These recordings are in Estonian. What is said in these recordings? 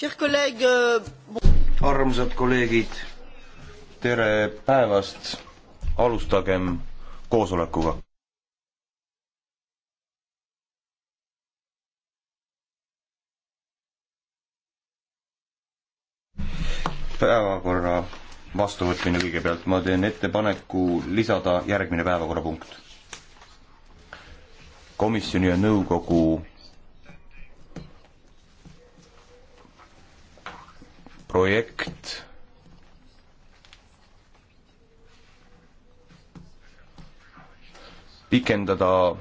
Euh, armsad kolleegid, tere päevast, alustagem koosolekuga. päevakorra vastuvõtmine kõigepealt, ma teen ettepaneku lisada järgmine päevakorrapunkt. komisjoni ja nõukogu projekt pikendada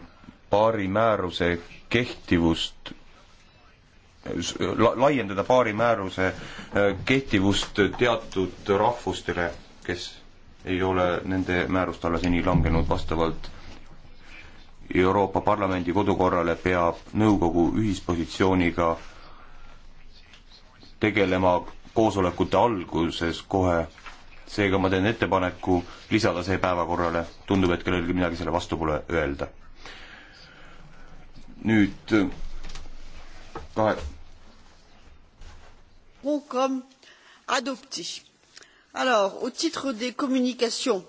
paari määruse kehtivust la, laiendada paari määruse äh, kehtivust teatud rahvustele, kes ei ole nende määrust alla seni langenud, vastavalt Euroopa Parlamendi kodukorrale peab nõukogu ühispositsiooniga tegelema koosolekute alguses kohe. seega ma teen ettepaneku lisada see päevakorrale, tundub, et kellelgi midagi selle vastu pole öelda. nüüd kahe. Programme adopté. Alors, au titre des communications.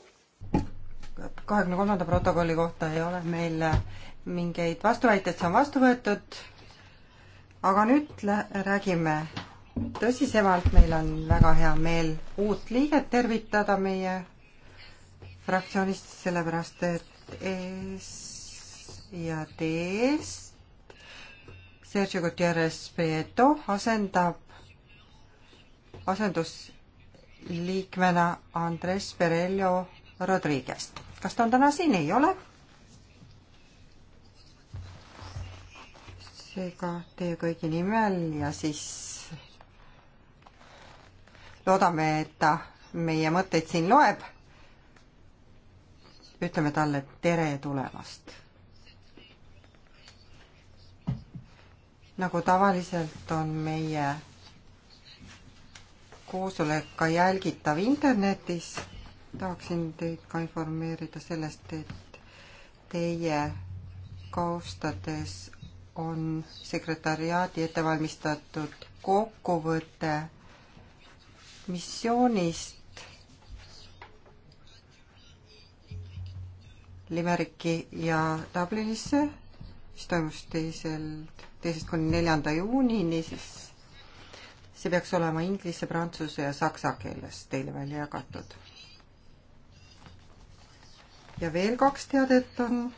kahekümne kolmanda protokolli kohta ei ole meil äh, mingeid vastuväiteid, see on vastu võetud. aga nüüd räägime tõsisemalt, meil on väga hea meel uut liiget tervitada meie fraktsioonist, sellepärast et S ja D-st Sergio Gutierrez Prieto asendab asendusliikmena Andres Perello Rodriguez. kas ta on täna siin, ei ole? seega teie kõigi nimel ja siis loodame, et ta meie mõtteid siin loeb. ütleme talle tere tulemast. nagu tavaliselt on meie koosolek ka jälgitav internetis. tahaksin teid ka informeerida sellest, et teie kaustades on sekretariaadi ettevalmistatud kokkuvõte missioonist Limeriki ja Dublinisse, mis toimus teisel, teisest kuni neljanda juunini, siis see peaks olema inglise, prantsuse ja saksa keeles teile välja jagatud. ja veel kaks teadet on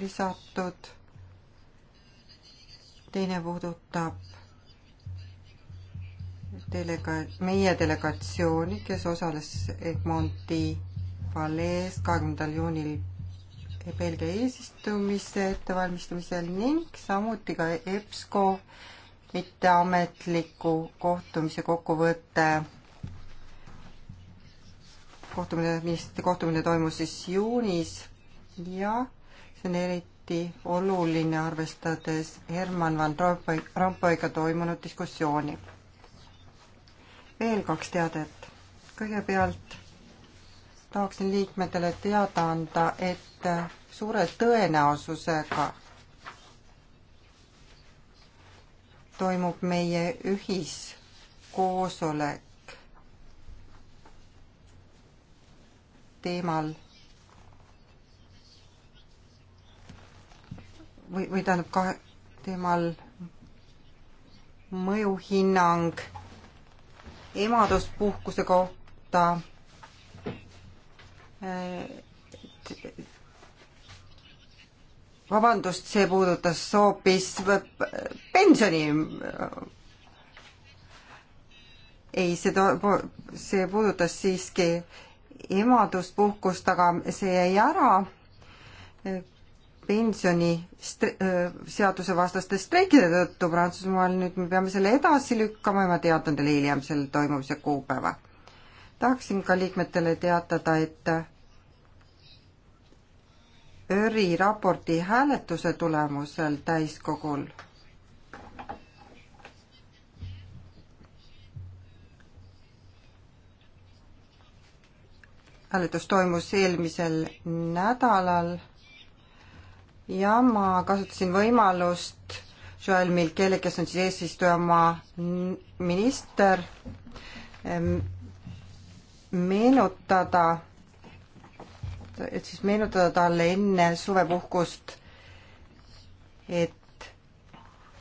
lisatud. teine puudutab delega-, meie delegatsiooni, kes osales Egmonti palees kahekümnendal juunil Belgia eesistumise ettevalmistamisel ning samuti ka EBSCO mitteametliku kohtumise kokkuvõte. kohtumine, ministrite kohtumine toimus siis juunis ja see on eriti oluline, arvestades Herman Van Rompuyga toimunud diskussiooni veel kaks teadet. kõigepealt tahaksin liikmetele teada anda, et suure tõenäosusega toimub meie ühiskoosolek teemal või, või tähendab kahe, teemal mõjuhinnang emaduspuhkuse kohta. vabandust, see puudutas hoopis pensioni. ei, see, see puudutas siiski emaduspuhkust, aga see jäi ära pensioniseaduse vastaste streikide tõttu Prantsusmaal, nüüd me peame selle edasi lükkama ja ma teatan teile hiljem selle toimumise kuupäeva. tahaksin ka liikmetele teatada, et ÖRi raporti hääletuse tulemusel täiskogul hääletus toimus eelmisel nädalal ja ma kasutasin võimalust Joel Milkele, kes on siis eesistujamaa minister, ehm, meenutada, et siis meenutada talle enne suvepuhkust, et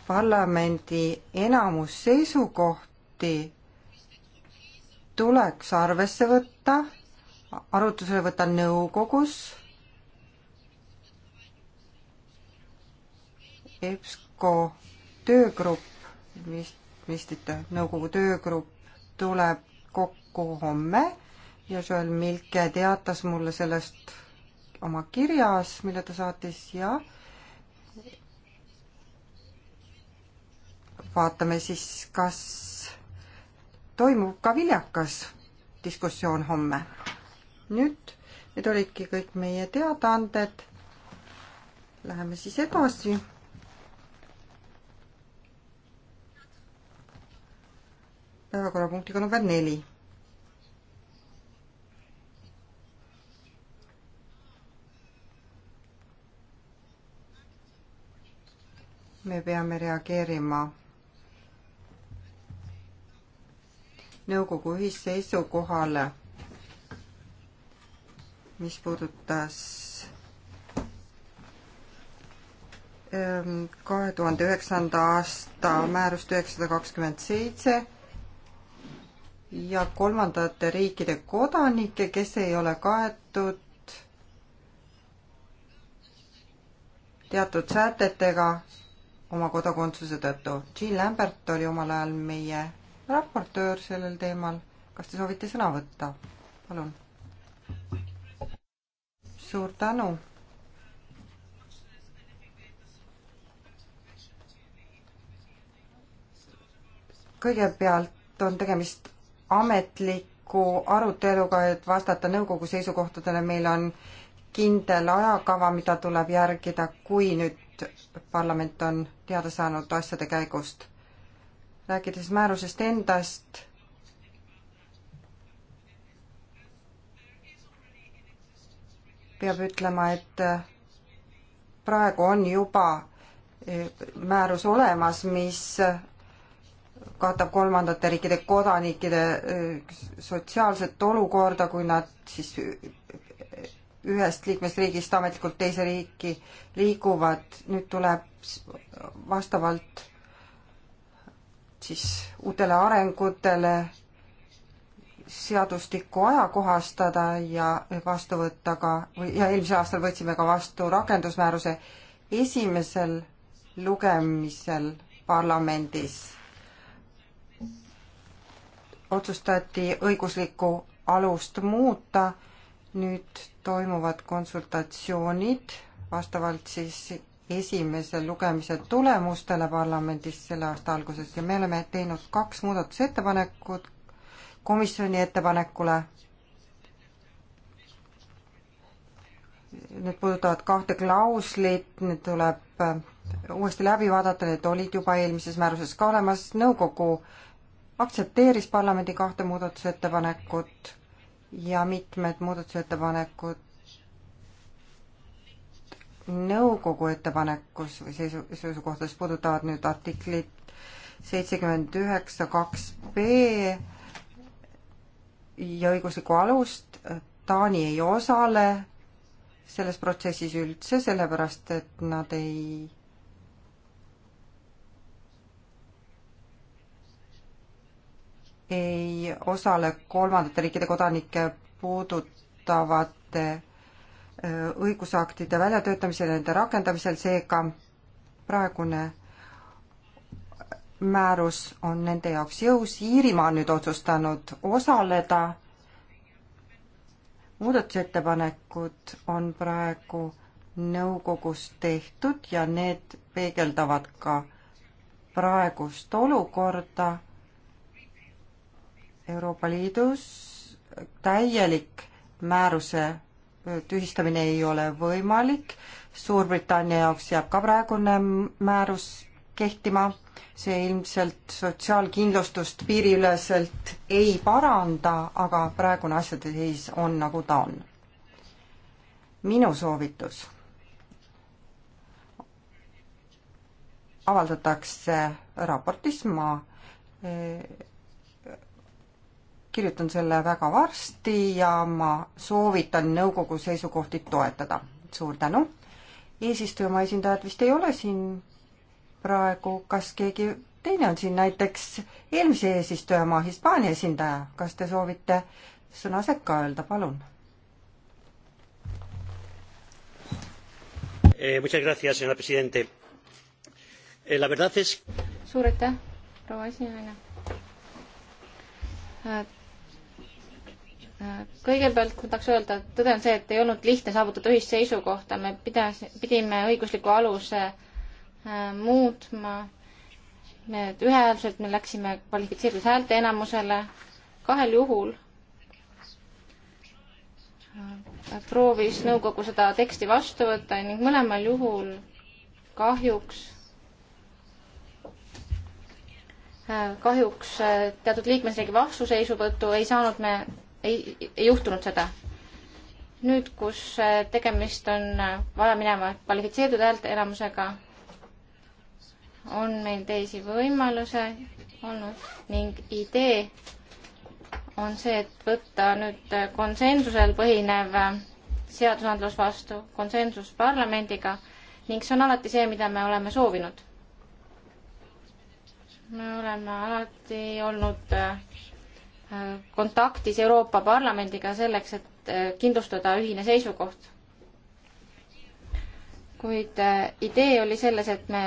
parlamendi enamus seisukohti tuleks arvesse võtta, arutlusele võtta nõukogus EBSCO töögrupp, vist, vistite, nõukogu töögrupp tuleb kokku homme ja Joel Milke teatas mulle sellest oma kirjas, mille ta saatis ja vaatame siis, kas toimub ka viljakas diskussioon homme. nüüd, need olidki kõik meie teadaanded. Läheme siis edasi päevakorrapunktiga number neli. me peame reageerima nõukogu ühisseisukohale, mis puudutas ähm, kahe tuhande üheksanda aasta määrust üheksasada kakskümmend seitse ja kolmandate riikide kodanikke, kes ei ole kaetud teatud sätetega oma kodakondsuse tõttu. Jean Lambert oli omal ajal meie raportöör sellel teemal. kas te soovite sõna võtta? palun. suur tänu. kõigepealt on tegemist ametliku aruteluga, et vastata nõukogu seisukohtadele, meil on kindel ajakava, mida tuleb järgida, kui nüüd parlament on teada saanud asjade käigust. rääkides määrusest endast, peab ütlema, et praegu on juba eh, määrus olemas, mis katab kolmandate riikide kodanikide äh, sotsiaalset olukorda, kui nad siis ühest liikmesriigist ametlikult teise riiki liiguvad, nüüd tuleb vastavalt siis uutele arengutele seadustikku ajakohastada ja vastu võtta ka, ja eelmisel aastal võtsime ka vastu rakendusmääruse esimesel lugemisel parlamendis otsustati õiguslikku alust muuta, nüüd toimuvad konsultatsioonid vastavalt siis esimese lugemise tulemustele parlamendis selle aasta alguses ja me oleme teinud kaks muudatusettepanekut komisjoni ettepanekule. Need puudutavad kahte klauslit, need tuleb uuesti läbi vaadata, need olid juba eelmises määruses ka olemas, nõukogu aktsepteeris parlamendi kahte muudatusettepanekut ja mitmed muudatusettepanekud nõukogu ettepanekus või seisu, seisukohtades puudutavad nüüd artiklit seitsekümmend üheksa kaks B ja õiguslikku alust. Taani ei osale selles protsessis üldse, sellepärast et nad ei ei osale kolmandate riikide kodanikke puudutavate õigusaktide väljatöötamisel ja nende rakendamisel, seega praegune määrus on nende jaoks jõus, Iirimaa on nüüd otsustanud osaleda, muudatusettepanekud on praegu nõukogus tehtud ja need peegeldavad ka praegust olukorda Euroopa Liidus täielik määruse tühistamine ei ole võimalik, Suurbritannia jaoks jääb ka praegune määrus kehtima, see ilmselt sotsiaalkindlustust piiriüleselt ei paranda, aga praegune asjade seis on, nagu ta on. minu soovitus avaldatakse raportis, ma kirjutan selle väga varsti ja ma soovitan nõukogu seisukohti toetada. suur tänu. eesistujamaa esindajat vist ei ole siin praegu, kas keegi teine on siin näiteks eelmise eesistujamaa Hispaania esindaja, kas te soovite sõna sekka öelda, palun? Eh, eh, suur aitäh, proua esinaine kõigepealt ma tahaks öelda, et tõde on see, et ei olnud lihtne saavutada ühist seisukohta, me pidas, pidime õigusliku aluse äh, muutma. me ühehäälselt, me läksime kvalifitseeritud häälte enamusele kahel juhul äh, proovis nõukogu seda teksti vastu võtta ning mõlemal juhul kahjuks, äh, kahjuks teatud liikmesriigi vastuseisu tõttu ei saanud me ei, ei juhtunud seda. nüüd, kus äh, tegemist on äh, vaja minema kvalifitseeritud häälteenamusega, on meil teisi võimaluse olnud ning idee on see, et võtta nüüd äh, konsensusel põhinev seadusandlus vastu, konsensus parlamendiga ning see on alati see, mida me oleme soovinud. me oleme alati olnud kontaktis Euroopa Parlamendiga selleks, et eh, kindlustada ühine seisukoht. kuid eh, idee oli selles, et me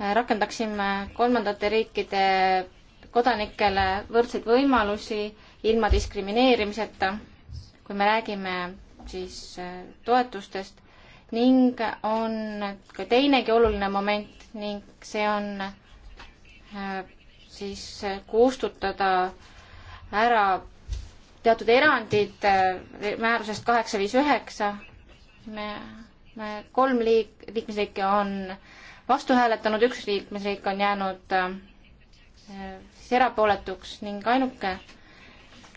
eh, rakendaksime kolmandate riikide kodanikele võrdseid võimalusi ilma diskrimineerimiseta, kui me räägime siis toetustest ning on ka teinegi oluline moment ning see on siis kustutada ära teatud erandid eh, määrusest kaheksa viis üheksa. me, me kolm liik-, liikmesriiki on vastu hääletanud, üks liikmesriik on jäänud äh, siis erapooletuks ning ainuke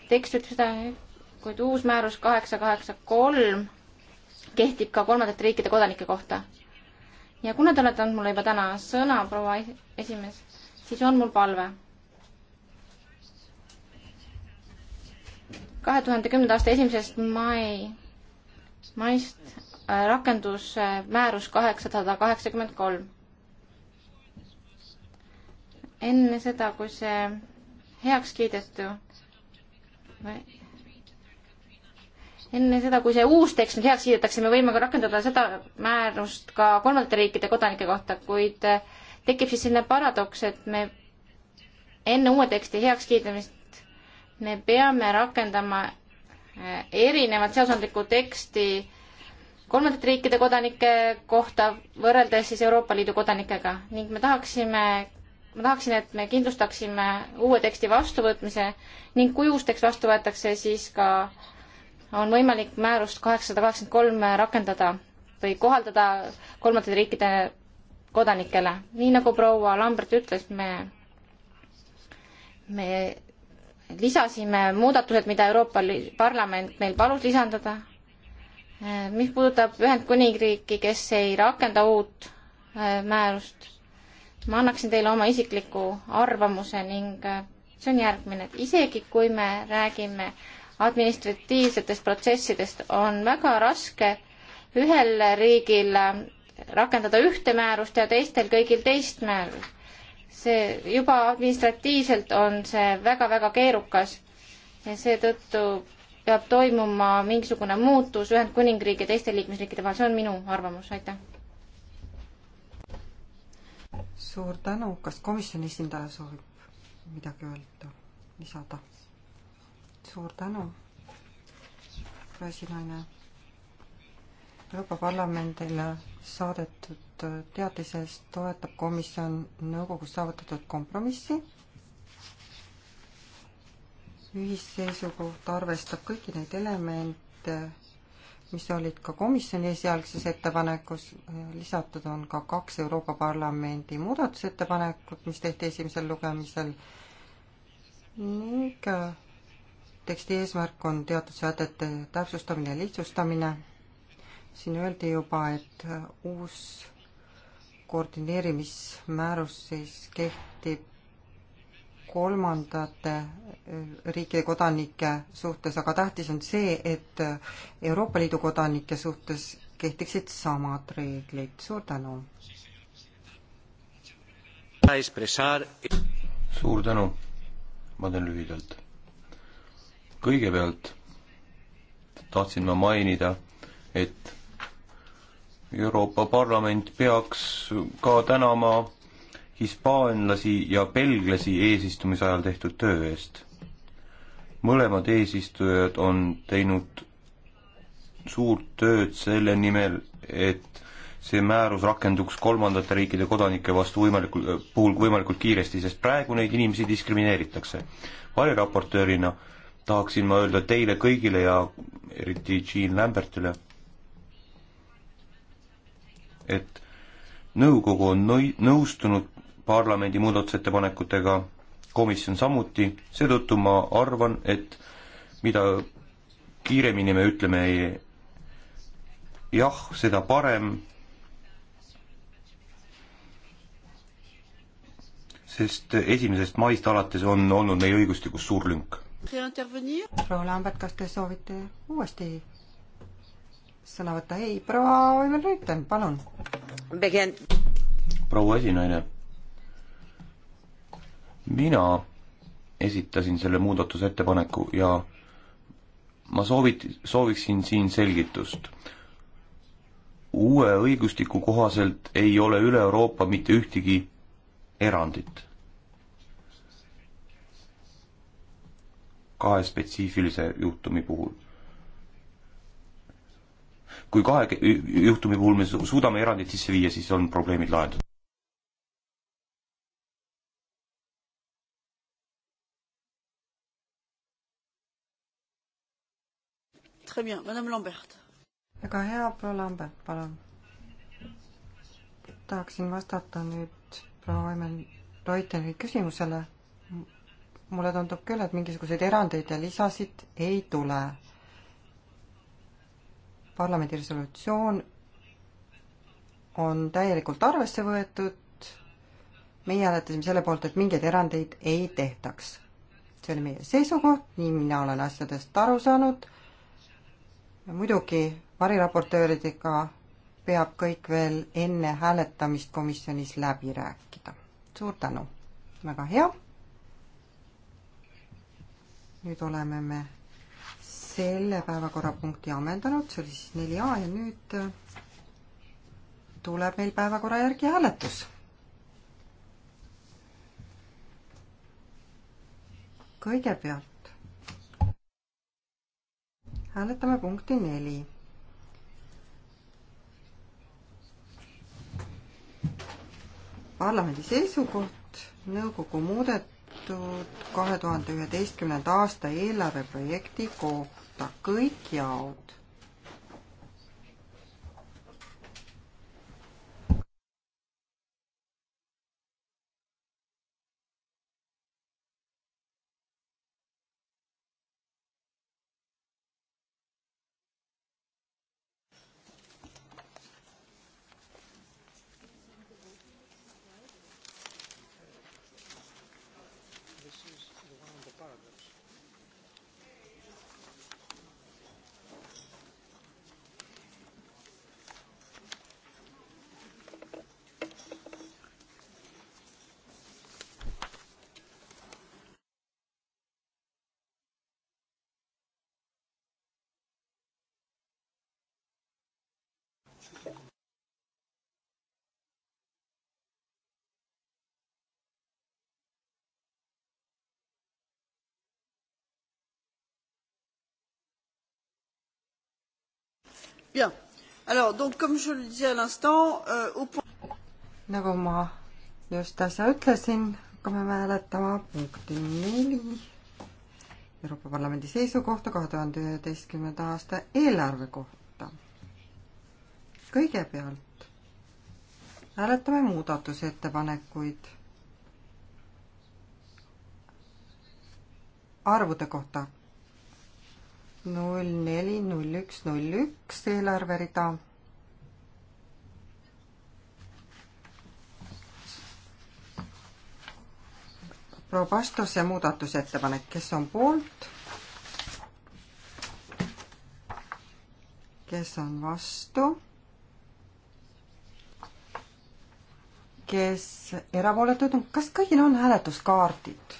tekst ütleb seda, kuid uus määrus kaheksa kaheksa kolm kehtib ka kolmandate riikide kodanike kohta. ja kuna te olete andnud mulle juba täna sõna, proua esimees siis on mul palve. kahe tuhande kümnenda aasta esimesest mai, maist äh, rakendus määrus kaheksasada kaheksakümmend kolm. enne seda, kui see heaks kiidetu või enne seda, kui see uus tekst nüüd heaks kiidetakse, me võime ka rakendada seda määrust ka kolmandate riikide kodanike kohta, kuid äh, tekib siis selline paradoks, et me enne uue teksti heakskiidamist me peame rakendama eh, erinevat seadusandlikku teksti kolmandate riikide kodanike kohta võrreldes siis Euroopa Liidu kodanikega ning me tahaksime, ma tahaksin, et me kindlustaksime uue teksti vastuvõtmise ning kui uus tekst vastu võetakse, siis ka on võimalik määrust kaheksasada kaheksakümmend kolm rakendada või kohaldada kolmandate riikide kodanikele. nii nagu proua Lambert ütles, me, me lisasime muudatused, mida Euroopa Parlament meil palus lisandada. mis puudutab Ühendkuningriiki, kes ei rakenda uut äh, määrust, ma annaksin teile oma isikliku arvamuse ning äh, see on järgmine, et isegi kui me räägime administratiivsetest protsessidest, on väga raske ühel riigil äh, rakendada ühte määrust ja teistel kõigil teist määrust. see juba administratiivselt on see väga-väga keerukas ja seetõttu peab toimuma mingisugune muutus Ühendkuningriigi ja teiste liikmesriikide vahel, see on minu arvamus, aitäh. suur tänu, kas komisjoni esindaja soovib midagi öelda, lisada? suur tänu, rasinaine Euroopa Parlamendile saadetud teatises toetab komisjon nõukogus saavutatud kompromissi. ühisseisukoht arvestab kõiki neid elemente, mis olid ka komisjoni esialgses ettepanekus, lisatud on ka kaks Euroopa Parlamendi muudatusettepanekut, mis tehti esimesel lugemisel ning teksti eesmärk on teatud sätete täpsustamine ja lihtsustamine siin öeldi juba, et uus koordineerimismäärus siis kehtib kolmandate äh, riikide kodanike suhtes, aga tähtis on see, et Euroopa Liidu kodanike suhtes kehtiksid samad reeglid. suur tänu! suur tänu! ma teen lühidalt. kõigepealt tahtsin ma mainida, et Euroopa Parlament peaks ka tänama hispaanlasi ja belglasi eesistumise ajal tehtud töö eest. mõlemad eesistujad on teinud suurt tööd selle nimel, et see määrus rakenduks kolmandate riikide kodanike vastu võimalikult, puhul võimalikult kiiresti, sest praegu neid inimesi diskrimineeritakse. variraportöörina tahaksin ma öelda teile kõigile ja eriti Jean Lambertile et nõukogu onnõi-, nõustunud parlamendi muudatusettepanekutega, komisjon samuti, seetõttu ma arvan, et mida kiiremini me ütleme ei, jah, seda parem, sest esimesest maist alates on olnud meie õigustikus suur lünk. proua Lambert, kas te soovite uuesti sõna võtta? ei, proua Oivel Rüütel, palun. proua esinaine, mina esitasin selle muudatusettepaneku ja ma soovit-, sooviksin siin selgitust. uue õigustiku kohaselt ei ole üle Euroopa mitte ühtegi erandit kahe spetsiifilise juhtumi puhul kui kahe juhtumi puhul me suudame erandid sisse viia, siis on probleemid lahendatud. väga hea, proua Lambert, palun. tahaksin vastata nüüd proua Emel Reuteri küsimusele. mulle tundub küll, et mingisuguseid erandeid ja lisasid ei tule parlamendi resolutsioon on täielikult arvesse võetud, meie hääletasime selle poolt, et mingeid erandeid ei tehtaks. see oli meie seisukoht, nii mina olen asjadest aru saanud, muidugi variraportööridega peab kõik veel enne hääletamist komisjonis läbi rääkida. suur tänu, väga hea. nüüd oleme me selle päevakorrapunkti ammendanud, see oli siis neli A ja nüüd äh, tuleb meil päevakorra järgi hääletus. kõigepealt hääletame punkti neli parlamendi seisukoht nõukogu muudetud kahe tuhande üheteistkümnenda aasta eelarveprojekti kohta võtta kõik jaod Bien. Alors, donc, comme je le disais à l'instant, euh, au point... Nagu ma just äsja ütlesin, hakkame hääletama punkti neli Euroopa Parlamendi seisukohta kahe tuhande üheteistkümnenda aasta eelarve kohta. kõigepealt hääletame muudatusettepanekuid arvude kohta null neli, null üks, null üks eelarverida. proua Pastose muudatusettepanek, kes on poolt? kes on vastu? kes erapooletud on, kas kõigil on hääletuskaardid?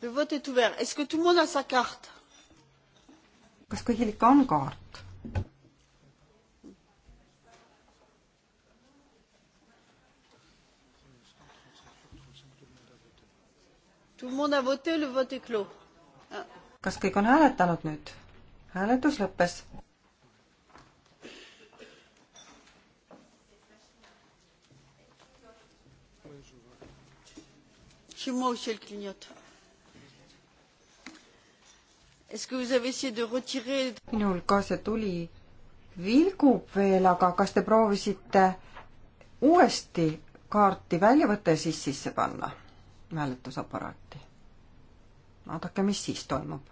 Le vote est ouvert. Est-ce que tout le monde a sa carte? kas kõigil ikka on kaart? tout le monde a voté, le vote est clos. Ah. Kas kõik on hääletanud nüüd? hääletus lõppes. Chez moi aussi, elle clignote. Est-ce que vous avez essayé de retirer minul ka see tuli vilgub veel, aga kas te proovisite uuesti kaarti välja võtta ja siis sisse panna hääletusaparaati? vaadake, mis siis toimub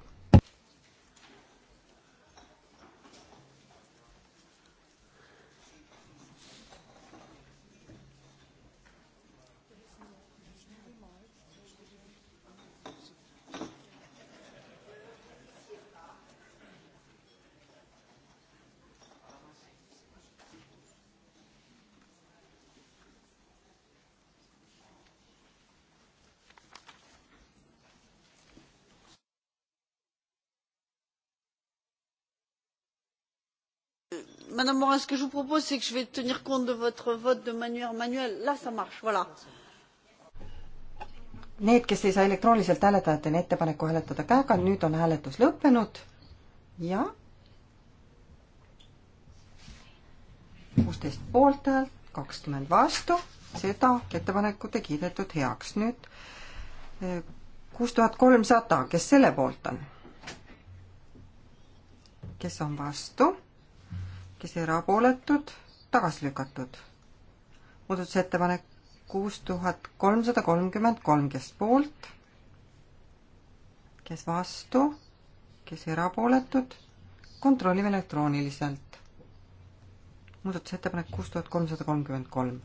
madame morin ce que je vous propose c'est que je vais tenir compte de votre vote de manière manuelle là ça marche voilà Need, kes ei saa elektrooniliselt hääletada, teen ettepaneku hääletada käega, nüüd on hääletus lõppenud ja kuusteist poolthäält, kakskümmend vastu, seda ettepanekut ei kiidetud heaks. nüüd eh, kuus tuhat kolmsada, kes selle poolt on? kes on vastu? kes erapooletud, tagasi lükatud. muudatusettepanek kuus tuhat kolmsada kolmkümmend kolm, kes poolt, kes vastu, kes erapooletud, kontrollime elektrooniliselt. muudatusettepanek kuus tuhat kolmsada kolmkümmend kolm.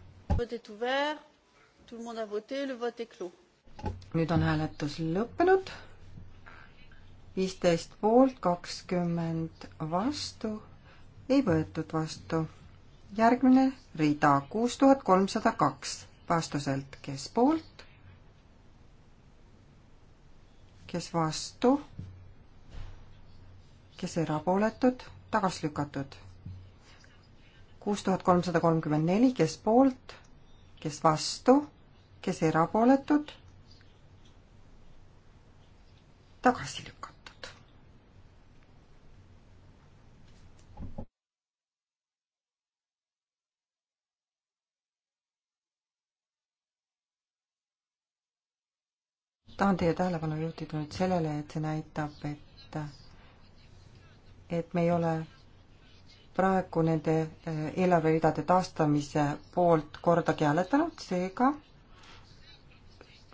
nüüd on hääletus lõppenud viisteist poolt, kakskümmend vastu ei võetud vastu. järgmine rida kuus tuhat kolmsada kaks vastuselt, kes poolt, kes vastu, kes erapooletud, tagasi lükatud. kuus tuhat kolmsada kolmkümmend neli, kes poolt, kes vastu, kes erapooletud, tagasi lükatud tahan teie tähelepanu juhtida nüüd sellele, et see näitab, et, et me ei ole praegu nende eh, eelarveridade taastamise poolt kordagi hääletanud, seega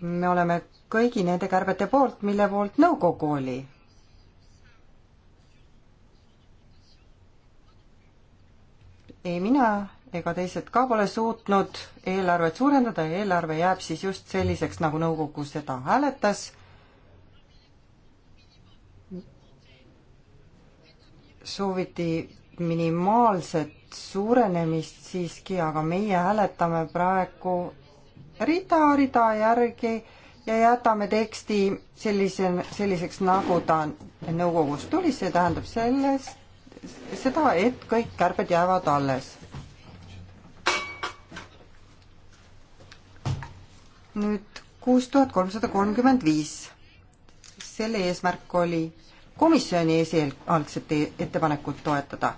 me oleme kõigi nende kärbete poolt, mille poolt nõukogu oli. ei mina ega teised ka pole suutnud eelarvet suurendada ja eelarve jääb siis just selliseks, nagu nõukogu seda hääletas. sooviti minimaalset suurenemist siiski, aga meie hääletame praegu rida-rida järgi ja jätame teksti sellise, selliseks, nagu ta nõukogust tuli, see tähendab sellest, seda, et kõik kärped jäävad alles nüüd kuus tuhat kolmsada kolmkümmend viis. selle eesmärk oli komisjoni esialgset ettepanekut toetada,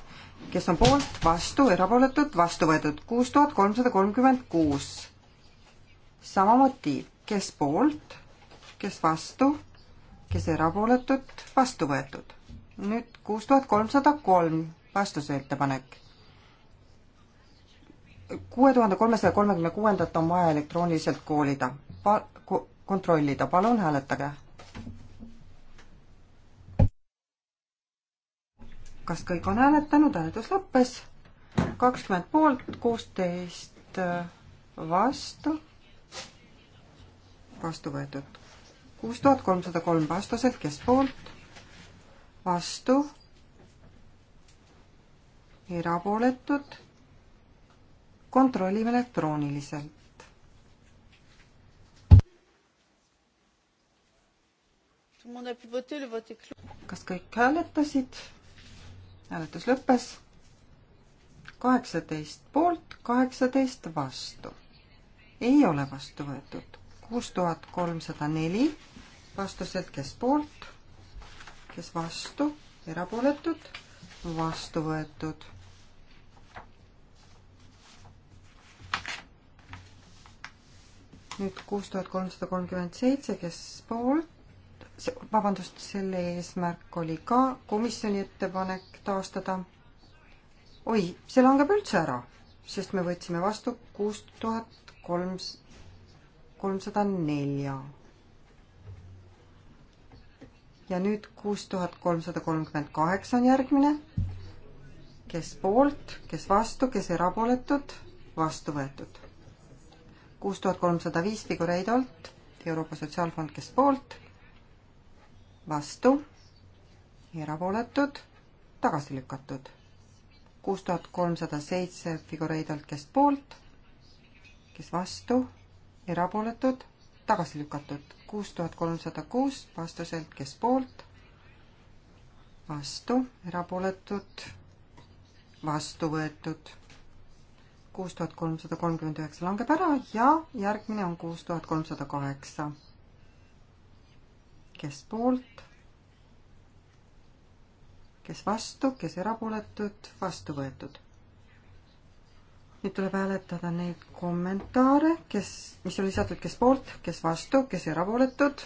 kes on poolt, vastu, erapooletud, vastu võetud kuus tuhat kolmsada kolmkümmend kuus. sama motiiv, kes poolt, kes vastu, kes erapooletud, vastu võetud. nüüd kuus tuhat kolmsada kolm vastuse ettepanek kuue tuhande kolmesaja kolmekümne kuuendat on vaja elektrooniliselt koolida pa-, ko-, kontrollida, palun hääletage. kas kõik on hääletanud, hääletus lõppes, kakskümmend poolt, kuusteist äh, vastu, vastu võetud. kuus tuhat kolmsada kolm vastaselt, kes poolt, vastu, erapooletud kontrollime elektrooniliselt. kas kõik hääletasid? hääletus lõppes. kaheksateist poolt, kaheksateist vastu. ei ole vastu võetud. kuus tuhat kolmsada neli vastused, kes poolt, kes vastu, erapooletud, vastu võetud nüüd kuus tuhat kolmsada kolmkümmend seitse, kes poolt, vabandust, selle eesmärk oli ka komisjoni ettepanek taastada. oi, see langeb üldse ära, sest me võtsime vastu kuus tuhat kolm, kolmsada nelja. ja nüüd kuus tuhat kolmsada kolmkümmend kaheksa on järgmine. kes poolt, kes vastu, kes erapooletud, vastu võetud kuus tuhat kolmsada viis figureidolt Euroopa Sotsiaalfond, kes poolt, vastu, erapooletud, tagasi lükatud. kuus tuhat kolmsada seitse figureidolt, kes poolt, kes vastu, erapooletud, tagasi lükatud. kuus tuhat kolmsada kuus vastuselt, kes poolt, vastu, erapooletud, vastu võetud kuus tuhat kolmsada kolmkümmend üheksa langeb ära ja järgmine on kuus tuhat kolmsada kaheksa. kes poolt? kes vastu, kes erapooletud, vastu võetud. nüüd tuleb hääletada neid kommentaare, kes, mis on lisatud, kes poolt, kes vastu, kes erapooletud,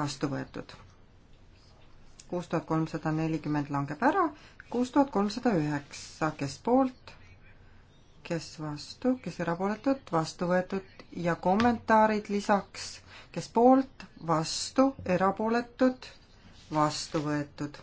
vastu võetud. kuus tuhat kolmsada nelikümmend langeb ära, kuus tuhat kolmsada üheksa, kes poolt kes vastu, kes erapooletud, vastu võetud ja kommentaarid lisaks, kes poolt, vastu, erapooletud, vastu võetud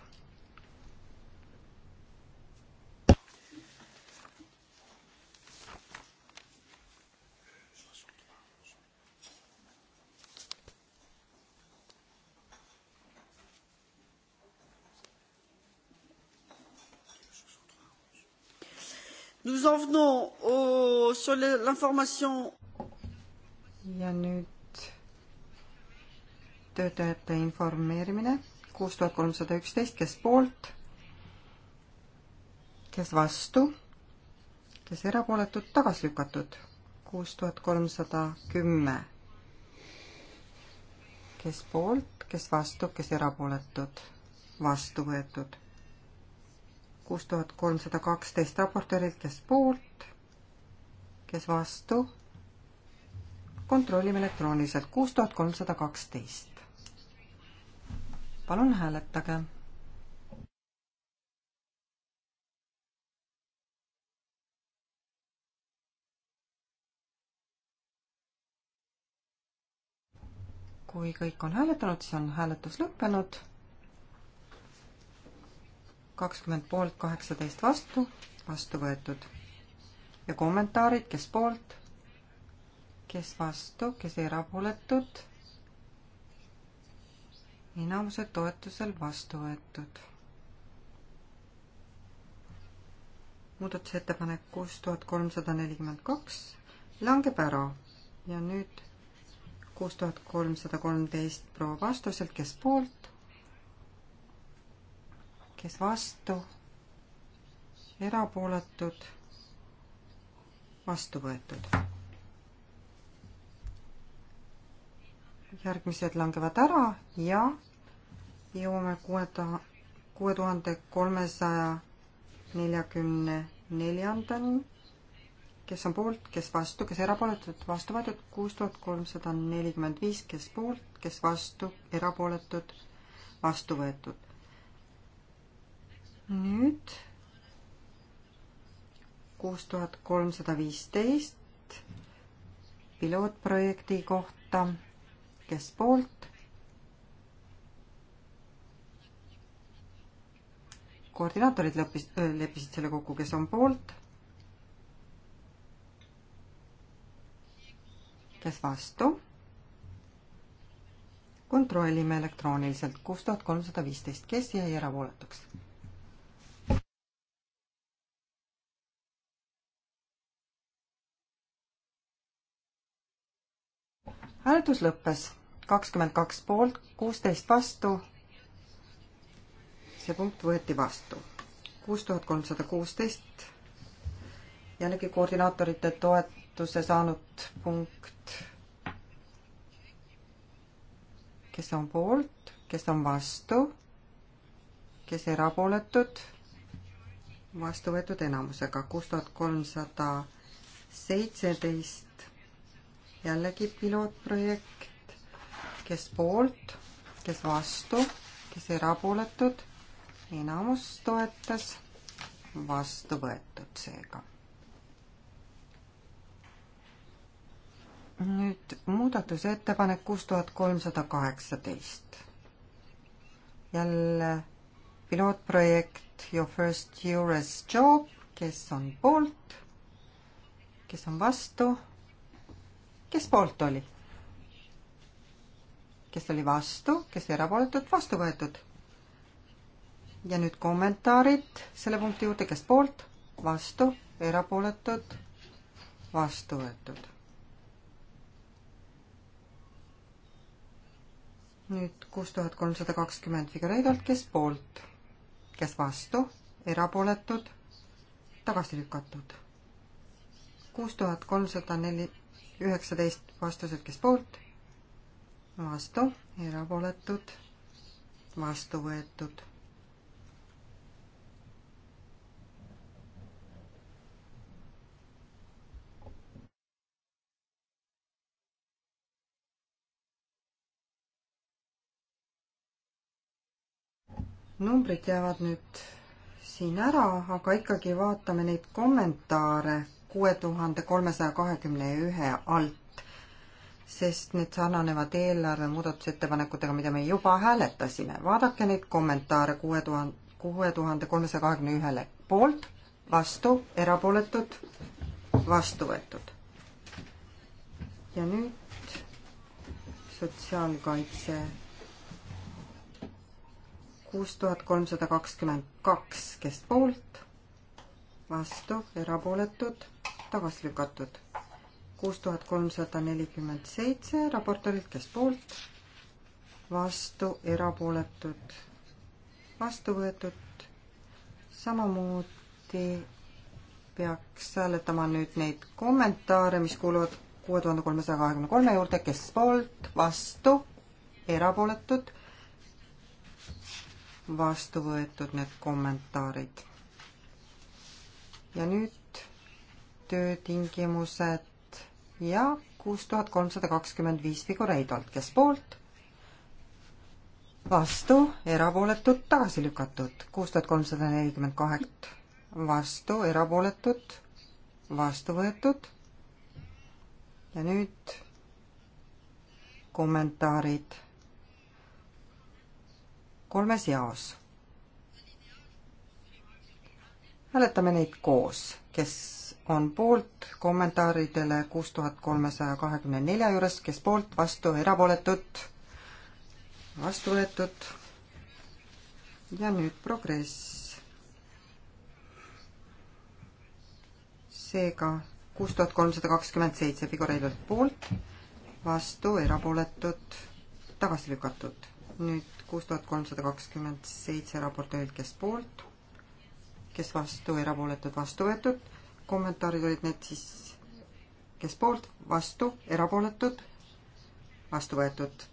nous en venons au, sur l'information. ja nüüd töötajate informeerimine kuus tuhat kolmsada üksteist, kes poolt, kes vastu, kes erapooletud, tagasi lükatud, kuus tuhat kolmsada kümme. kes poolt, kes vastu, kes erapooletud, vastu võetud kuus tuhat kolmsada kaksteist raportöörilt, kes poolt, kes vastu. kontrollime elektrooniliselt, kuus tuhat kolmsada kaksteist. palun hääletage. kui kõik on hääletanud, siis on hääletus lõppenud kakskümmend poolt, kaheksateist vastu, vastu võetud. ja kommentaarid, kes poolt, kes vastu, kes erapooletud, enamuse toetusel vastu võetud. muudatusettepanek kuus tuhat kolmsada nelikümmend kaks langeb ära ja nüüd kuus tuhat kolmsada kolmteist proua vastuselt, kes poolt, kes vastu, erapooletud, vastu võetud. järgmised langevad ära ja jõuame kuue ta-, kuue tuhande kolmesaja neljakümne neljandani, kes on poolt, kes vastu, kes erapooletud, vastu võetud, kuus tuhat kolmsada nelikümmend viis, kes poolt, kes vastu, erapooletud, vastu võetud nüüd kuus tuhat kolmsada viisteist pilootprojekti kohta, kes poolt? koordinaatorid lõppis, leppisid selle kokku, kes on poolt, kes vastu. kontrollime elektrooniliselt kuus tuhat kolmsada viisteist, kes jäi erapooletuks hääletus lõppes kakskümmend kaks poolt, kuusteist vastu. see punkt võeti vastu. kuus tuhat kolmsada kuusteist. jällegi koordinaatorite toetuse saanud punkt. kes on poolt, kes on vastu, kes erapooletud, vastu võetud enamusega kuus tuhat kolmsada seitseteist jällegi pilootprojekt, kes poolt, kes vastu, kes erapooletud, enamus toetas, vastu võetud seega. nüüd muudatusettepanek kuus tuhat kolmsada kaheksateist. jälle pilootprojekt Your First Year's Job, kes on poolt, kes on vastu kes poolt oli? kes oli vastu, kes erapooletud, vastu võetud. ja nüüd kommentaarid selle punkti juurde, kes poolt, vastu, erapooletud, vastu võetud. nüüd kuus tuhat kolmsada kakskümmend figureidalt, kes poolt, kes vastu, erapooletud, tagasi lükatud. kuus tuhat kolmsada neli üheksateist vastused, kes poolt, vastu, erapooletud, vastu võetud. numbrid jäävad nüüd siin ära, aga ikkagi vaatame neid kommentaare kuue tuhande kolmesaja kahekümne ühe alt, sest need sarnanevad eelarve muudatusettepanekutega, mida me juba hääletasime. vaadake neid kommentaare kuue tuhande, kuue tuhande kolmesaja kahekümne ühele poolt, vastu, erapooletud, vastu võetud. ja nüüd sotsiaalkaitse kuus tuhat kolmsada kakskümmend kaks, kes poolt vastu, erapooletud, tagasi lükatud. kuus tuhat kolmsada nelikümmend seitse raportorilt, kes poolt, vastu, erapooletud, vastu võetud. samamoodi peaks hääletama nüüd neid kommentaare, mis kuuluvad kuue tuhande kolmesaja kahekümne kolme juurde, kes poolt, vastu, erapooletud, vastu võetud need kommentaarid ja nüüd töötingimused ja kuus tuhat kolmsada kakskümmend viis figureidolt, kes poolt, vastu, erapooletud, tagasi lükatud, kuus tuhat kolmsada nelikümmend kaheksa, vastu, erapooletud, vastu võetud ja nüüd kommentaarid kolmes jaos hääletame neid koos, kes on poolt kommentaaridele kuus tuhat kolmesaja kahekümne nelja juures, kes poolt, vastu, erapooletud, vastu võetud. ja nüüd progress. seega kuus tuhat kolmsada kakskümmend seitse figureeritud poolt, vastu, erapooletud, tagasi lükatud. nüüd kuus tuhat kolmsada kakskümmend seitse raportöörid, kes poolt kes vastu, erapooletud, vastu võetud. kommentaarid olid need siis, kes poolt, vastu, erapooletud, vastu võetud.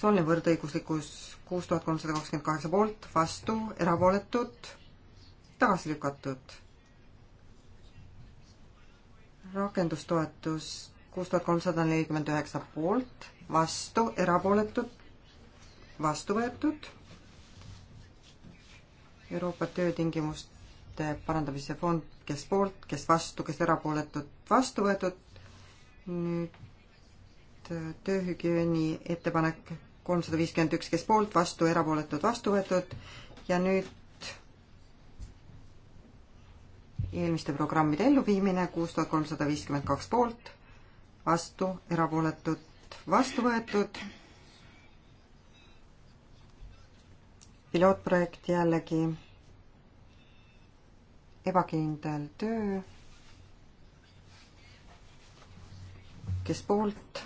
sooline võrdõiguslikkus kuus tuhat kolmsada kakskümmend kaheksa poolt, vastu, erapooletud, tagasi lükatud. rakendustoetus kuus tuhat kolmsada nelikümmend üheksa poolt, vastu, erapooletud, vastu võetud Euroopa töötingimuste parandamise fond, kes poolt, kes vastu, kes erapooletud, vastu võetud. nüüd äh, tööhügieeni ettepanek kolmsada viiskümmend üks, kes poolt, vastu, erapooletud, vastu võetud ja nüüd eelmiste programmide elluviimine, kuus tuhat kolmsada viiskümmend kaks poolt, vastu, erapooletud, vastu võetud pilootprojekt jällegi, ebakindel töö, kes poolt,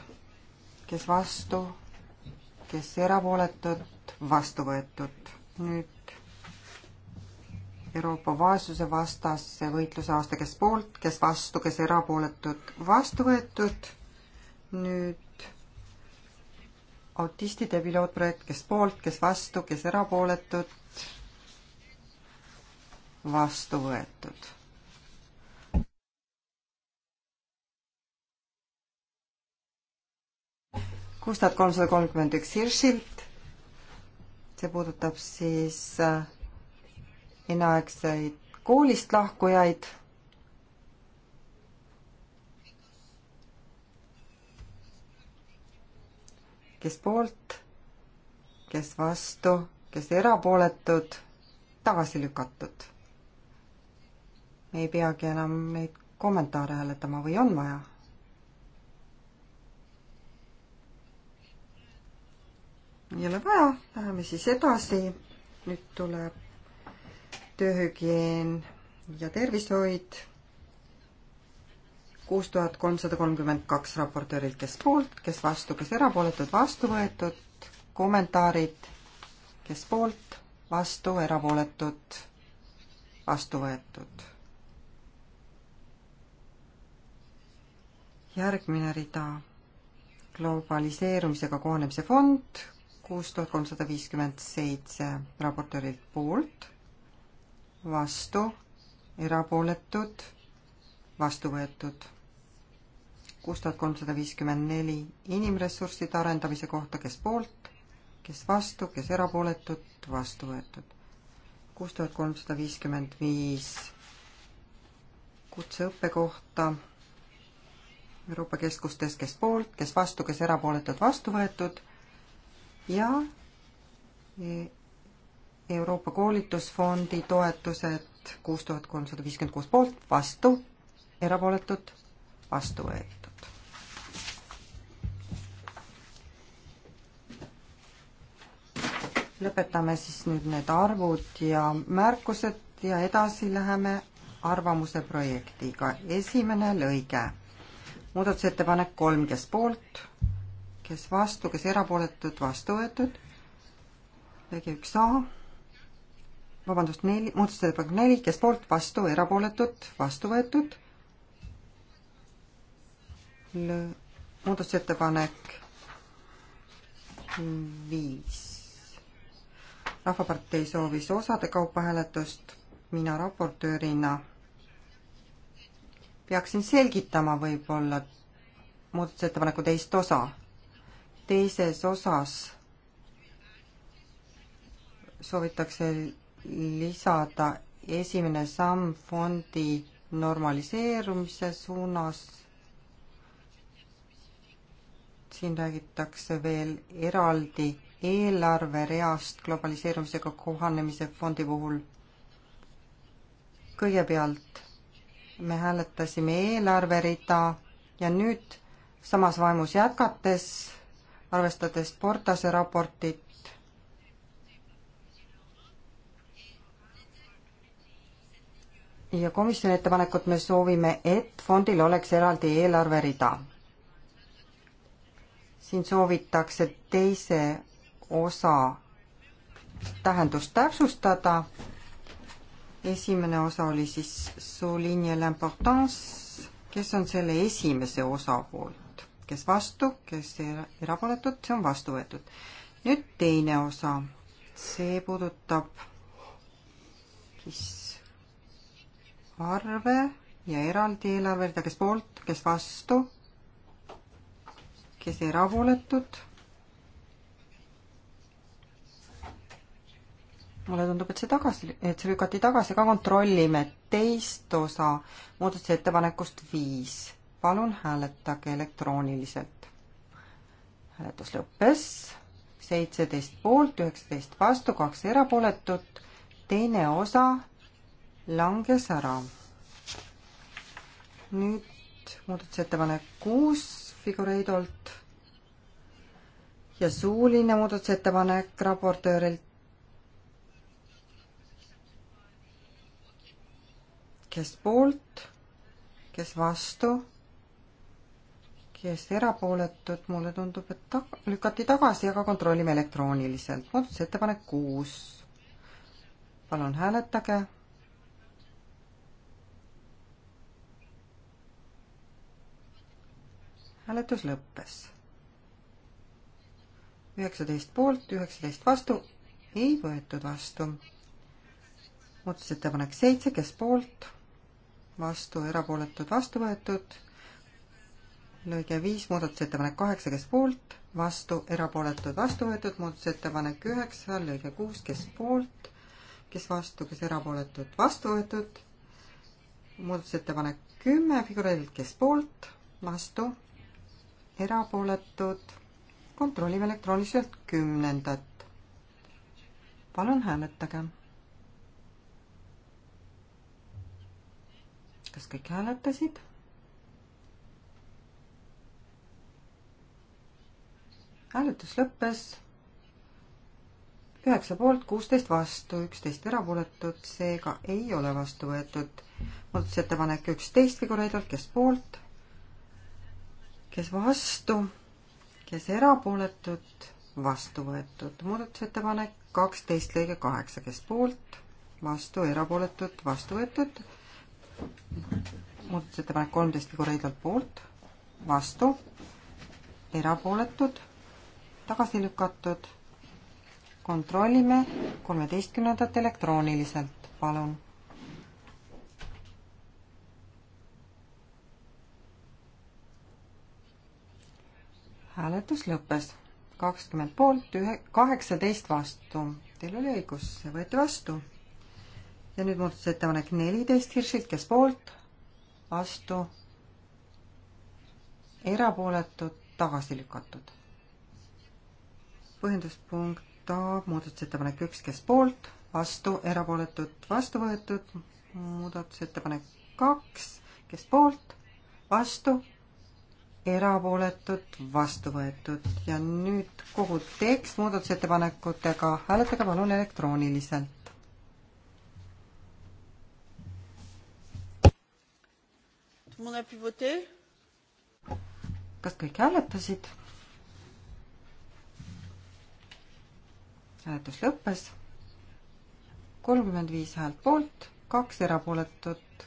kes vastu, kes erapooletud, vastu võetud. nüüd Euroopa vaesuse vastase võitluse aasta, kes poolt, kes vastu, kes erapooletud, vastu võetud. nüüd autistide pilootprojekt, kes poolt, kes vastu, kes erapooletud, vastu võetud. kuus tuhat kolmsada kolmkümmend üks Hirschilt, see puudutab siis äh, enneaegseid koolist lahkujaid kes poolt, kes vastu, kes erapooletud, tagasi lükatud. ei peagi enam neid kommentaare hääletama või on vaja? ei ole vaja, läheme siis edasi. nüüd tuleb tööhügieen ja tervishoid kuus tuhat kolmsada kolmkümmend kaks raportöörilt, kes poolt, kes vastu, kes erapooletud, vastu võetud, kommentaarid, kes poolt, vastu, erapooletud, vastu võetud. järgmine rida, globaliseerumisega kohanemise fond, kuus tuhat kolmsada viiskümmend seitse raportöörilt poolt, vastu, erapooletud, vastu võetud kuus tuhat kolmsada viiskümmend neli inimressursside arendamise kohta, kes poolt, kes vastu, kes erapooletud, vastu võetud. kuus tuhat kolmsada viiskümmend viis kutseõppe kohta Euroopa keskustes, kes poolt, kes vastu, kes erapooletud, vastu võetud ja Euroopa koolitusfondi toetused kuus tuhat kolmsada viiskümmend kuus poolt, vastu, erapooletud, vastu võetud. lõpetame siis nüüd need arvud ja märkused ja edasi läheme arvamuse projektiga. esimene lõige, muudatusettepanek kolm, kes poolt, kes vastu, kes erapooletud, vastu võetud, lõige üks A, vabandust, neli, muudatusettepanek neli, kes poolt, vastu, erapooletud, vastu võetud, muudatusettepanek viis rahvapartei soovis osade kaupa hääletust, mina raportöörina peaksin selgitama võib-olla muudatusettepaneku teist osa. teises osas soovitakse lisada esimene samm fondi normaliseerumise suunas. siin räägitakse veel eraldi eelarvereast globaliseerumisega kohanemise fondi puhul. kõigepealt me hääletasime eelarverida ja nüüd samas vaimus jätkates, arvestades Portase raportit, ja komisjoni ettepanekut me soovime, et fondil oleks eraldi eelarverida. siin soovitakse teise osa tähendust täpsustada. esimene osa oli siis souligne l'importance, kes on selle esimese osa poolt, kes vastu, kes erapooletud, see on vastu võetud. nüüd teine osa, see puudutab siis arve ja eraldi eelarve, kes poolt, kes vastu, kes erapooletud mulle tundub, et see tagasi, et see lükati tagasi, aga kontrollime teist osa muudatusettepanekust viis. palun hääletage elektrooniliselt. hääletus lõppes, seitseteist poolt, üheksateist vastu, kaks erapooletut, teine osa langes ära. nüüd muudatusettepanek kuus Figureidolt ja suuline muudatusettepanek raportöörilt kes poolt, kes vastu, kes erapooletud, mulle tundub, et ta-, lükati tagasi, aga kontrollime elektrooniliselt. muudatusettepanek kuus. palun hääletage hääletus lõppes. üheksateist poolt, üheksateist vastu, ei võetud vastu. muudatusettepanek seitse, kes poolt, vastu, erapooletud, vastu võetud. lõige viis, muudatusettepanek kaheksa, kes poolt, vastu, erapooletud, vastu võetud, muudatusettepanek üheksa, lõige kuus, kes poolt, kes vastu, kes erapooletud, vastu võetud. muudatusettepanek kümme, figureeritud, kes poolt, vastu, erapooletud. kontrollime elektrooniliselt kümnendat. palun hääletage kas kõik hääletasid? hääletus lõppes üheksa poolt, kuusteist vastu, üksteist erapooletut, seega ei ole vastu võetud. muudatusettepanek üksteist Figureidalt, kes poolt, kes vastu, kes erapooletud, vastu võetud. muudatusettepanek kaksteist lõige kaheksa, kes poolt, vastu, erapooletud, vastu võetud muudatusettepanek kolmteist Figureidalt poolt, vastu, erapooletud, tagasi lükatud. kontrollime kolmeteistkümnendat elektrooniliselt, palun. hääletus lõppes kakskümmend poolt, ühe, kaheksateist vastu. Teil oli õigus, see võeti vastu ja nüüd muudatusettepanek neliteist Hirschilt, kes poolt, vastu, erapooletud, tagasi lükatud. põhjenduspunkt A, muudatusettepanek üks, kes poolt, vastu, erapooletud, vastu võetud, muudatusettepanek kaks, kes poolt, vastu, erapooletud, vastu võetud ja nüüd kogu tekst muudatusettepanekutega hääletage palun elektrooniliselt. kas kõik hääletasid? hääletus lõppes. kolmkümmend viis häält poolt, kaks erapooletut.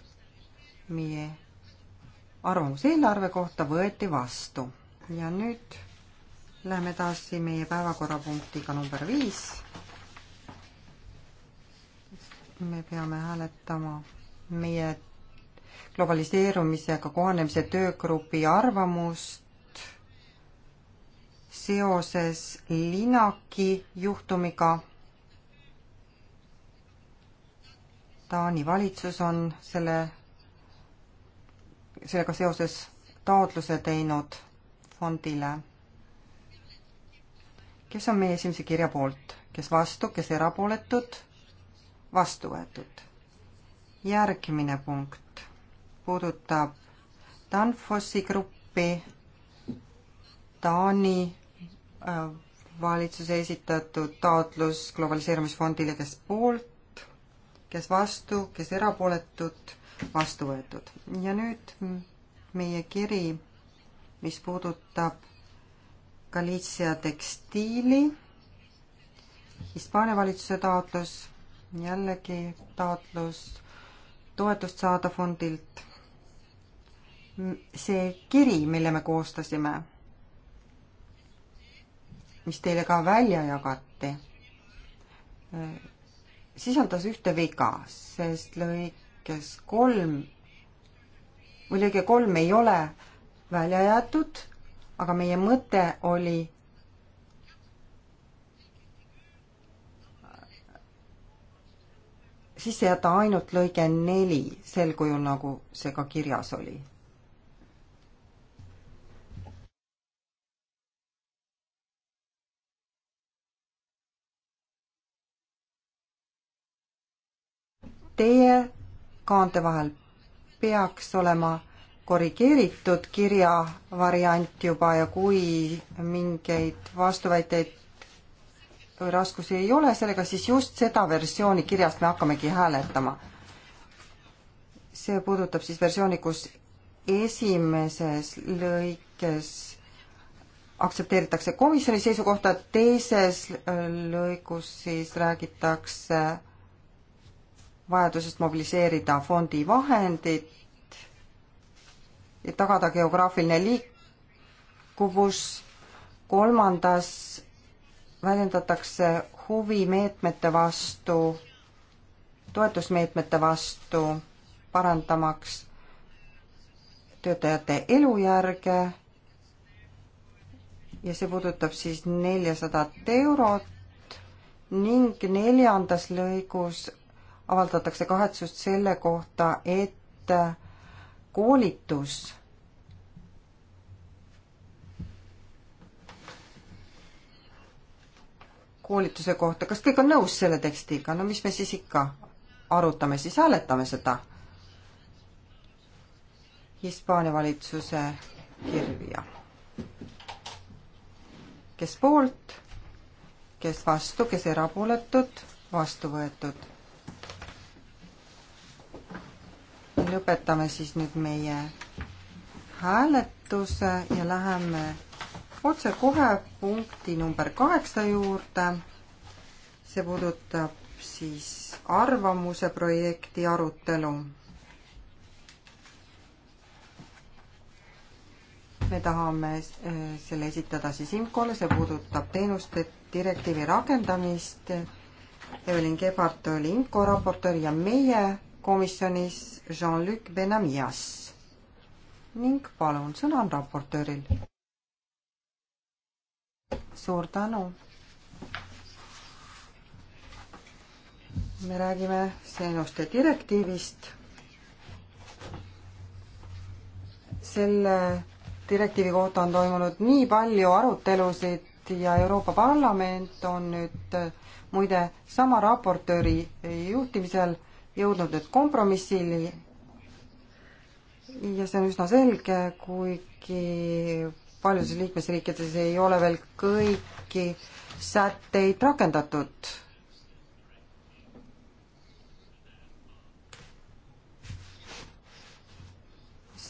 meie arvamus eelarve kohta võeti vastu ja nüüd läheme edasi meie päevakorrapunktiga number viis. me peame hääletama meie globaliseerumisega kohanemise töögrupi arvamust seoses Linaki juhtumiga. Taani valitsus on selle, sellega seoses taotluse teinud fondile. kes on meie esimese kirja poolt, kes vastu, kes erapooletud? vastu võetud. järgmine punkt puudutab Danfossi gruppi, Taani äh, valitsuse esitatud taotlus globaliseerumisfondile, kes poolt, kes vastu, kes erapooletud, vastu võetud. ja nüüd meie kiri, mis puudutab Galiitsia tekstiili, Hispaania valitsuse taotlus, jällegi taotlus toetust saada fondilt see kiri, mille me koostasime, mis teile ka välja jagati, sisaldas ühte viga, sest lõikes kolm või lõige kolm ei ole välja jäetud, aga meie mõte oli sisse jätta ainult lõige neli sel kujul, nagu see ka kirjas oli teie kaante vahel peaks olema korrigeeritud kirja variant juba ja kui mingeid vastuväiteid või raskusi ei ole sellega, siis just seda versiooni kirjast me hakkamegi hääletama. see puudutab siis versiooni, kus esimeses lõikes aktsepteeritakse komisjoni seisukohta, teises lõigus siis räägitakse vajadusest mobiliseerida fondi vahendid ja tagada geograafiline liikuvus. kolmandas väljendatakse huvi meetmete vastu, toetusmeetmete vastu, parandamaks töötajate elujärge ja see puudutab siis neljasadat eurot ning neljandas lõigus avaldatakse kahetsust selle kohta, et koolitus koolituse kohta, kas kõik on nõus selle tekstiga, no mis me siis ikka arutame, siis hääletame seda. Hispaania valitsuse kirja. kes poolt, kes vastu, kes erapooletud, vastu võetud lõpetame siis nüüd meie hääletuse ja läheme otsekohe punkti number kaheksa juurde. see puudutab siis arvamuse projekti arutelu. me tahame eh, selle esitada siis IMCO-le, see puudutab teenuste direktiivi rakendamist. Evelyn Gebhardt oli IMCO raportöör ja meie komisjonis Jean-Luc Benamias ning palun, sõna on raportööril. suur tänu. me räägime seenuste direktiivist. selle direktiivi kohta on toimunud nii palju arutelusid ja Euroopa Parlament on nüüd eh, muide sama raportööri juhtimisel jõudnud nüüd kompromissini ja see on üsna selge, kuigi paljudes liikmesriikides ei ole veel kõiki sätteid rakendatud.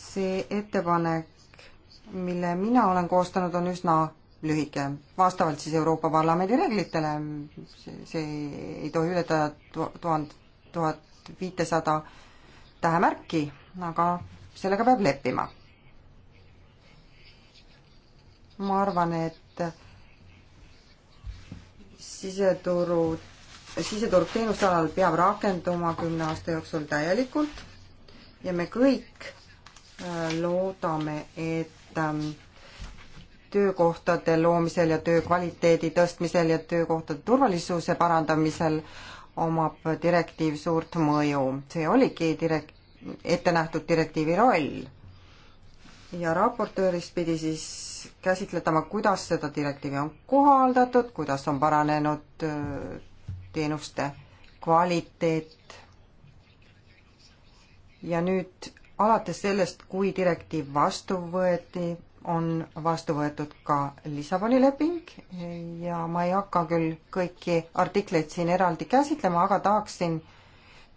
see ettepanek, mille mina olen koostanud, on üsna lühike, vastavalt siis Euroopa Parlamendi reeglitele, see ei tohi ületada tuhand, tuhat viitesada tähemärki, aga sellega peab leppima. ma arvan, et siseturu, siseturg teenuste alal peab rakenduma kümne aasta jooksul täielikult ja me kõik äh, loodame, et ähm, töökohtade loomisel ja töö kvaliteedi tõstmisel ja töökohtade turvalisuse parandamisel omab direktiiv suurt mõju. see oligi direk-, ette nähtud direktiivi roll. ja raportöörist pidi siis käsitletama, kuidas seda direktiivi on kohaldatud, kuidas on paranenud äh, teenuste kvaliteet. ja nüüd alates sellest, kui direktiiv vastu võeti, on vastu võetud ka Lissaboni leping ja ma ei hakka küll kõiki artikleid siin eraldi käsitlema, aga tahaksin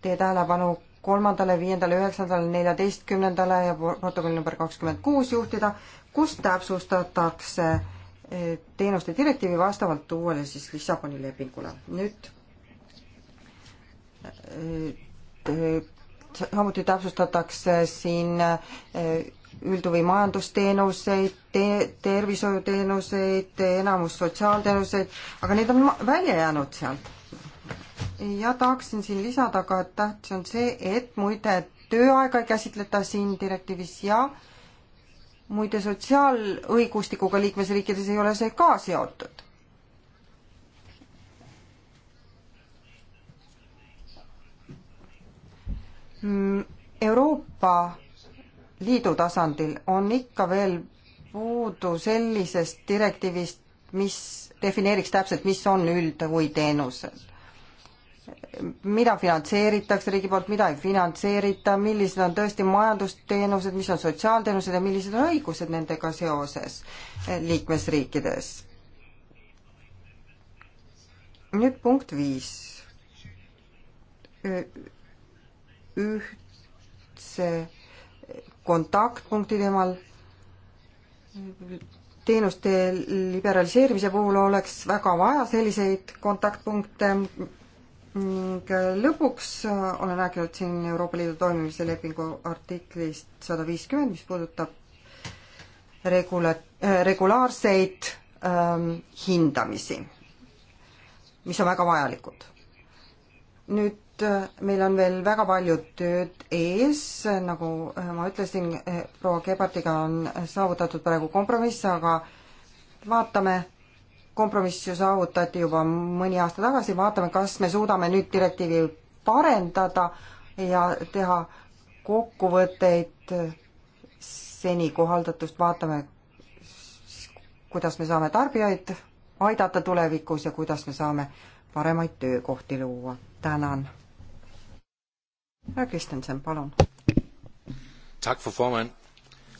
teie tähelepanu kolmandale, viiendale, üheksandale, neljateistkümnendale ja protokolli number kakskümmend kuus juhtida, kus täpsustatakse eh, teenuste direktiivi vastavalt uuele siis Lissaboni lepingule. nüüd eh, samuti täpsustatakse siin eh, üldhuvi majandusteenuseid te, tervishoiuteenuseid, enamus sotsiaalteenuseid, aga need on välja jäänud sealt. ja tahaksin siin lisada ka, et tähtis on see, et muide, tööaega ei käsitleta siin direktiivis ja muide, sotsiaalõigustikuga liikmesriikides ei ole see ka seotud Euroopa liidu tasandil on ikka veel puudu sellisest direktiivist, mis defineeriks täpselt, mis on üldhuvi teenused. mida finantseeritakse riigi poolt, mida ei finantseerita, millised on tõesti majandusteenused, mis on sotsiaalteenused ja millised on õigused nendega seoses liikmesriikides. nüüd punkt viis. ühtse kontaktpunkti teemal. teenuste liberaliseerimise puhul oleks väga vaja selliseid kontaktpunkte ning lõpuks olen rääkinud siin Euroopa Liidu toimimise lepingu artiklist sada viiskümmend, mis puudutab regula-, regulaarseid ähm, hindamisi, mis on väga vajalikud. nüüd Äh, meil on veel väga palju tööd ees, äh, nagu äh, ma ütlesin, proua Kebartiga on saavutatud praegu kompromiss, aga vaatame, kompromiss ju saavutati juba mõni aasta tagasi, vaatame, kas me suudame nüüd direktiivi parendada ja teha kokkuvõtteid seni kohaldatust, vaatame, kuidas me saame tarbijaid aidata tulevikus ja kuidas me saame paremaid töökohti luua. tänan härra Kristjanson, palun.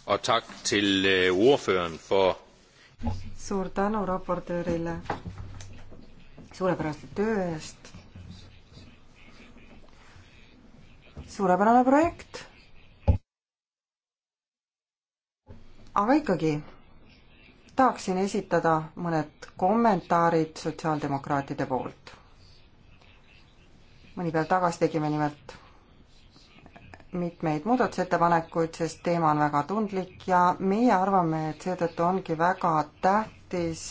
Øh, suur tänu raportöörile suurepärase töö eest. suurepärane projekt. aga ikkagi tahaksin esitada mõned kommentaarid sotsiaaldemokraatide poolt. mõni päev tagasi tegime nimelt mitmeid muudatusettepanekuid, sest teema on väga tundlik ja meie arvame, et seetõttu ongi väga tähtis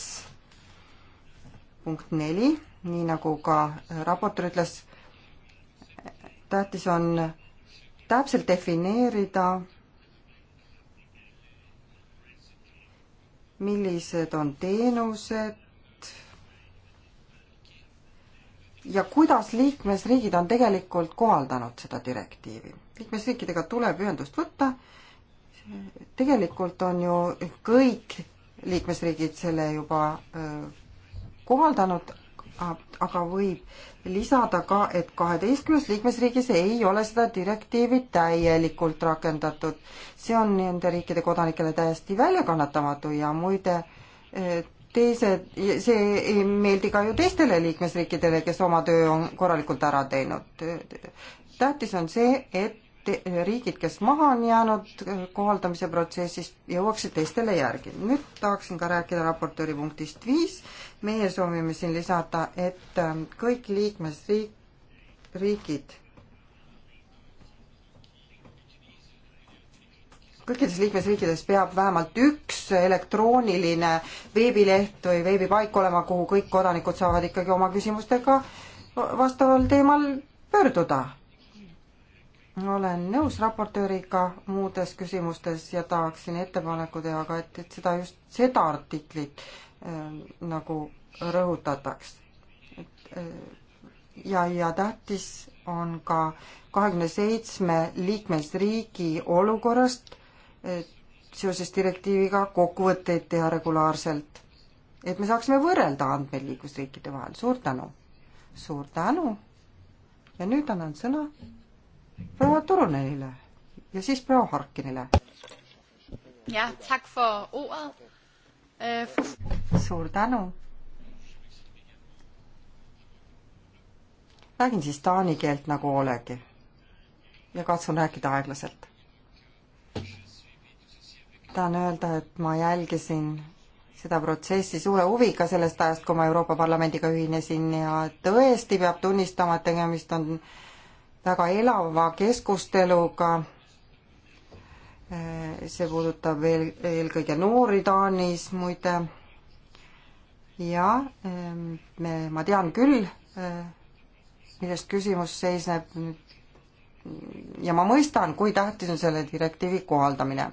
punkt neli, nii nagu ka raportöör ütles, tähtis on täpselt defineerida, millised on teenused, ja kuidas liikmesriigid on tegelikult kohaldanud seda direktiivi? liikmesriikidega tuleb ühendust võtta. tegelikult on ju kõik liikmesriigid selle juba äh, kohaldanud, aga võib lisada ka, et kaheteistkümnes liikmesriigis ei ole seda direktiivi täielikult rakendatud. see on nende riikide kodanikele täiesti väljakannatamatu ja muide äh, teised, see ei meeldi ka ju teistele liikmesriikidele, kes oma töö on korralikult ära teinud tähtis on see, et riigid, kes maha on jäänud kohaldamise protsessist, jõuaksid teistele järgi. nüüd tahaksin ka rääkida raportööri punktist viis. meie soovime siin lisada, et ähm, kõik liikmesriik, riigid kõikides liikmesriikides peab vähemalt üks elektrooniline veebileht või veebipaik olema, kuhu kõik kodanikud saavad ikkagi oma küsimustega vastaval teemal pöörduda olen nõus raportööriga muudes küsimustes ja tahaksin ettepaneku teha ka, et, et seda just, seda artiklit äh, nagu rõhutataks. et äh, ja, ja tähtis on ka kahekümne seitsme liikmesriigi olukorrast seoses direktiiviga kokkuvõtteid teha regulaarselt. et me saaksime võrrelda andmeid liikmesriikide vahel, suur tänu! suur tänu! ja nüüd annan sõna proua Turunenile ja siis proua Harkinile. jah, tak for ordet äh,. For... suur tänu. räägin siis taani keelt nagu olegi ja katsun rääkida aeglaselt. tahan öelda, et ma jälgisin seda protsessi suure huviga sellest ajast, kui ma Euroopa Parlamendiga ühinesin ja tõesti peab tunnistama, et tegemist on äh, väga elava keskusteluga. see puudutab veel eelkõige noori Taanis muide. ja ehm, me, ma tean küll, eh, milles küsimus seisneb. ja ma mõistan, kui tähtis on selle direktiivi kohaldamine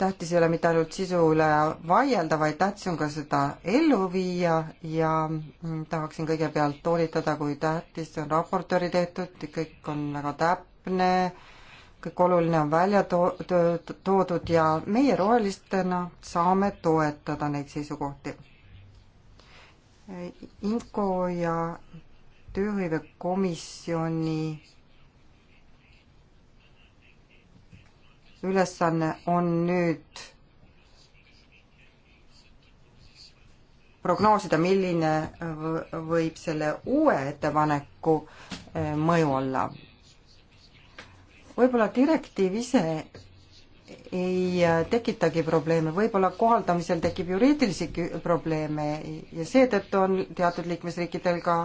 tähtis ei ole mitte ainult sisu üle vaielda, vaid tähtis on ka seda ellu viia ja mm, tahaksin kõigepealt toolitada, kui tähtis on raportööri tehtud, kõik on väga täpne, kõik oluline on välja to-, to-, toodud ja meie rohelistena saame toetada neid seisukohti. Inko ja tööhõivekomisjoni ülesanne on nüüd prognoosida, milline võib selle uue ettepaneku eh, mõju olla. võib-olla direktiiv ise ei eh, tekitagi probleeme, võib-olla kohaldamisel tekib juriidilisi probleeme ja seetõttu on teatud liikmesriikidel ka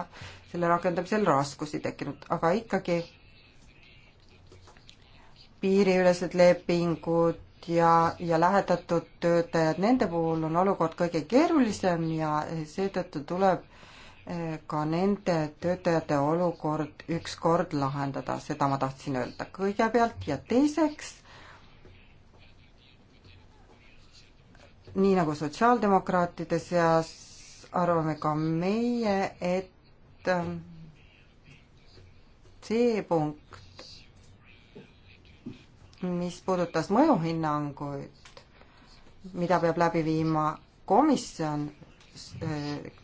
selle rakendamisel raskusi tekkinud, aga ikkagi piiriülesed lepingud ja, ja lähetatud töötajad, nende puhul on olukord kõige keerulisem ja seetõttu tuleb eh, ka nende töötajate olukord ükskord lahendada, seda ma tahtsin öelda kõigepealt ja teiseks, nii nagu sotsiaaldemokraatide seas arvame ka meie, et eh, see punkt, mis puudutas mõjuhinnanguid, mida peab läbi viima komisjon eh,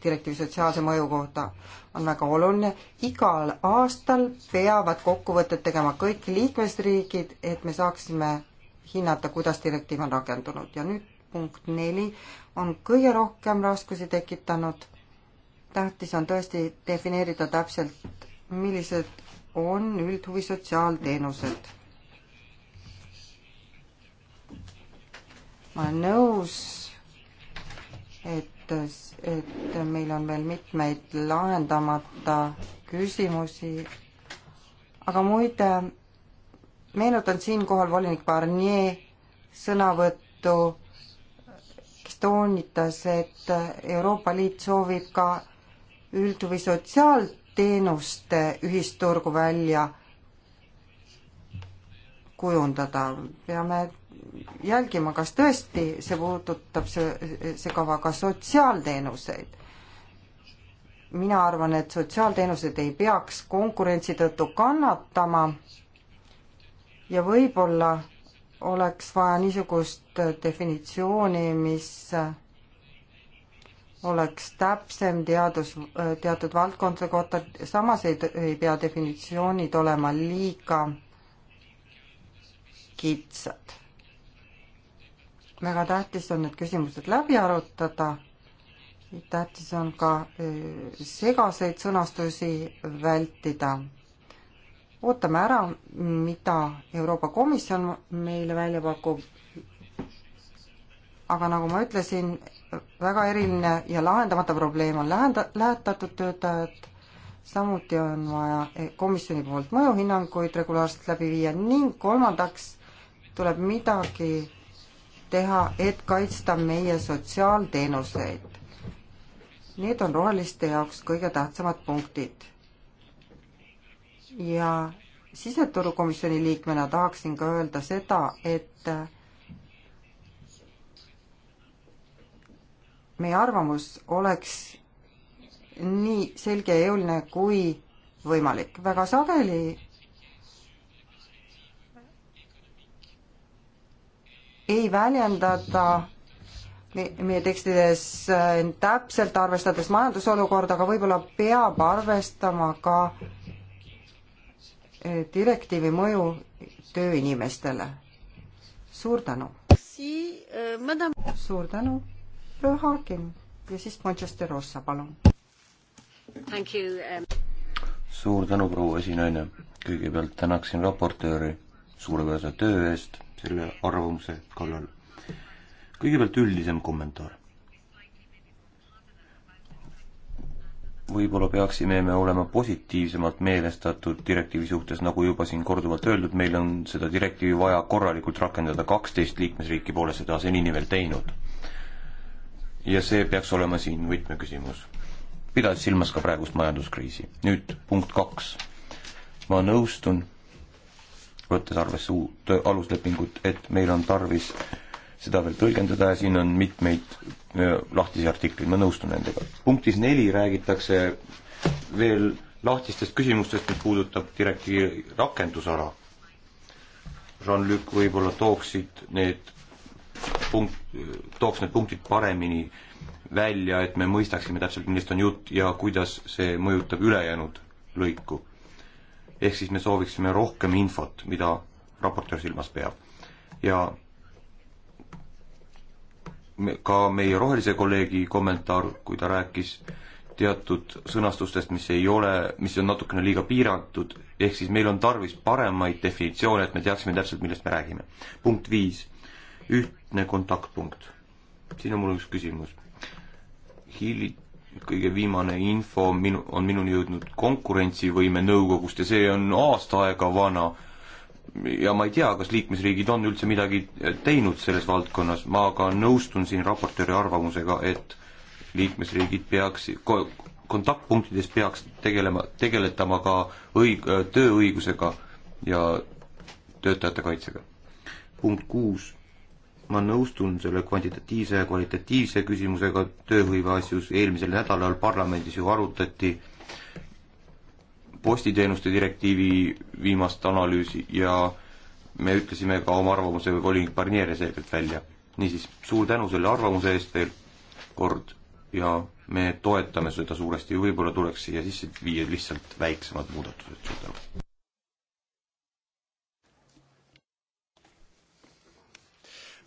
direktiivi sotsiaalse mõju kohta, on väga oluline. igal aastal peavad kokkuvõtted tegema kõik liikmesriigid, et me saaksime hinnata, kuidas direktiiv on rakendunud ja nüüd punkt neli on kõige rohkem raskusi tekitanud. tähtis on tõesti defineerida täpselt, millised on üldhuvi sotsiaalteenused ma olen nõus, et, et meil on veel mitmeid lahendamata küsimusi, aga muide, meenutan siinkohal volinik Barnier sõnavõttu, kes toonitas, et Euroopa Liit soovib ka üld- või sotsiaalteenuste ühisturgu välja kujundada, peame jälgima, kas tõesti see puudutab, see, see kava ka sotsiaalteenuseid. mina arvan, et sotsiaalteenused ei peaks konkurentsi tõttu kannatama ja võib-olla oleks vaja niisugust definitsiooni, mis oleks täpsem teadus, teatud valdkondade kohta, samas ei, ei pea definitsioonid olema liiga kitsad väga tähtis on need küsimused läbi arutada. tähtis on ka eh, segaseid sõnastusi vältida. ootame ära, mida Euroopa Komisjon meile välja pakub. aga nagu ma ütlesin, väga eriline ja lahendamata probleem on lähenda-, lähetatud töötajad samuti on vaja eh, komisjoni poolt mõjuhinnanguid regulaarselt läbi viia ning kolmandaks tuleb midagi teha, et kaitsta meie sotsiaalteenuseid. Need on roheliste jaoks kõige tähtsamad punktid. ja siseturukomisjoni liikmena tahaksin ka öelda seda, et meie arvamus oleks nii selge ja jõuline kui võimalik. väga sageli ei väljendata meie tekstides äh, täpselt, arvestades majandusolukorda, aga võib-olla peab arvestama ka äh, direktiivi mõju tööinimestele. suur tänu! Äh, suur tänu, proua Haakin ja siis Manchester Rossa, palun! Um- suur tänu, proua esinaine! kõigepealt tänaksin raportööri suurepärase töö eest selle arvamuse kallal. kõigepealt üldisem kommentaar. võib-olla peaksime me olema positiivsemalt meelestatud direktiivi suhtes, nagu juba siin korduvalt öeldud, meil on seda direktiivi vaja korralikult rakendada, kaksteist liikmesriiki pole seda senini veel teinud. ja see peaks olema siin võtmeküsimus, pidades silmas ka praegust majanduskriisi. nüüd punkt kaks. ma nõustun võttes arvesse uut aluslepingut, et meil on tarvis seda veel tõlgendada ja siin on mitmeid lahtisi artikleid, ma nõustun nendega. punktis neli räägitakse veel lahtistest küsimustest, mis puudutab direktiivi rakendusala. Jean-Luc, võib-olla tooksid need punkt, tooks need punktid paremini välja, et me mõistaksime täpselt, millest on jutt ja kuidas see mõjutab ülejäänud lõiku ehk siis me sooviksime rohkem infot, mida raportöör silmas peab. ja me, ka meie rohelise kolleegi kommentaar, kui ta rääkis teatud sõnastustest, mis ei ole, mis on natukene liiga piiratud, ehk siis meil on tarvis paremaid definitsioone, et me teaksime täpselt, millest me räägime. punkt viis, ühtne kontaktpunkt. siin on mul üks küsimus. hiljuti kõige viimane info minu, on minuni jõudnud konkurentsivõime nõukogust ja see on aasta aega vana. ja ma ei tea, kas liikmesriigid on üldse midagi teinud selles valdkonnas, ma aga nõustun siin raportööri arvamusega, et liikmesriigid peaks, kontaktpunktides peaks tegelema, tegeletama ka õig-, tööõigusega ja töötajate kaitsega. punkt kuus ma nõustun selle kvantitatiivse ja kvalitatiivse küsimusega tööhõive asjus, eelmisel nädalal parlamendis ju arutati postiteenuste direktiivi viimast analüüsi ja me ütlesime ka oma arvamuse volinik Barnieri selgelt välja. niisiis, suur tänu selle arvamuse eest veel kord ja me toetame seda suuresti ja võib-olla tuleks siia sisse viia lihtsalt väiksemad muudatused, suur tänu.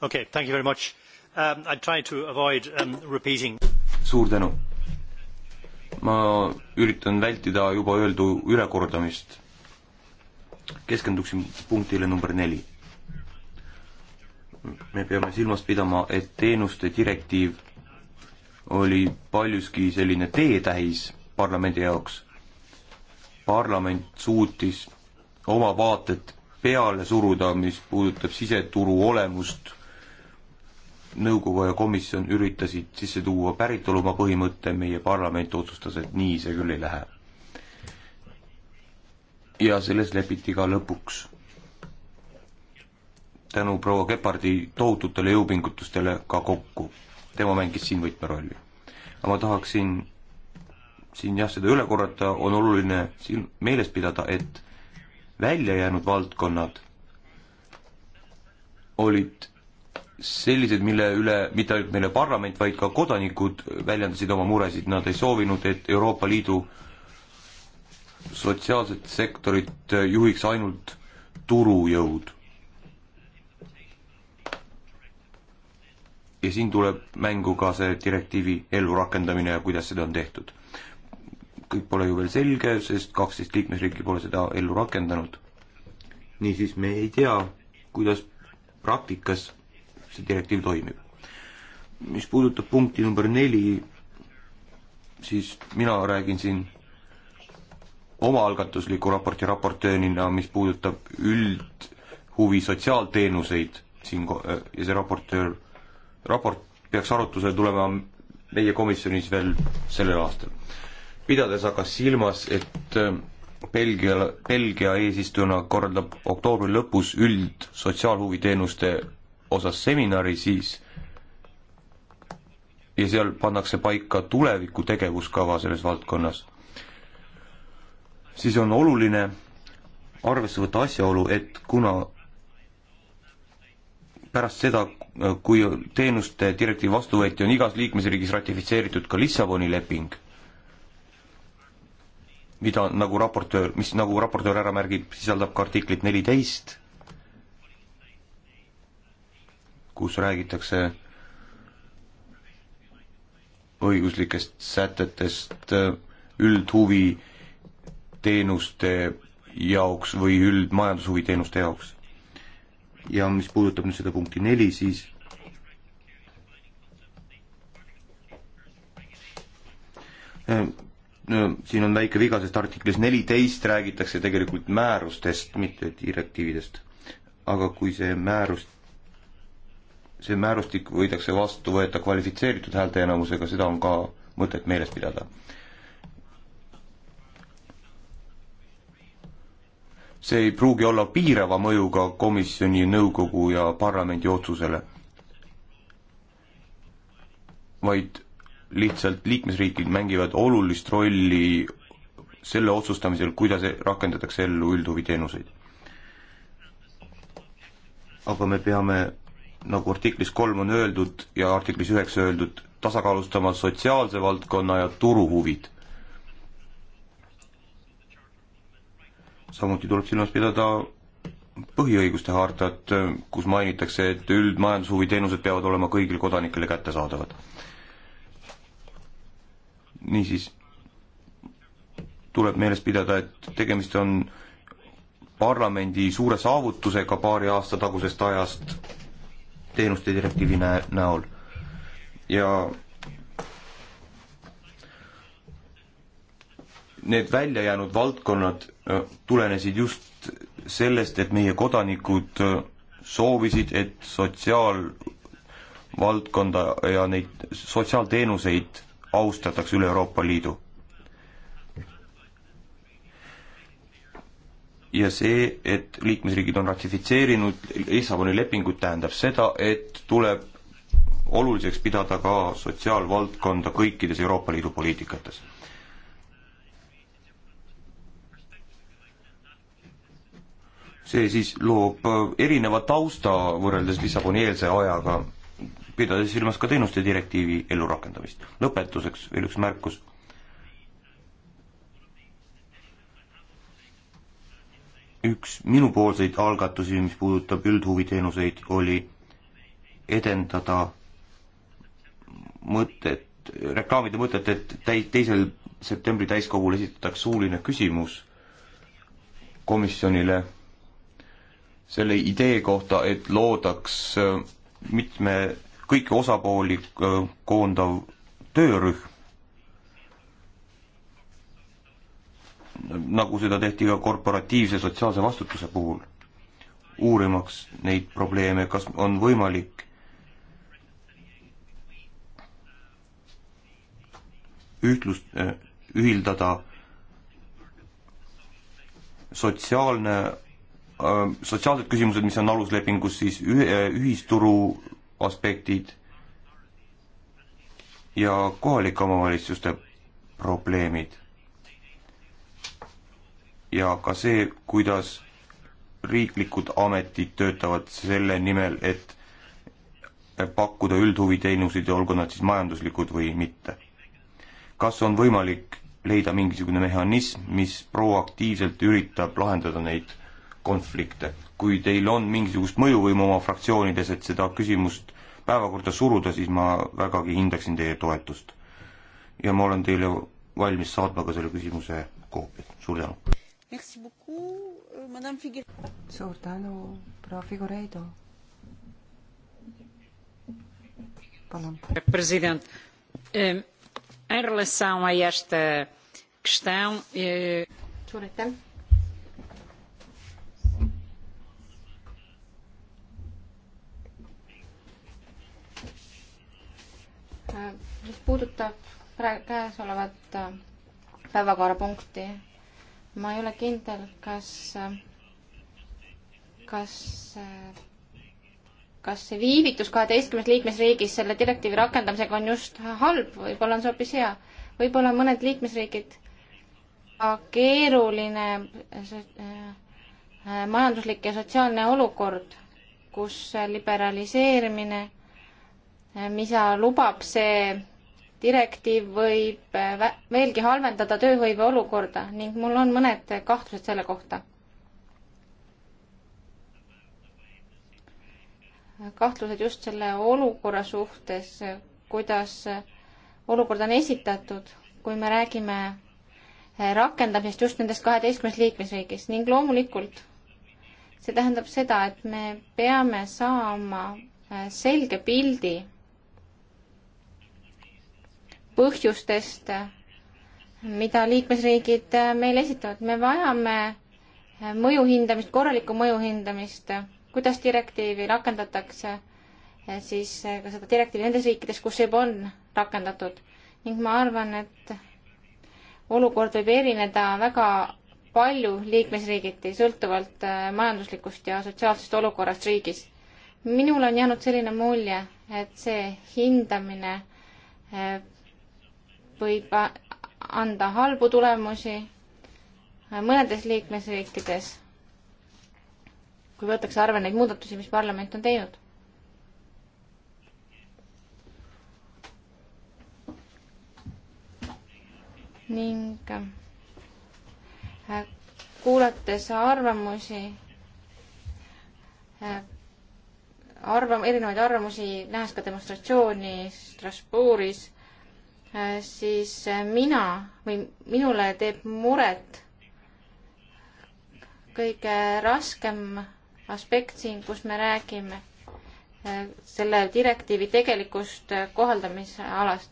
Okay, thank you very much. Um, I try to avoid um, repeating. suur tänu. ma üritan vältida juba öeldu ülekordamist. keskenduksin punktile number neli. me peame silmas pidama, et teenuste direktiiv oli paljuski selline teetähis parlamendi jaoks. parlament suutis oma vaated peale suruda, mis puudutab siseturu olemust nõukogu ja komisjon üritasid sisse tuua päritolumaa põhimõtte, meie parlament otsustas, et nii see küll ei lähe. ja selles lepiti ka lõpuks. tänu proua Kepardi tohututele jõupingutustele ka kokku. tema mängis siin võtmerolli. aga ma tahaksin siin jah, seda üle korrata, on oluline siin meeles pidada, et välja jäänud valdkonnad olid sellised, mille üle mitte ainult meile parlament, vaid ka kodanikud väljendasid oma muresid, nad ei soovinud, et Euroopa Liidu sotsiaalset sektorit juhiks ainult turujõud. ja siin tuleb mängu ka see direktiivi ellurakendamine ja kuidas seda on tehtud. kõik pole ju veel selge, sest kaksteist liikmesriiki pole seda ellu rakendanud. niisiis, me ei tea, kuidas praktikas see direktiiv toimib. mis puudutab punkti number neli, siis mina räägin siin omaalgatusliku raporti raportöörina, mis puudutab üldhuvi sotsiaalteenuseid siin ja see raportöör, raport peaks arutusele tulema meie komisjonis veel sellel aastal. pidades aga silmas, et äh, Belgia, Belgia eesistujana korraldab oktoobri lõpus üld sotsiaalhuviteenuste osas seminari, siis ja seal pannakse paika tuleviku tegevuskava selles valdkonnas, siis on oluline arvesse võtta asjaolu, et kuna pärast seda, kui teenuste direktiiv vastu võeti, on igas liikmesriigis ratifitseeritud ka Lissaboni leping, mida nagu raportöör, mis nagu raportöör ära märgib, sisaldab ka artiklit neliteist kus räägitakse õiguslikest sätetest äh, üldhuvi teenuste jaoks või üldmajandushuvi teenuste jaoks. ja mis puudutab nüüd seda punkti neli, siis äh, siin on väike viga, sest artiklis neliteist räägitakse tegelikult määrustest, mitte direktiividest. aga kui see määrus see määrustik võidakse vastu võeta kvalifitseeritud häälteenamusega, seda on ka mõtet meeles pidada. see ei pruugi olla piirava mõjuga komisjoni, nõukogu ja parlamendi otsusele, vaid lihtsalt liikmesriigid mängivad olulist rolli selle otsustamisel, kuidas rakendatakse ellu üldhuviteenuseid. aga me peame nagu artiklis kolm on öeldud ja artiklis üheksa öeldud, tasakaalustama sotsiaalse valdkonna ja turu huvid. samuti tuleb silmas pidada põhiõiguste hartat, kus mainitakse, et üldmajandushuvi teenused peavad olema kõigile kodanikele kättesaadavad. niisiis, tuleb meeles pidada, et tegemist on parlamendi suure saavutusega paari aasta tagusest ajast teenuste direktiivi nä-, näol ja need välja jäänud valdkonnad äh, tulenesid just sellest, et meie kodanikud äh, soovisid, et sotsiaalvaldkonda ja neid sotsiaalteenuseid austataks üle Euroopa Liidu. ja see, et liikmesriigid on ratifitseerinud Lissaboni lepingut, tähendab seda, et tuleb oluliseks pidada ka sotsiaalvaldkonda kõikides Euroopa Liidu poliitikates. see siis loob äh, erineva tausta võrreldes Lissaboni eelse ajaga, pidades silmas ka teenuste direktiivi ellurakendamist. lõpetuseks veel üks märkus üks minupoolseid algatusi, mis puudutab üldhuviteenuseid, oli edendada mõtet, reklaamide mõtet, et täi-, teisel septembri täiskogul esitatakse suuline küsimus komisjonile selle idee kohta, et loodaks äh, mitme, kõiki osapooli äh, koondav töörühm, nagu seda tehti ka korporatiivse sotsiaalse vastutuse puhul, uurimaks neid probleeme, kas on võimalik ühtlust, äh, ühildada sotsiaalne, äh, sotsiaalsed küsimused, mis on aluslepingus siis äh, ühisturu aspektid ja kohalike omavalitsuste probleemid ja ka see, kuidas riiklikud ametid töötavad selle nimel, et pakkuda üldhuviteenuseid, olgu nad siis majanduslikud või mitte. kas on võimalik leida mingisugune mehhanism, mis proaktiivselt üritab lahendada neid konflikte? kui teil on mingisugust mõjuvõimu oma fraktsioonides, et seda küsimust päevakorda suruda, siis ma vägagi hindaksin teie toetust. ja ma olen teile valmis saatma ka selle küsimuse koopiat, suur tänu! Merci beaucoup, euh, madame Figuer-. suur tänu, proua Figureido. palun. president, eh, em relação a esta questão. Eh, suur aitäh. mis puudutab praegu käesolevat eh, päevakorrapunkti ma ei ole kindel, kas, kas kas see viivitus kaheteistkümnes liikmesriigis selle direktiivi rakendamisega on just halb, võib-olla on see hoopis hea. võib-olla on mõned liikmesriigid keeruline äh, majanduslik ja sotsiaalne olukord, kus liberaliseerimine, äh, mida lubab see direktiiv võib eh, veelgi halvendada tööhõive olukorda ning mul on mõned kahtlused selle kohta. kahtlused just selle olukorra suhtes, kuidas olukord on esitatud, kui me räägime eh, rakendamisest just nendes kaheteistkümnes liikmesriigis ning loomulikult see tähendab seda, et me peame saama eh, selge pildi põhjustest, mida liikmesriigid meile esitavad. me vajame mõju hindamist, korralikku mõju hindamist, kuidas direktiivi rakendatakse, siis ka seda direktiivi nendes riikides, kus juba on rakendatud. ning ma arvan, et olukord võib erineda väga palju liikmesriigiti, sõltuvalt äh, majanduslikust ja sotsiaalsest olukorrast riigis. minul on jäänud selline mulje, et see hindamine äh, võib anda halbu tulemusi äh, mõnedes liikmesriikides, kui võetakse arve neid muudatusi, mis parlament on teinud. ning äh, kuulates arvamusi, äh, arvam-, erinevaid arvamusi, nähes ka demonstratsiooni Strasbourgis Äh, siis äh, mina või minule teeb muret kõige raskem aspekt siin, kus me räägime äh, selle direktiivi tegelikust kohaldamisalast.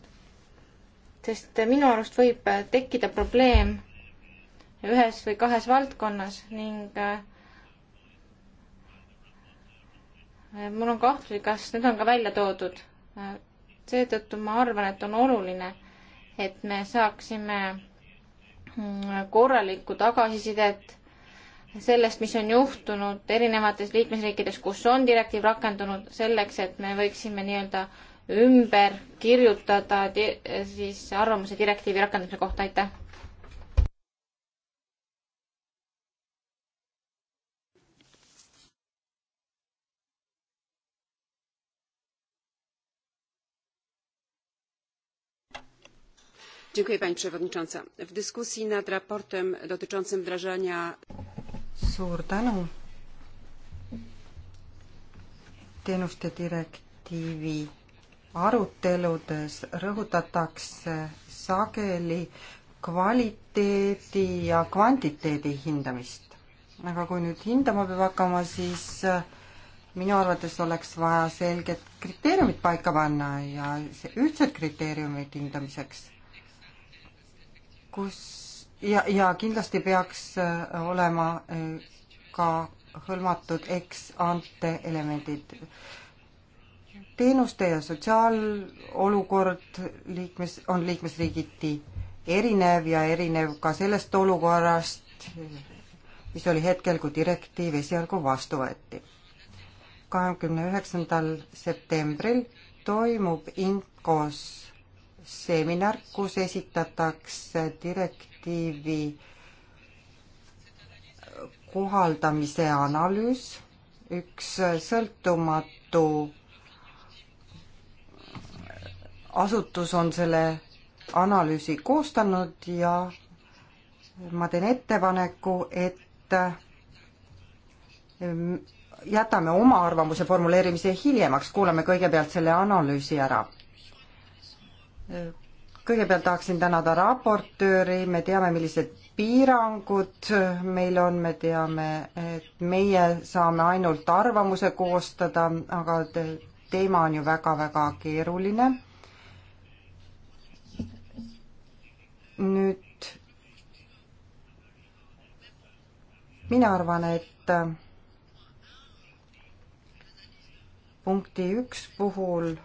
sest minu arust võib tekkida probleem ühes või kahes valdkonnas ning mul on kahtlusi, kas need on ka välja toodud seetõttu ma arvan, et on oluline, et me saaksime mm, korralikku tagasisidet sellest, mis on juhtunud erinevates liikmesriikides, kus on direktiiv rakendunud, selleks et me võiksime nii-öelda ümber kirjutada siis arvamuse direktiivi rakendamise kohta, aitäh! Dziękuję Pani Przewodnicząca. W dyskusji nad raportem dotyczącym wdrażania... Suur tänu. Teenuste direktiivi aruteludes rõhutatakse sageli kvaliteedi ja kvantiteedi hindamist. aga kui nüüd hindama peab hakkama, siis äh, minu arvates oleks vaja selged kriteeriumid paika panna ja ühtsed kriteeriumid hindamiseks kus ja, ja kindlasti peaks äh, olema äh, ka hõlmatud ex-ante elemendid. teenuste ja sotsiaalolukord liikmes, on liikmesriigiti erinev ja erinev ka sellest olukorrast, mis oli hetkel, kui direktiiv esialgu vastu võeti. kahekümne üheksandal septembril toimub Inkos seminar, kus esitatakse direktiivi kohaldamise analüüs, üks sõltumatu asutus on selle analüüsi koostanud ja ma teen ettepaneku, et jätame oma arvamuse formuleerimise hiljemaks, kuulame kõigepealt selle analüüsi ära kõigepealt tahaksin tänada raportööri, me teame, millised piirangud meil on, me teame, et meie saame ainult arvamuse koostada, aga teema on ju väga-väga keeruline. nüüd mina arvan, et punkti üks puhul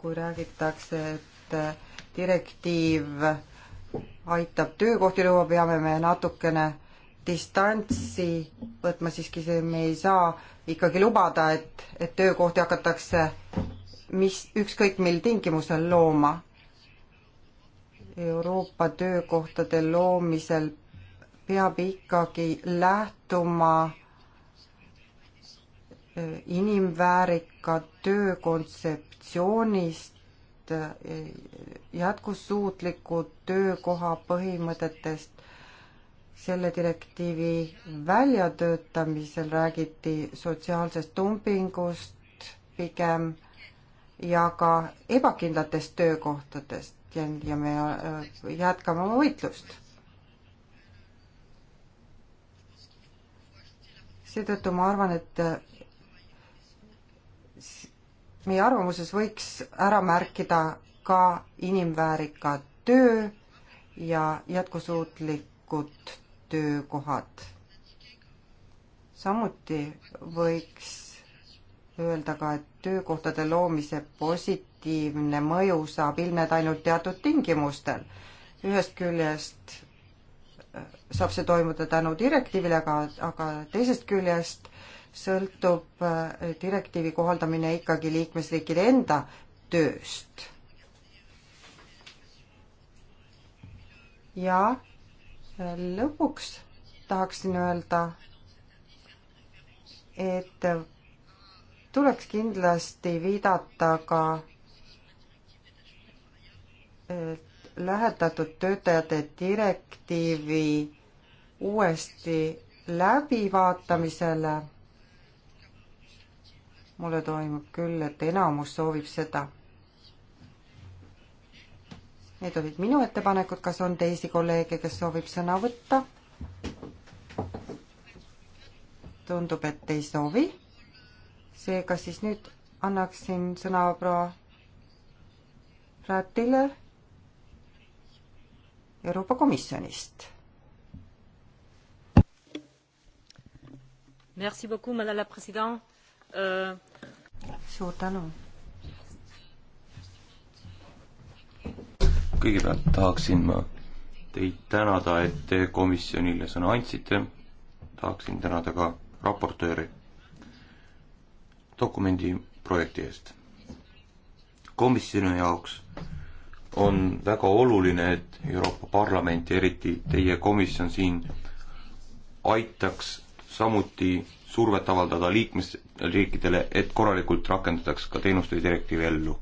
kui räägitakse, et äh, direktiiv aitab töökohti luua, peame me natukene distantsi võtma siiski, see, me ei saa ikkagi lubada, et, et töökohti hakatakse mis, ükskõik mil tingimusel looma. Euroopa töökohtade loomisel peab ikkagi lähtuma inimväärika töö kontseptsioonist, jätkusuutliku töökoha põhimõtetest. selle direktiivi väljatöötamisel räägiti sotsiaalsest dumpingust pigem ja ka ebakindlatest töökohtadest ja, ja me äh, jätkame oma võitlust. seetõttu ma arvan, et meie arvamuses võiks ära märkida ka inimväärika töö ja jätkusuutlikud töökohad. samuti võiks öelda ka, et töökohtade loomise positiivne mõju saab ilmneda ainult teatud tingimustel. ühest küljest äh, saab see toimuda tänu direktiivile, aga, aga teisest küljest sõltub äh, direktiivi kohaldamine ikkagi liikmesriikide enda tööst. ja äh, lõpuks tahaksin öelda, et tuleks kindlasti viidata ka lähetatud töötajate direktiivi uuesti läbivaatamisele mulle toimub küll, et enamus soovib seda. Need olid minu ettepanekud, kas on teisi kolleege, kes soovib sõna võtta? tundub, et ei soovi. seega siis nüüd annaksin sõna proua Ratile Euroopa Komisjonist. Merci beaucoup, madame la president suur tänu. kõigepealt tahaksin ma teid tänada, et te komisjonile sõna andsite. tahaksin tänada ka raportööri dokumendi projekti eest. komisjoni jaoks on väga oluline, et Euroopa Parlament ja eriti teie komisjon siin aitaks samuti survet avaldada liikmesriikidele, et korralikult rakendataks ka teenuste direktiivi ellu.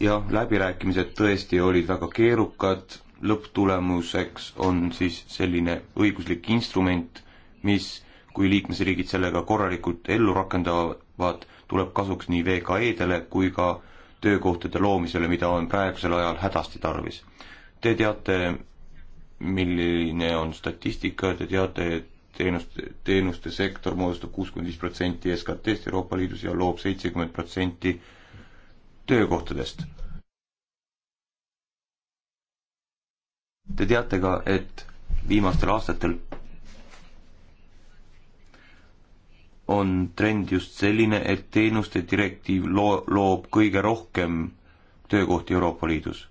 jah, läbirääkimised tõesti olid väga keerukad, lõpptulemuseks on siis selline õiguslik instrument, mis, kui liikmesriigid sellega korralikult ellu rakendavad, tuleb kasuks nii VKE-dele kui ka töökohtade loomisele, mida on praegusel ajal hädasti tarvis. Te teate milline on statistika, te teate, et teenuste, teenuste sektor moodustab kuuskümmend viis protsenti SKT-st Euroopa Liidus ja loob seitsekümmend protsenti töökohtadest. Te teate ka, et viimastel aastatel on trend just selline, et teenuste direktiiv loo-, loob kõige rohkem töökohti Euroopa Liidus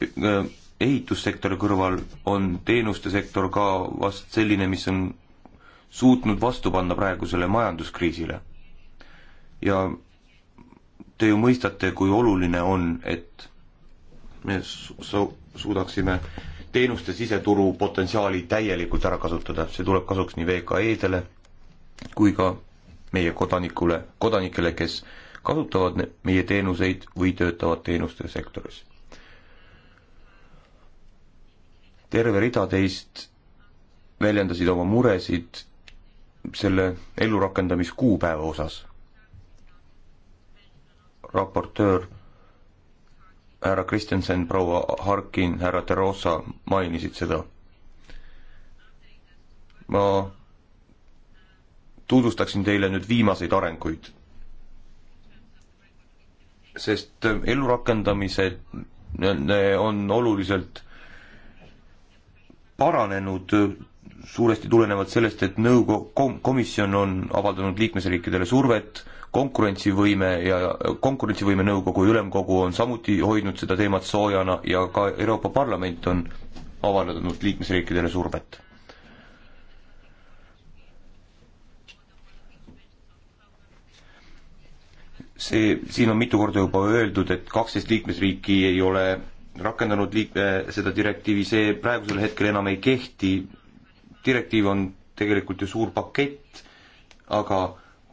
Äh, ehitussektori kõrval on teenuste sektor ka vast selline, mis on suutnud vastu panna praegusele majanduskriisile. ja te ju mõistate, kui oluline on, et me su-, suudaksime teenuste siseturu potentsiaali täielikult ära kasutada, see tuleb kasuks nii VKE-dele kui ka meie kodanikule, kodanikele, kes kasutavad meie teenuseid või töötavad teenuste sektoris. terve rida teist väljendasid oma muresid selle ellurakendamiskuupäeva osas. raportöör härra Kristjansen, proua Harkin, härra Terosa mainisid seda. ma tutvustaksin teile nüüd viimaseid arenguid. sest ellurakendamise on oluliselt paranenud suuresti tulenevalt sellest, et nõukogu kom-, komisjon on avaldanud liikmesriikidele survet, konkurentsivõime ja konkurentsivõime nõukogu ja ülemkogu on samuti hoidnud seda teemat soojana ja ka Euroopa Parlament on avaldanud liikmesriikidele survet. see, siin on mitu korda juba öeldud, et kaksteist liikmesriiki ei ole rakendanud liik-, eh, seda direktiivi, see praegusel hetkel enam ei kehti, direktiiv on tegelikult ju suur pakett, aga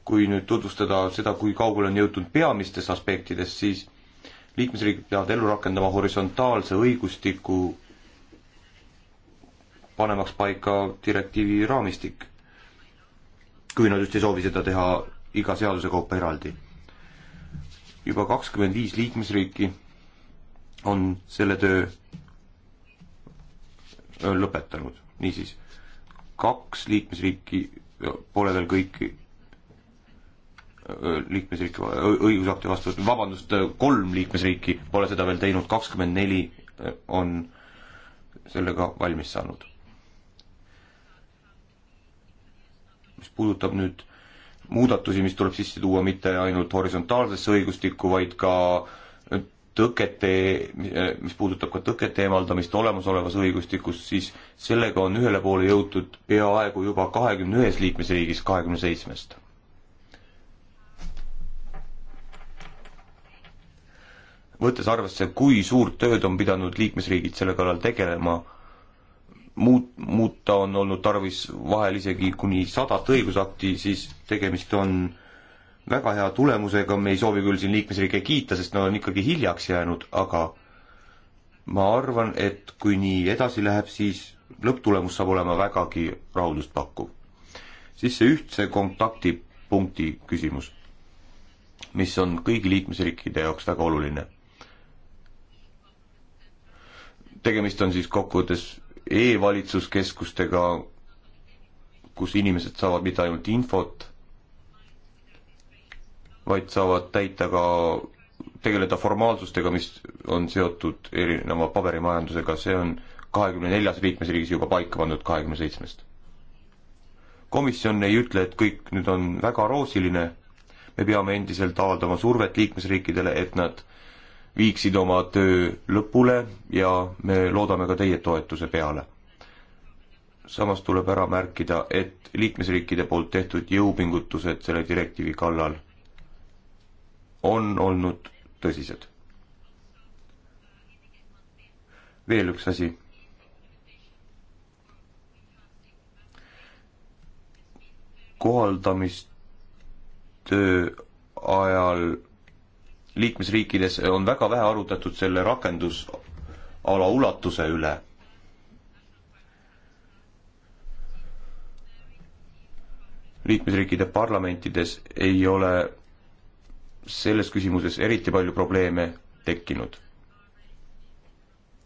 kui nüüd tutvustada seda, kui kaugele on jõutud peamistes aspektides, siis liikmesriigid peavad ellu rakendama horisontaalse õigustiku, panemaks paika direktiivi raamistik. kui nad just ei soovi seda teha iga seaduse kaupa eraldi. juba kakskümmend viis liikmesriiki on selle töö lõpetanud. niisiis, kaks liikmesriiki pole veel kõiki liikmesriiki õigusakti vastu võtnud, vabandust, kolm liikmesriiki pole seda veel teinud, kakskümmend neli on sellega valmis saanud. mis puudutab nüüd muudatusi, mis tuleb sisse tuua mitte ainult horisontaalsesse õigustikku, vaid ka tõkete, mis puudutab ka tõkete eemaldamist olemasolevas õigustikus, siis sellega on ühele poole jõutud peaaegu juba kahekümne ühes liikmesriigis kahekümne seitsmest. võttes arvesse, kui suurt tööd on pidanud liikmesriigid selle kallal tegelema, muut-, muuta on olnud tarvis vahel isegi kuni sadat õigusakti, siis tegemist on väga hea tulemusega, me ei soovi küll siin liikmesriike kiita, sest nad on ikkagi hiljaks jäänud, aga ma arvan, et kui nii edasi läheb, siis lõpptulemus saab olema vägagi rahuldustpakkuv. siis see ühtse kontaktipunkti küsimus, mis on kõigi liikmesriikide jaoks väga oluline. tegemist on siis kokkuvõttes e-valitsuskeskustega, kus inimesed saavad mitte ainult infot, vaid saavad täita ka, tegeleda formaalsustega, mis on seotud erineva paberimajandusega, see on kahekümne neljas liikmesriigis juba paika pandud kahekümne seitsmest. komisjon ei ütle, et kõik nüüd on väga roosiline, me peame endiselt avaldama survet liikmesriikidele, et nad viiksid oma töö lõpule ja me loodame ka teie toetuse peale. samas tuleb ära märkida, et liikmesriikide poolt tehtud jõupingutused selle direktiivi kallal on olnud tõsised. veel üks asi. kohaldamistöö ajal liikmesriikides on väga vähe arutatud selle rakendusala ulatuse üle liikmesriikide parlamentides ei ole selles küsimuses eriti palju probleeme tekkinud.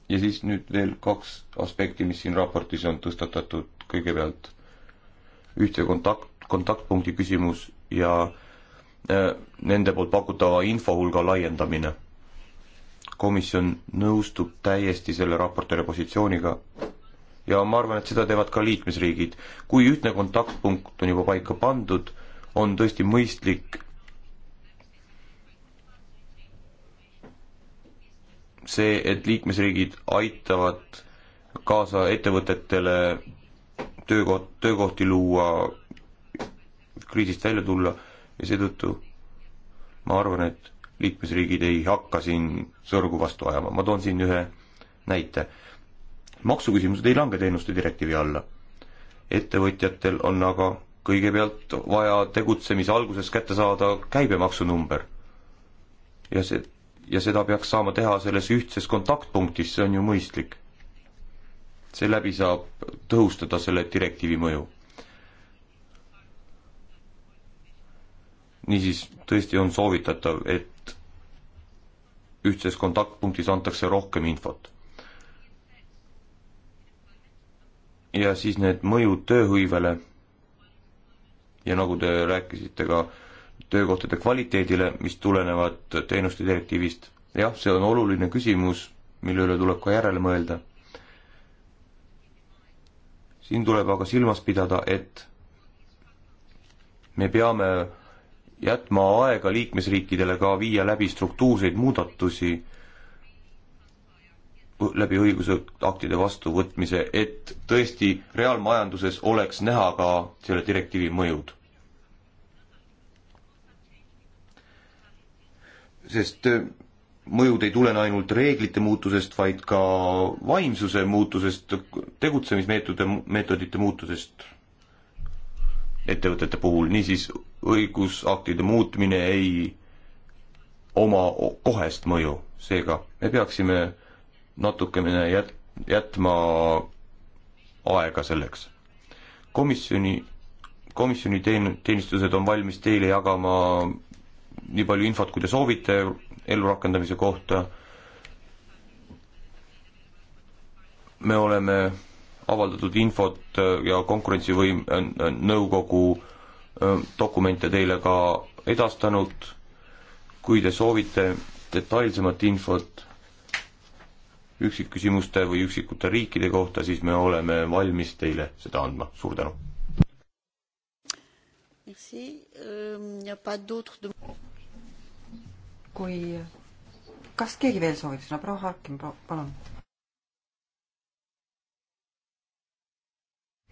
ja siis nüüd veel kaks aspekti, mis siin raportis on tõstatatud, kõigepealt ühtse kontakt, kontaktpunkti küsimus ja äh, nende poolt pakutava infohulga laiendamine. komisjon nõustub täiesti selle raportööri positsiooniga ja ma arvan, et seda teevad ka liikmesriigid. kui ühtne kontaktpunkt on juba paika pandud, on tõesti mõistlik see, et liikmesriigid aitavad kaasa ettevõtetele töökoht, töökohti luua, kriisist välja tulla ja seetõttu ma arvan, et liikmesriigid ei hakka siin sõrgu vastu ajama, ma toon siin ühe näite. maksuküsimused ei lange teenuste direktiivi alla. ettevõtjatel on aga kõigepealt vaja tegutsemise alguses kätte saada käibemaksunumber. ja see ja seda peaks saama teha selles ühtses kontaktpunktis, see on ju mõistlik. seeläbi saab tõhustada selle direktiivi mõju. niisiis, tõesti on soovitatav, et ühtses kontaktpunktis antakse rohkem infot. ja siis need mõjud tööhõivele ja nagu te rääkisite ka, töökohtade kvaliteedile, mis tulenevad teenuste direktiivist. jah, see on oluline küsimus, mille üle tuleb ka järele mõelda. siin tuleb aga silmas pidada, et me peame jätma aega liikmesriikidele ka viia läbi struktuurseid muudatusi läbi õigusaktide vastuvõtmise, et tõesti reaalmajanduses oleks näha ka selle direktiivi mõjud. sest äh, mõjud ei tulene ainult reeglite muutusest, vaid ka vaimsuse muutusest, tegutsemismeetode, meetodite muutusest ettevõtete puhul, niisiis õigusaktide muutmine ei oma kohest mõju, seega me peaksime natukene jät-, jätma aega selleks. komisjoni, komisjoni teen-, teenistused on valmis teile jagama nii palju infot, kui te soovite ellurakendamise kohta. me oleme avaldatud infot äh, ja konkurentsivõim-, äh, äh, nõukogu dokumente teile ka edastanud. kui te soovite detailsemat infot üksikküsimuste või üksikute riikide kohta, siis me oleme valmis teile seda andma. suur tänu! kui, kas keegi veel soovib sõna, proua Harkin, palun.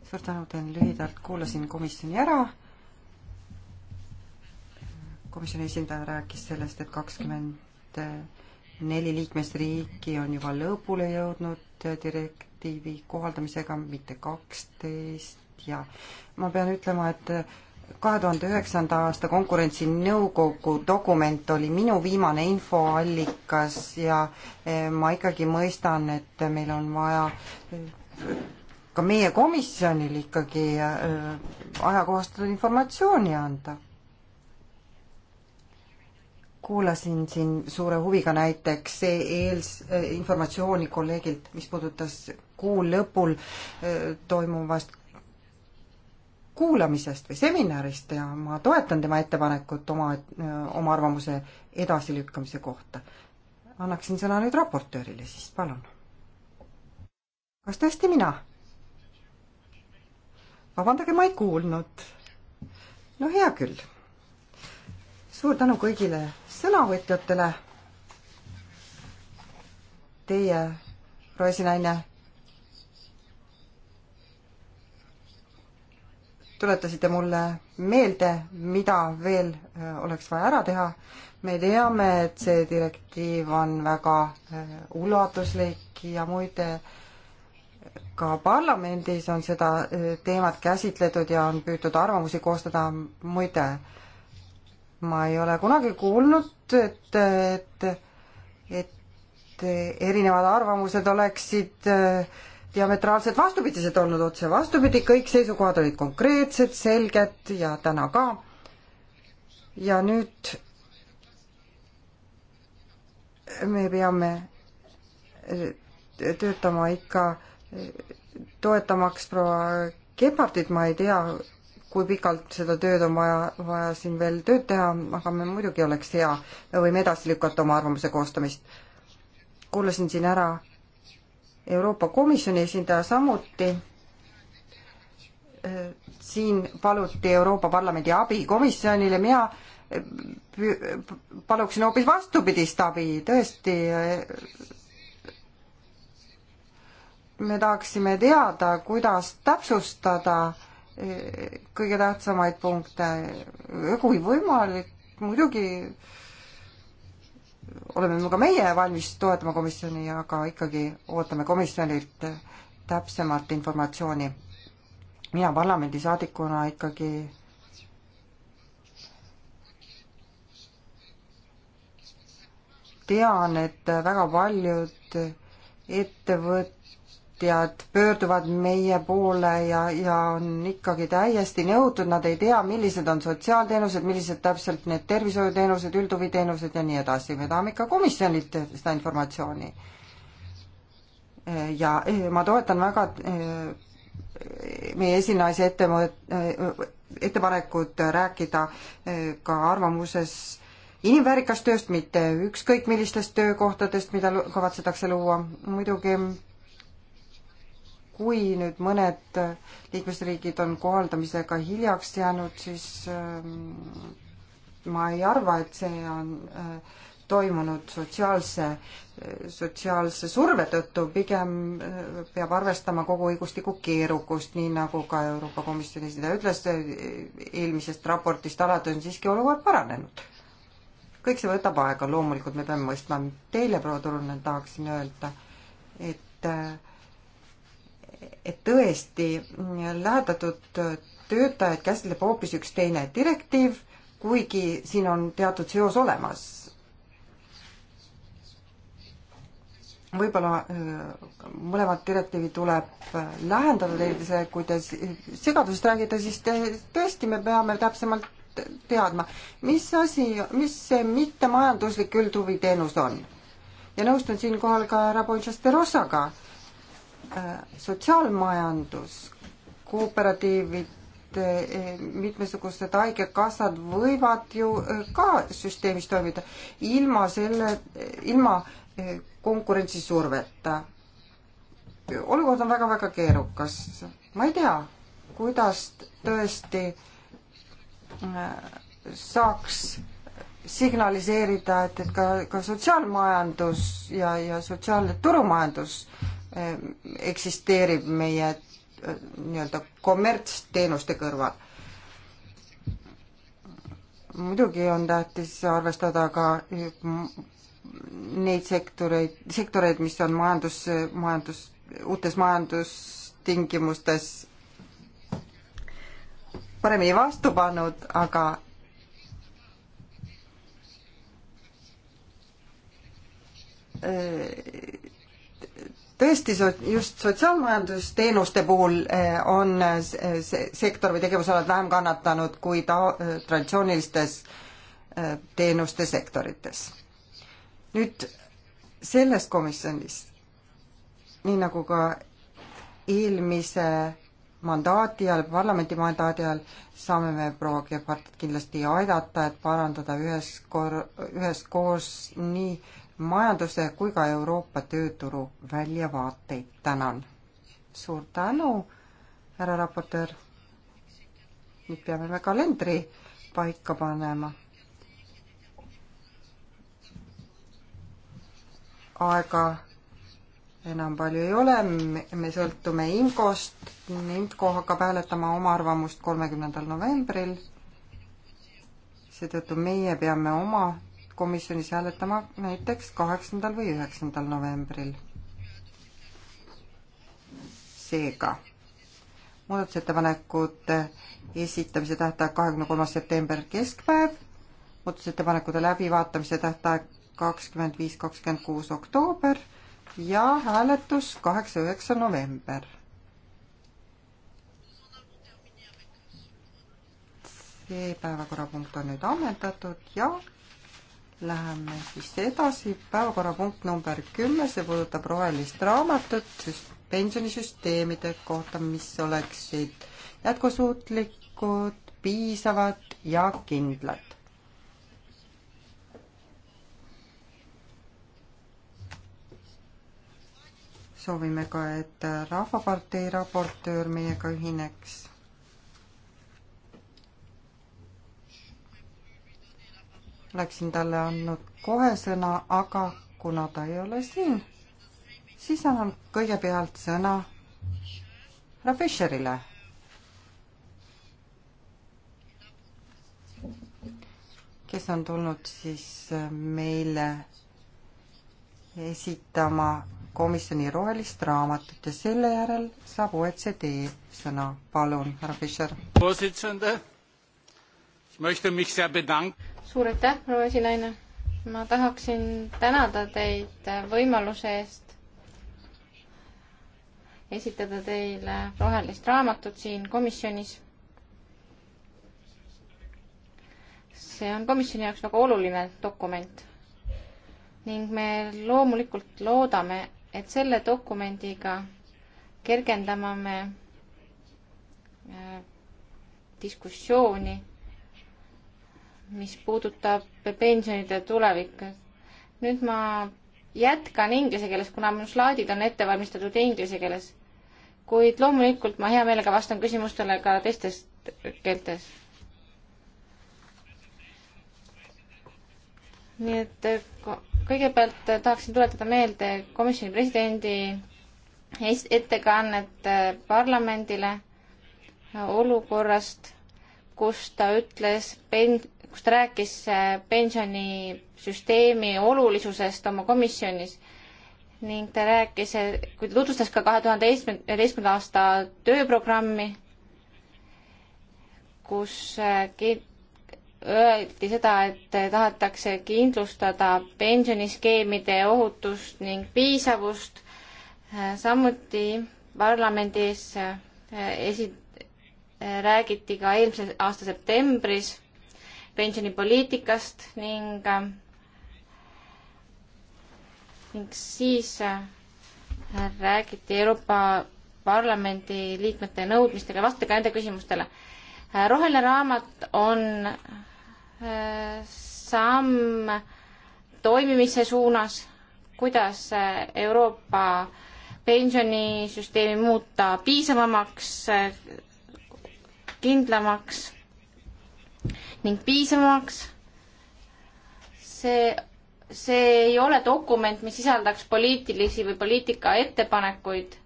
suur tänu, teen lühidalt, kuulasin komisjoni ära. komisjoni esindaja rääkis sellest, et kakskümmend neli liikmesriiki on juba lõpule jõudnud direktiivi kohaldamisega, mitte kaksteist ja ma pean ütlema, et kahe tuhande üheksanda aasta konkurentsinõukogu dokument oli minu viimane infoallikas ja eh, ma ikkagi mõistan, et meil on vaja ka meie komisjonil ikkagi eh, ajakohastatud informatsiooni anda. kuulasin siin suure huviga näiteks eels-, eh, informatsiooni kolleegilt, mis puudutas kuu lõpul toimuvast kuulamisest või seminarist ja ma toetan tema ettepanekut oma, oma arvamuse edasilükkamise kohta. annaksin sõna nüüd raportöörile siis, palun. kas tõesti mina? vabandage, ma ei kuulnud. no hea küll. suur tänu kõigile sõnavõtjatele. Teie, Roosinaine tuletasite mulle meelde, mida veel äh, oleks vaja ära teha. me teame, et see direktiiv on väga äh, ulatuslik ja muide ka parlamendis on seda äh, teemat käsitletud ja on püütud arvamusi koostada. muide, ma ei ole kunagi kuulnud, et, et, et erinevad arvamused oleksid äh, diametraalselt vastupidised olnud, otse vastupidi, kõik seisukohad olid konkreetsed, selged ja täna ka. ja nüüd me peame eh, töötama ikka eh, toetamaks proua Gebhardit, ma ei tea, kui pikalt seda tööd on vaja, vaja siin veel tööd teha, aga me muidugi oleks hea, me võime edasi lükata oma arvamuse koostamist. kuulasin siin ära Euroopa Komisjoni esindaja samuti. Äh, siin paluti Euroopa Parlamendi abi komisjonile, mina äh, paluksin hoopis vastupidist abi, tõesti. Äh, me tahaksime teada, kuidas täpsustada kõige tähtsamaid punkte, kui võimalik, muidugi äh, oleme ka meie valmis toetama komisjoni, aga ikkagi ootame komisjonilt täpsemat informatsiooni. mina parlamendisaadikuna ikkagi tean, et väga paljud ettevõtted tarbijad pöörduvad meie poole ja, ja on ikkagi täiesti nõutud, nad ei tea, millised on sotsiaalteenused, millised täpselt need tervishoiuteenused, üldhuviteenused ja nii edasi, me tahame ikka komisjonilt seda informatsiooni. ja eh, ma toetan väga eh, meie esinaise ettemõõt-, eh, ettepanekut rääkida ka arvamuses inimväärikast tööst, mitte ükskõik millistest töökohtadest, mida kavatsetakse luua. muidugi kui nüüd mõned liikmesriigid on kohaldamisega hiljaks jäänud, siis ähm, ma ei arva, et see on äh, toimunud sotsiaalse, sotsiaalse surve tõttu, pigem äh, peab arvestama kogu õigustiku keerukust, nii nagu ka Euroopa Komisjoni esindaja ütles, äh, eelmisest raportist alati on siiski olukord paranenud. kõik see võtab aega, loomulikult me peame mõistma, teile, proua Turunen, tahaksin öelda, et äh, et tõesti lähedatud töötajaid käsitleb hoopis üks teine direktiiv, kuigi siin on teatud seos olemas. võib-olla äh, mõlemat direktiivi tuleb lähendada teineteisele, kui te segadusest räägite, siis te, tõesti, me peame täpsemalt teadma, mis asi, mis see mittemajanduslik üldhuviteenus on. ja nõustun siinkohal ka härra Bonchesterosaga Äh, sotsiaalmajandus, kooperatiivid, eh, mitmesugused haigekassad võivad ju eh, ka süsteemis toimida ilma selle, ilma eh, konkurentsisurveta. olukord on väga-väga keerukas. ma ei tea, kuidas tõesti äh, saaks signaliseerida, et, et ka, ka sotsiaalmajandus ja, ja sotsiaalne turumajandus Äh, eksisteerib meie äh, nii-öelda kommertsteenuste kõrval. muidugi on tähtis arvestada ka äh, neid sektoreid, sektoreid, mis on majandus, majandus, uutes majandustingimustes paremini vastu pannud, aga äh, tõesti, just sotsiaalmajandusteenuste puhul eh, on eh, see sektor või tegevusalad vähem kannatanud kui ta-, eh, traditsioonilistes teenuste sektorites. nüüd selles komisjonis, nii nagu ka eelmise mandaati all, parlamendi mandaadi all, saame me proua Gebhardit kindlasti aidata, et parandada ühes kor-, üheskoos nii majanduse kui ka Euroopa tööturu väljavaateid. tänan! suur tänu, härra raportöör! nüüd peame me kalendri paika panema. aega enam palju ei ole, me sõltume Inkost, Inko hakkab hääletama oma arvamust kolmekümnendal novembril, seetõttu meie peame oma komisjonis hääletama näiteks kaheksandal või üheksandal novembril. seega muudatusettepanekute esitamise tähtaeg kahekümne kolmas september keskpäev, muudatusettepanekute läbivaatamise tähtaeg kakskümmend viis, kakskümmend kuus oktoober ja hääletus kaheksa, üheksa november see päevakorrapunkt on nüüd ammendatud ja Läheme siis edasi, päevakorrapunkt number kümme, see puudutab rohelist raamatut pensionisüsteemide kohta, mis oleksid jätkusuutlikud, piisavad ja kindlad. soovime ka, et Rahvapartei raportöör meiega ühineks oleksin talle andnud kohe sõna, aga kuna ta ei ole siin, siis annan kõigepealt sõna härra Fischerile. kes on tulnud siis äh, meile esitama komisjoni rohelist raamatut ja selle järel saab OECD sõna. palun, härra Fischer suur aitäh, proua esinaine. ma tahaksin tänada teid võimaluse eest esitada teile rohelist raamatut siin komisjonis. see on komisjoni jaoks väga oluline dokument ning me loomulikult loodame, et selle dokumendiga kergendame me äh, diskussiooni mis puudutab pensionide tulevikku. nüüd ma jätkan inglise keeles, kuna minu slaadid on ette valmistatud inglise keeles. kuid loomulikult ma hea meelega vastan küsimustele ka teistes keeltes. nii et kõigepealt tahaksin tuletada meelde komisjoni presidendi ettekannet parlamendile olukorrast, kus ta ütles pen-, kus ta rääkis pensionisüsteemi olulisusest oma komisjonis ning ta rääkis, kui ta tutvustas ka kahe tuhande üheteistkümnenda aasta tööprogrammi, kus äh, öeldi seda, et tahetakse kindlustada pensioniskeemide ohutust ning piisavust. Äh, samuti parlamendis äh, esi-, räägiti ka eelmise aasta septembris pensionipoliitikast ning, ning siis äh, räägiti Euroopa Parlamendi liikmete nõudmistega ja vastati ka nende küsimustele. Äh, roheline raamat on äh, samm toimimise suunas, kuidas Euroopa pensionisüsteemi muuta piisavamaks, kindlamaks ning piisavaks. see, see ei ole dokument, mis sisaldaks poliitilisi või poliitika ettepanekuid.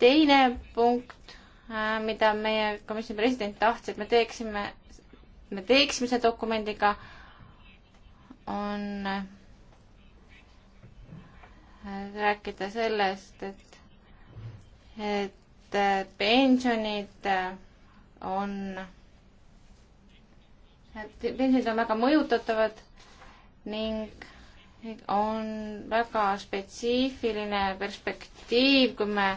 teine punkt, äh, mida meie komisjoni president tahtis, et me teeksime, me teeksime selle dokumendiga, on äh, rääkida sellest, et, et äh, pensionid äh, on, pensionid on väga mõjutatavad ning on väga spetsiifiline perspektiiv, kui me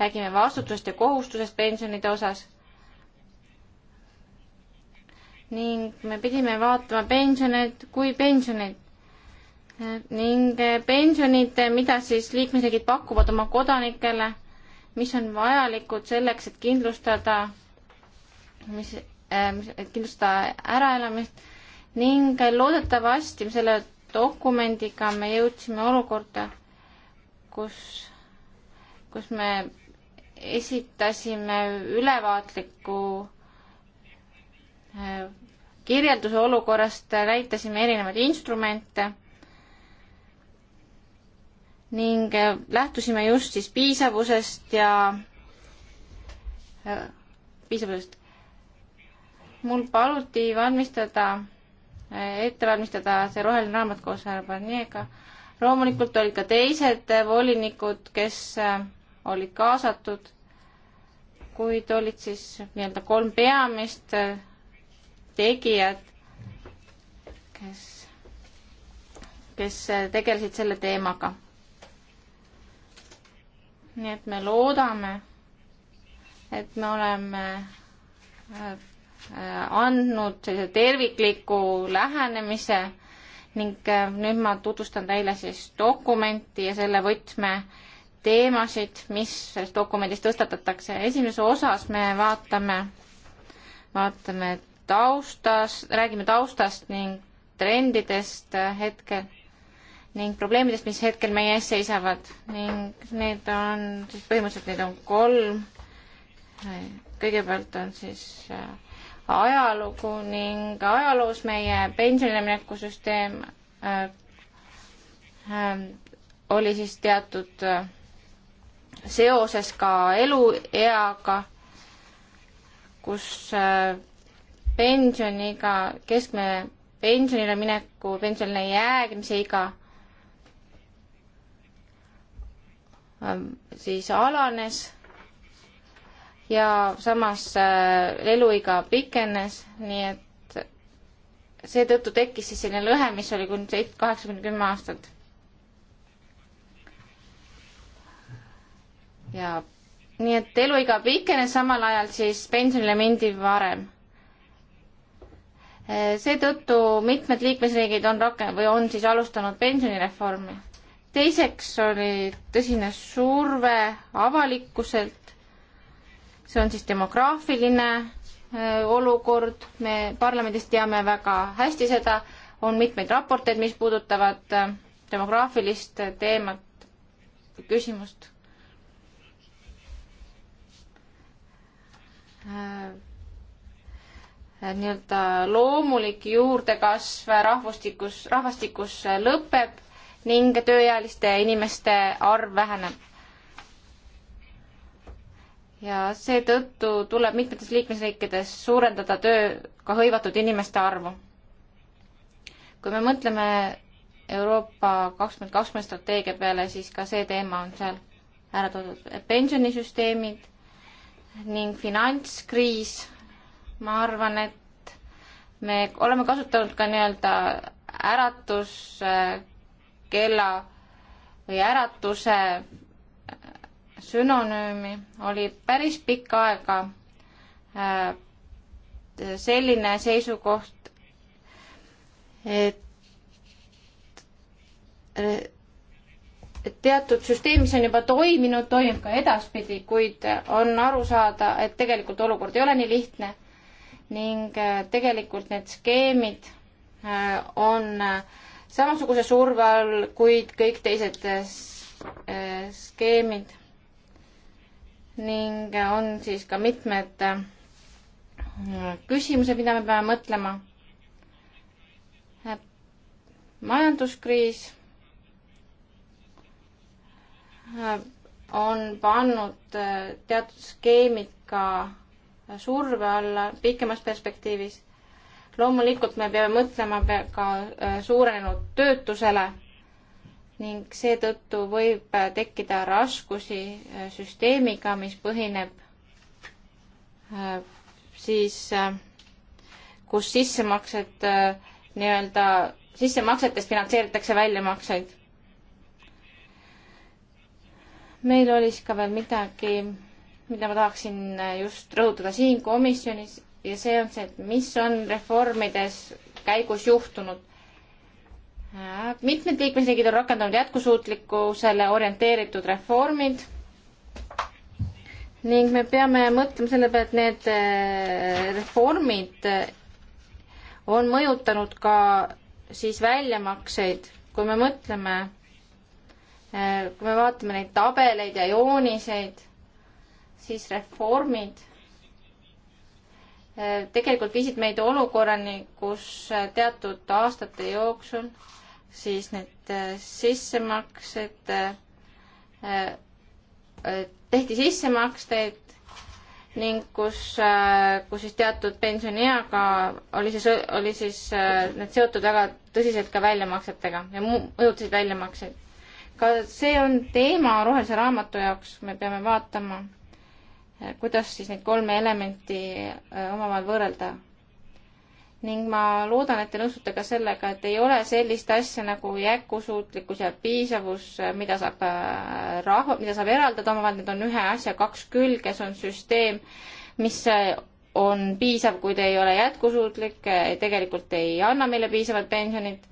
räägime vastutusest ja kohustusest pensionide osas. ning me pidime vaatama pensioneid kui pensioneid ning pensionid, mida siis liikmesriigid pakuvad oma kodanikele, mis on vajalikud selleks, et kindlustada mis, äh, mis kindlustada äraelamist ning loodetavasti selle dokumendiga me jõudsime olukorda, kus, kus me esitasime ülevaatliku äh, kirjelduse olukorrast, näitasime erinevaid instrumente ning äh, lähtusime just siis piisavusest ja piisavusest mul paluti valmistada, ette valmistada see roheline raamat koos härra Barnieriga. loomulikult olid ka teised volinikud, kes äh, olid kaasatud, kuid olid siis nii-öelda kolm peamist äh, tegijat, kes, kes äh, tegelesid selle teemaga. nii et me loodame, et me oleme Äh, andnud tervikliku lähenemise ning äh, nüüd ma tutvustan teile siis dokumenti ja selle võtme teemasid, mis selles dokumendis tõstatatakse. esimeses osas me vaatame, vaatame taustas, räägime taustast ning trendidest äh, hetkel ning probleemidest, mis hetkel meie ees seisavad ning need on siis põhimõtteliselt, neid on kolm. kõigepealt on siis äh, ajalugu ning ajaloos meie pensionile mineku süsteem äh, äh, oli siis teatud äh, seoses ka elueaga, kus äh, pensioniga, keskmine pensionile mineku, pensionile jäämise iga äh, siis alanes ja samas äh, eluiga pikenes, nii et seetõttu tekkis siis selline lõhe, mis oli kuni seit-, kaheksakümmend kümme aastat. ja nii et eluiga pikenes, samal ajal siis pensionile mindi varem. Äh, seetõttu mitmed liikmesriigid on rakend- või on siis alustanud pensionireformi. teiseks oli tõsine surve avalikkuselt see on siis demograafiline äh, olukord, me parlamendis teame väga hästi seda, on mitmeid raporteid, mis puudutavad äh, demograafilist teemat, küsimust. Äh, nii-öelda loomulik juurdekasv rahvustikus, rahvastikus lõpeb ning tööealiste inimeste arv väheneb ja seetõttu tuleb mitmetes liikmesriikides suurendada tööga hõivatud inimeste arvu. kui me mõtleme Euroopa kakskümmend kakskümmend strateegia peale, siis ka see teema on seal ära toodud. pensionisüsteemid ning finantskriis, ma arvan, et me oleme kasutanud ka nii-öelda äratuskella või äratuse sünonüümi, oli päris pikka aega äh, selline seisukoht, et teatud süsteem, mis on juba toiminud, toimib ka edaspidi, kuid on aru saada, et tegelikult olukord ei ole nii lihtne ning äh, tegelikult need skeemid äh, on samasuguse surve all, kuid kõik teised skeemid ning on siis ka mitmed äh, küsimused, mida me peame mõtlema. Äh, majanduskriis äh, on pannud teatud skeemid ka surve alla pikemas perspektiivis. loomulikult me peame mõtlema ka suurenenud töötusele ning seetõttu võib tekkida raskusi äh, süsteemiga, mis põhineb äh, siis, äh, kus sissemaksed nii-öelda, sissemaksetest finantseeritakse väljamakseid. meil oli siis ka veel midagi, mida ma tahaksin just rõhutada siin komisjonis ja see on see, et mis on reformides käigus juhtunud mitmed liikmesriigid on rakendanud jätkusuutlikkusele orienteeritud reformid ning me peame mõtlema selle peale, et need äh, reformid äh, on mõjutanud ka siis väljamakseid, kui me mõtleme, äh, kui me vaatame neid tabeleid ja jooniseid, siis reformid tegelikult viisid meid olukorrani, kus teatud aastate jooksul siis need äh, sissemaksed, äh, äh, tehti sissemaksteid ning kus, kus siis teatud pensionieaga oli siis, oli siis need seotud väga tõsiselt ka väljamaksetega ja mõjutasid väljamakseid. ka see on teema rohelise raamatu jaoks, me peame vaatama, kuidas siis neid kolme elementi omavahel võrrelda ning ma loodan, et te nõustute ka sellega, et ei ole sellist asja nagu jätkusuutlikkus ja piisavus, mida saab äh, raha, mida saab eraldada omavahel, need on ühe asja kaks külge, see on süsteem, mis äh, on piisav, kuid ei ole jätkusuutlik, äh, tegelikult ei anna meile piisavalt pensionit.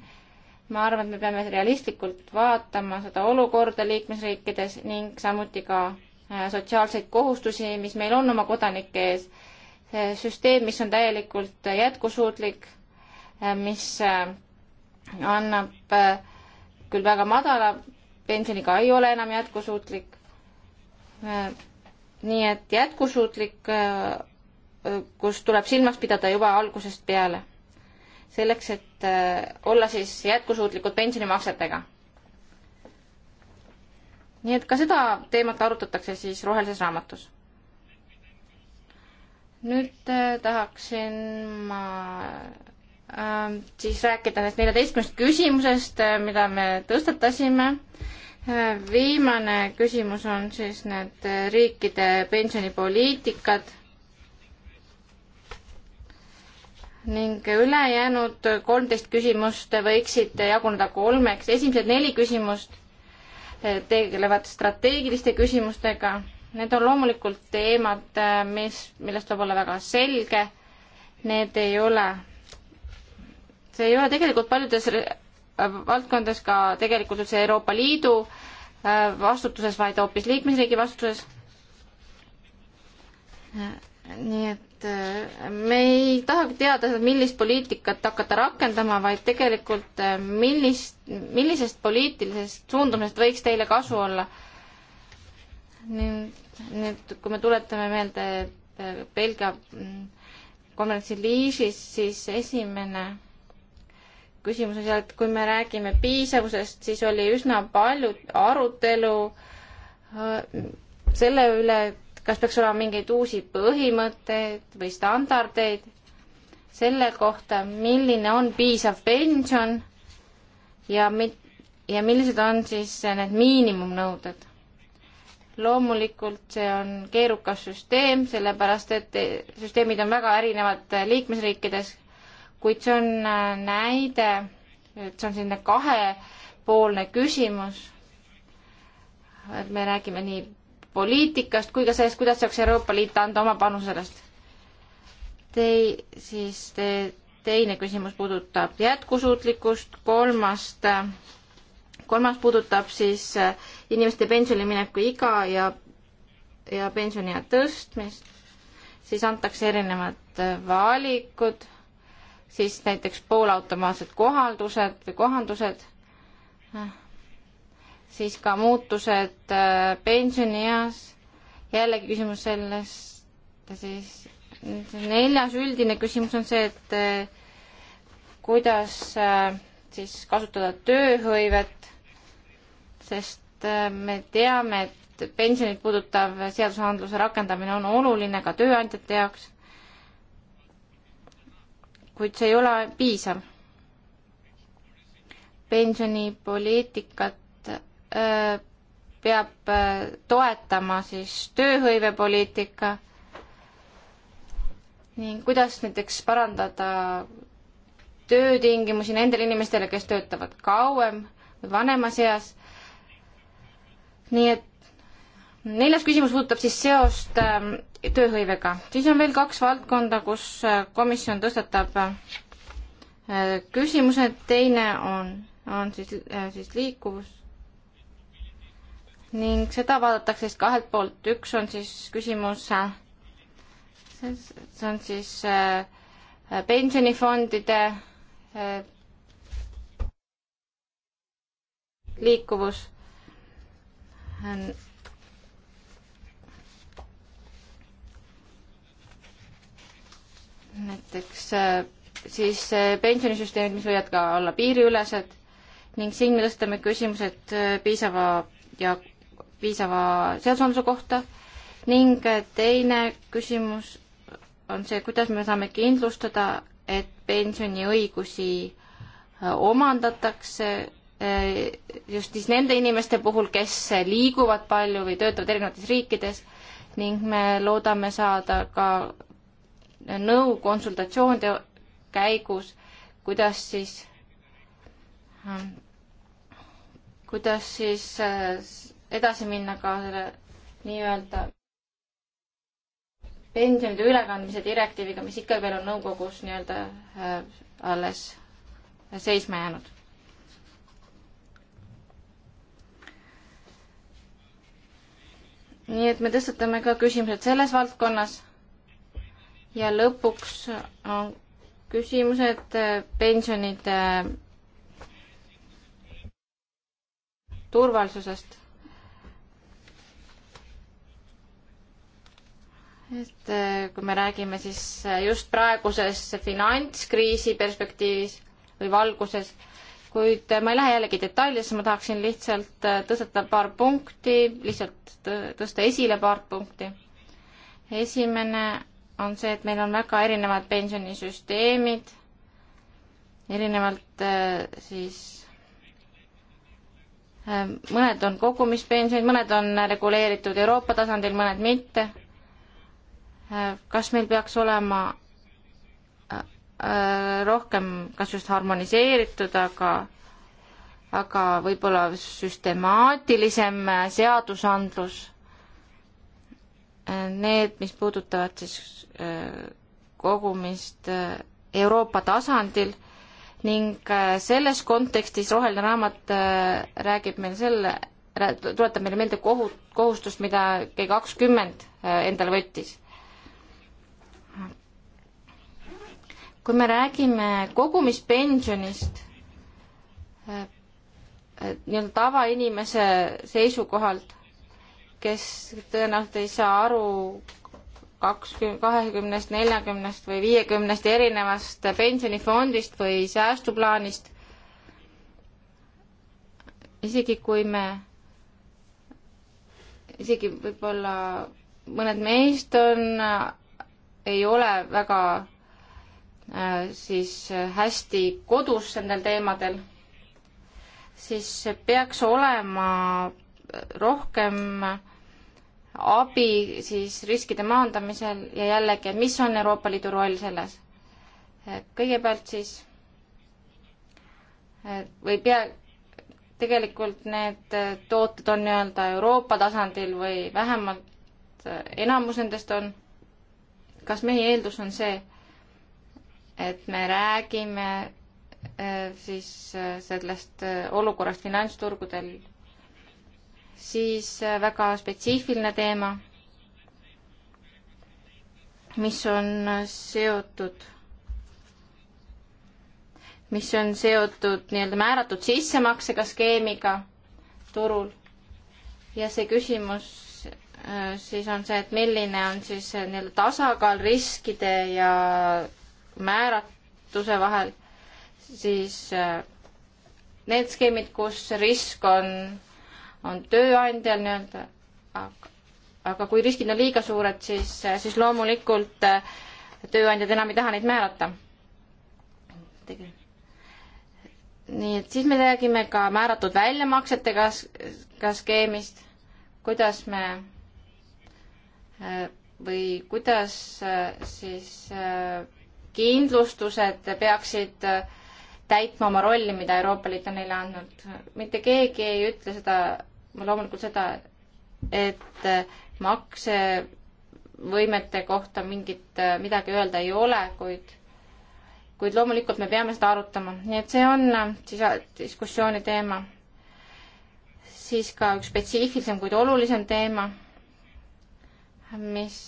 ma arvan, et me peame realistlikult vaatama seda olukorda liikmesriikides ning samuti ka sotsiaalseid kohustusi, mis meil on oma kodanike ees süsteem, mis on täielikult jätkusuutlik, mis äh, annab äh, küll väga madala pensioniga, ei ole enam jätkusuutlik. Äh, nii et jätkusuutlik, kus tuleb silmas pidada juba algusest peale. selleks, et olla siis jätkusuutlikud pensionimaksetega. nii et ka seda teemat arutatakse siis rohelises raamatus nüüd äh, tahaksin ma äh, siis rääkida nendest neljateistkümnest küsimusest, äh, mida me tõstatasime. Äh, viimane küsimus on siis need riikide pensionipoliitikad ning ülejäänud kolmteist küsimust võiksid jaguneda kolmeks. esimesed neli küsimust tegelevad strateegiliste küsimustega Need on loomulikult teemad, äh, mis, millest tuleb olla väga selge. Need ei ole, see ei ole tegelikult paljudes valdkondades ka tegelikult üldse Euroopa Liidu äh, vastutuses, vaid hoopis liikmesriigi vastutuses. Äh, nii et me ei taha teada, millist poliitikat hakata rakendama, vaid tegelikult millist, millisest poliitilisest suundumisest võiks teile kasu olla ning nüüd, kui me tuletame meelde Belgia konverentsi Liižis, siis esimene küsimus on seal, et kui me räägime piisavusest, siis oli üsna palju arutelu äh, selle üle, et kas peaks olema mingeid uusi põhimõtteid või standardeid selle kohta, milline on piisav pension ja mit-, ja millised on siis need miinimumnõuded loomulikult see on keerukas süsteem, sellepärast et süsteemid on väga erinevad liikmesriikides, kuid see on äh, näide, et see on selline kahepoolne küsimus, et me räägime nii poliitikast kui ka sellest, kuidas saaks Euroopa Liit anda oma panu sellest. Tei-, siis te, teine küsimus puudutab jätkusuutlikkust, kolmast äh, kolmas puudutab siis äh, inimeste pensionile mineku iga ja, ja pensioniea tõstmist, siis antakse erinevad äh, valikud, siis näiteks poolautomaatsed kohaldused või kohandused, äh, siis ka muutused pensionieas, jällegi küsimus sellest, siis neljas üldine küsimus on see, et kuidas siis kasutada tööhõivet sest äh, me teame, et pensionit puudutav seadusandluse rakendamine on oluline ka tööandjate jaoks, kuid see ei ole piisav. pensionipoliitikat äh, peab äh, toetama siis tööhõivepoliitika ning kuidas näiteks parandada töötingimusi nendele inimestele, kes töötavad kauem või vanemas eas nii et neljas küsimus puudutab siis seost ähm, tööhõivega. siis on veel kaks valdkonda, kus äh, komisjon tõstatab äh, küsimused, teine on, on siis, äh, siis liikuvus ning seda vaadatakse siis kahelt poolt, üks on siis küsimus, see on siis pensionifondide liikuvus Hän näiteks äh, siis äh, pensionisüsteemid, mis võivad ka olla piiriülesed ning siin me tõstame küsimused äh, piisava ja piisava seadusandluse kohta ning teine küsimus on see, kuidas me saame kindlustada, et pensioniõigusi omandatakse just siis nende inimeste puhul, kes liiguvad palju või töötavad erinevates riikides ning me loodame saada ka nõu konsultatsioonide käigus, kuidas siis, ähm, kuidas siis äh, edasi minna ka selle nii-öelda pensionide ülekandmise direktiiviga, mis ikka veel on nõukogus nii-öelda äh, alles seisma jäänud nii et me tõstatame ka küsimused selles valdkonnas. ja lõpuks on küsimused äh, pensionide äh, turvalisusest. et äh, kui me räägime siis just praeguses finantskriisi perspektiivis või valguses kuid ma ei lähe jällegi detailidesse, ma tahaksin lihtsalt äh, tõstata paar punkti, lihtsalt tõsta esile paar punkti. esimene on see, et meil on väga erinevad pensionisüsteemid, erinevalt äh, siis äh, mõned on kogumispensionid, mõned on reguleeritud Euroopa tasandil, mõned mitte. kas meil peaks olema Äh, rohkem kas just harmoniseeritud, aga aga võib-olla süstemaatilisem äh, seadusandlus, äh, need, mis puudutavad siis kogumist Euroopa tasandil ning selles kontekstis Roheline Raamat räägib meil selle, tuletab meile meelde kohut-, kohustust, mida G kakskümmend endale võttis. kui me räägime kogumispensionist eh, eh, nii-öelda tavainimese seisukohalt, kes tõenäoliselt ei saa aru kakskümmend, kahekümnest, neljakümnest või viiekümnest erinevast pensionifondist või säästuplaanist, isegi kui me, isegi võib-olla mõned meist on, ei ole väga Äh, siis äh, hästi kodus nendel teemadel, siis peaks olema äh, rohkem abi siis riskide maandamisel ja jällegi, et mis on Euroopa Liidu roll selles. kõigepealt siis või pea, tegelikult need tooted on nii-öelda Euroopa tasandil või vähemalt enamus nendest on, kas meie eeldus on see, et me räägime äh, siis äh, sellest äh, olukorrast finantsturgudel, siis väga spetsiifiline teema, mis on seotud, mis on seotud nii-öelda määratud sissemaksega skeemiga turul ja see küsimus siis on see, et milline on siis nii-öelda tasakaal riskide ja määratuse vahel, siis äh, need skeemid, kus risk on, on tööandjal nii-öelda, aga, aga kui riskid on liiga suured, siis, äh, siis loomulikult äh, tööandjad enam ei taha neid määrata. nii et siis me räägime ka määratud väljamaksetega ka skeemist, kuidas me või kuidas siis äh, kindlustused peaksid äh, täitma oma rolli, mida Euroopa Liit on neile andnud. mitte keegi ei ütle seda, loomulikult seda, et äh, maksevõimete kohta mingit, äh, midagi öelda ei ole, kuid, kuid loomulikult me peame seda arutama. nii et see on sisa, diskussiooni teema. siis ka üks spetsiifilisem, kuid olulisem teema, mis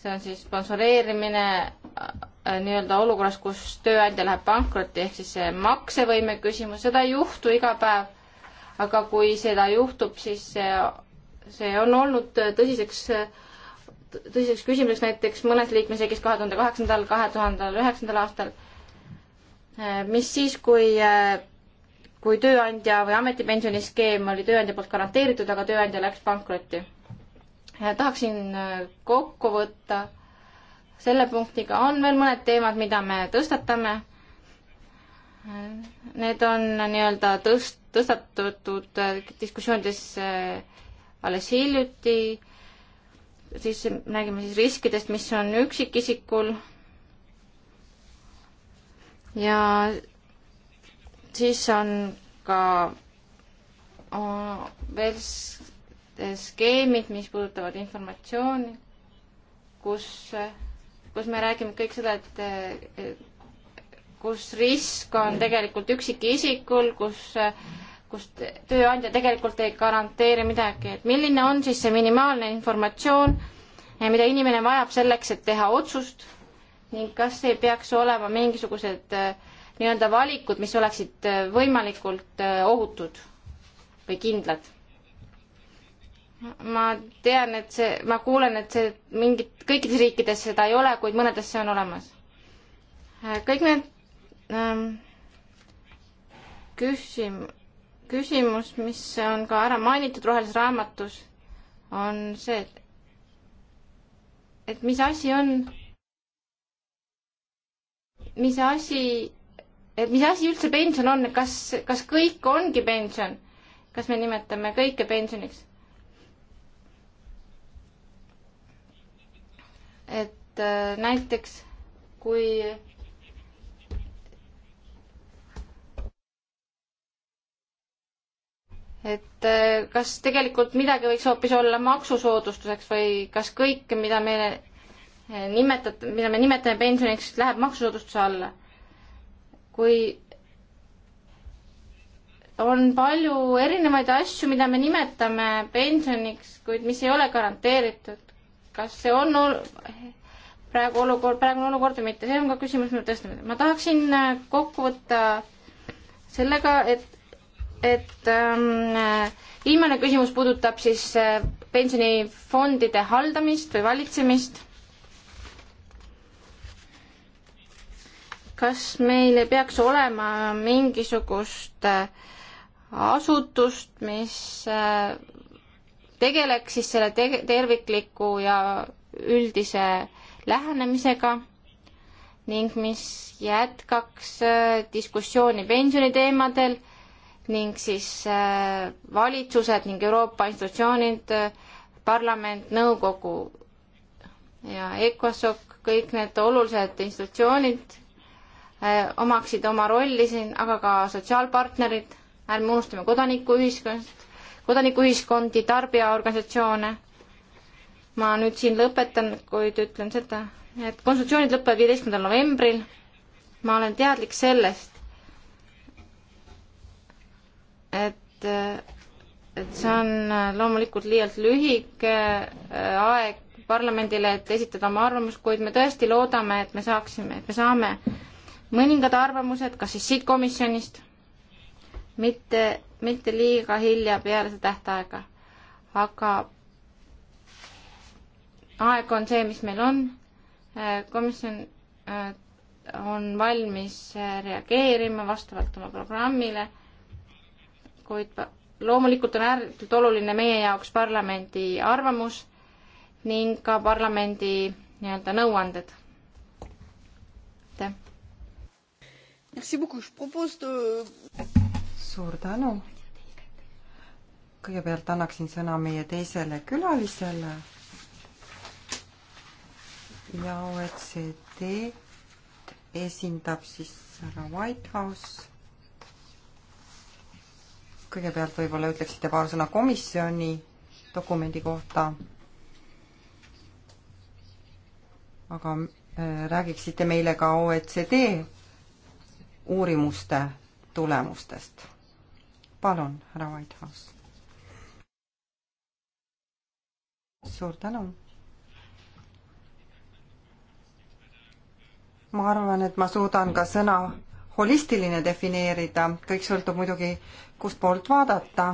see on siis sponsoreerimine äh, nii-öelda olukorras, kus tööandja läheb pankrotti, ehk siis see maksevõime küsimus, seda ei juhtu iga päev. aga kui seda juhtub, siis see, see on olnud tõsiseks, tõsiseks küsimuseks näiteks mõnes liikmesriigis kahe tuhande kaheksandal, kahe tuhandel üheksandal aastal. Äh, mis siis, kui, äh, kui tööandja või ametipensioniskeem oli tööandja poolt garanteeritud, aga tööandja läks pankrotti Äh, tahaksin äh, kokku võtta selle punktiga. on veel mõned teemad, mida me tõstatame. Äh, need on nii-öelda tõst-, tõstatatud diskussioonides alles hiljuti, siis räägime siis riskidest, mis on üksikisikul ja siis on ka veel skeemid, mis puudutavad informatsiooni, kus, kus me räägime kõik seda, et kus risk on tegelikult üksikisikul, kus, kus tööandja tegelikult ei garanteeri midagi, et milline on siis see minimaalne informatsioon, mida inimene vajab selleks, et teha otsust ning kas ei peaks olema mingisugused nii-öelda valikud, mis oleksid võimalikult ohutud või kindlad ma tean, et see, ma kuulen, et see mingit, kõikides riikides seda ei ole, kuid mõnedes see on olemas. Äh, kõik need ähm, küsim-, küsimus, mis on ka ära mainitud rohelises raamatus, on see, et, et mis asi on, mis asi, et mis asi üldse pension on, kas, kas kõik ongi pension? kas me nimetame kõike pensioniks? et äh, näiteks kui et äh, kas tegelikult midagi võiks hoopis olla maksusoodustuseks või kas kõik, mida meile äh, nimetat-, mida me nimetame pensioniks, läheb maksusoodustuse alla? kui on palju erinevaid asju, mida me nimetame pensioniks, kuid mis ei ole garanteeritud kas see on ol-, praegu olukord, praegune olukord või mitte, see on ka küsimus, mille tõstame. ma tahaksin äh, kokku võtta sellega, et, et ähm, äh, viimane küsimus puudutab siis äh, pensionifondide haldamist või valitsemist. kas meil ei peaks olema mingisugust äh, asutust, mis äh, tegeleks siis selle te tervikliku ja üldise lähenemisega ning mis jätkaks äh, diskussiooni pensioniteemadel ning siis äh, valitsused ning Euroopa institutsioonid, äh, parlament, nõukogu ja ECOSOC, kõik need olulised institutsioonid omaksid oma rolli siin, aga ka sotsiaalpartnerid, ärme unustame kodanikuühiskond kodanikuühiskondi, tarbijaorganisatsioone. ma nüüd siin lõpetan, kuid ütlen seda, et konsultatsioonid lõpevad viieteistkümnendal novembril. ma olen teadlik sellest, et, et see on loomulikult liialt lühike äh, aeg parlamendile, et esitada oma arvamus, kuid me tõesti loodame, et me saaksime, et me saame mõningad arvamused, kas siis siit komisjonist, mitte mitte liiga hilja peale seda tähtaega. aga aeg on see, mis meil on. Äh, komisjon äh, on valmis äh, reageerima vastavalt oma programmile, kuid loomulikult on ääretult oluline meie jaoks parlamendi arvamus ning ka parlamendi nii-öelda nõuanded. aitäh suur tänu. kõigepealt annaksin sõna meie teisele külalisele ja OECD esindab siis härra Whitehouse. kõigepealt võib-olla ütleksite paar sõna komisjoni dokumendi kohta. aga äh, räägiksite meile ka OECD uurimuste tulemustest palun, härra Whitehouse. suur tänu. ma arvan, et ma suudan ka sõna holistiline defineerida, kõik sõltub muidugi, kust poolt vaadata.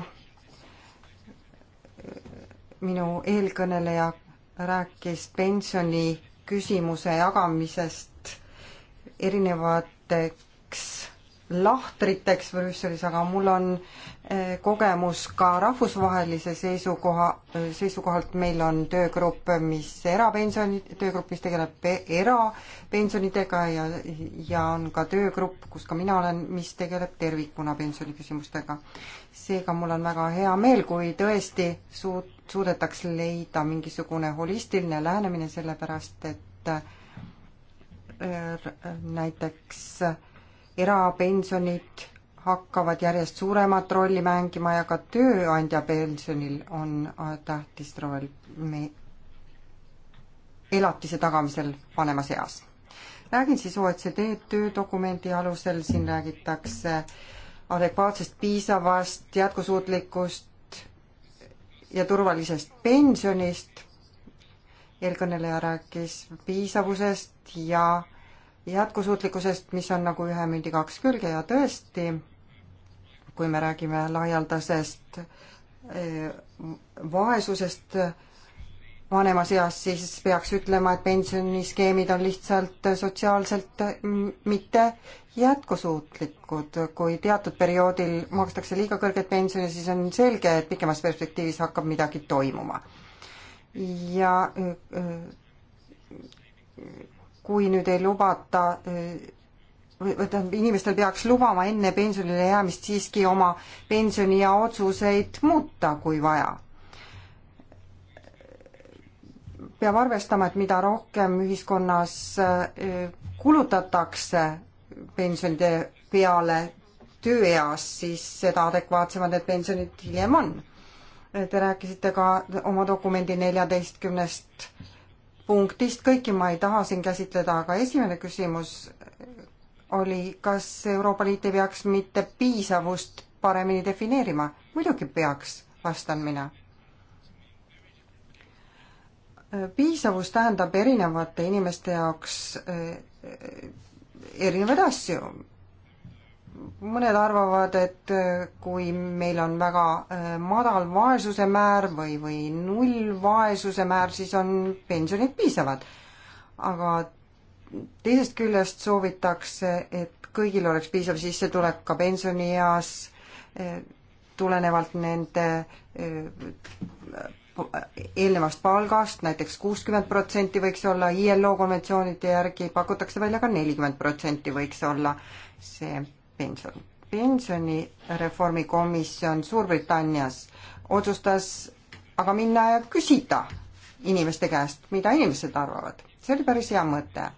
minu eelkõneleja rääkis pensioni küsimuse jagamisest erinevateks lahtriteks Brüsselis, aga mul on eh, kogemus ka rahvusvahelise seisukoha, eh, seisukohalt meil on töögrupp, mis erapensioni, töögrupp, mis tegeleb erapensionidega ja, ja on ka töögrupp, kus ka mina olen, mis tegeleb tervikuna pensioniküsimustega. seega mul on väga hea meel, kui tõesti suut-, suudetaks leida mingisugune holistiline lähenemine, sellepärast et eh, näiteks äh, erapensionid hakkavad järjest suuremat rolli mängima ja ka tööandja pensionil on äh, tähtis roll me elatise tagamisel vanemas eas. räägin siis OECD töödokumendi alusel, siin räägitakse adekvaatsest, piisavast, jätkusuutlikust ja turvalisest pensionist. eelkõneleja rääkis piisavusest ja jätkusuutlikkusest, mis on nagu ühe mündi kaks külge ja tõesti, kui me räägime laialdasest eh, vaesusest eh, vanemas eas, siis peaks ütlema, et pensioniskeemid on lihtsalt eh, sotsiaalselt mitte jätkusuutlikud. kui teatud perioodil makstakse liiga kõrget pensioni, siis on selge, et pikemas perspektiivis hakkab midagi toimuma. ja kui nüüd ei lubata või tähendab, inimestel peaks lubama enne pensionile jäämist siiski oma pensioniea otsuseid muuta, kui vaja. peab arvestama, et mida rohkem ühiskonnas eh, kulutatakse pensionide peale tööeas, siis seda adekvaatsemad need pensionid hiljem on. Te rääkisite ka oma dokumendi neljateistkümnest punktist, kõiki ma ei taha siin käsitleda, aga esimene küsimus oli, kas Euroopa Liit ei peaks mitte piisavust paremini defineerima? muidugi peaks, vastan mina. piisavus tähendab erinevate inimeste jaoks eh, erinevaid asju mõned arvavad, et äh, kui meil on väga äh, madal vaesuse määr või, või null vaesuse määr, siis on pensionid piisavad. aga teisest küljest soovitakse, et kõigil oleks piisav sissetulek ka pensionieas, äh, tulenevalt nende eelnevast palgast näiteks, näiteks kuuskümmend protsenti võiks olla, ILO konventsioonide järgi pakutakse välja ka nelikümmend protsenti võiks olla see pension. pensionireformi komisjon Suurbritannias otsustas aga minna ja küsida inimeste käest, mida inimesed arvavad. see oli päris hea mõte.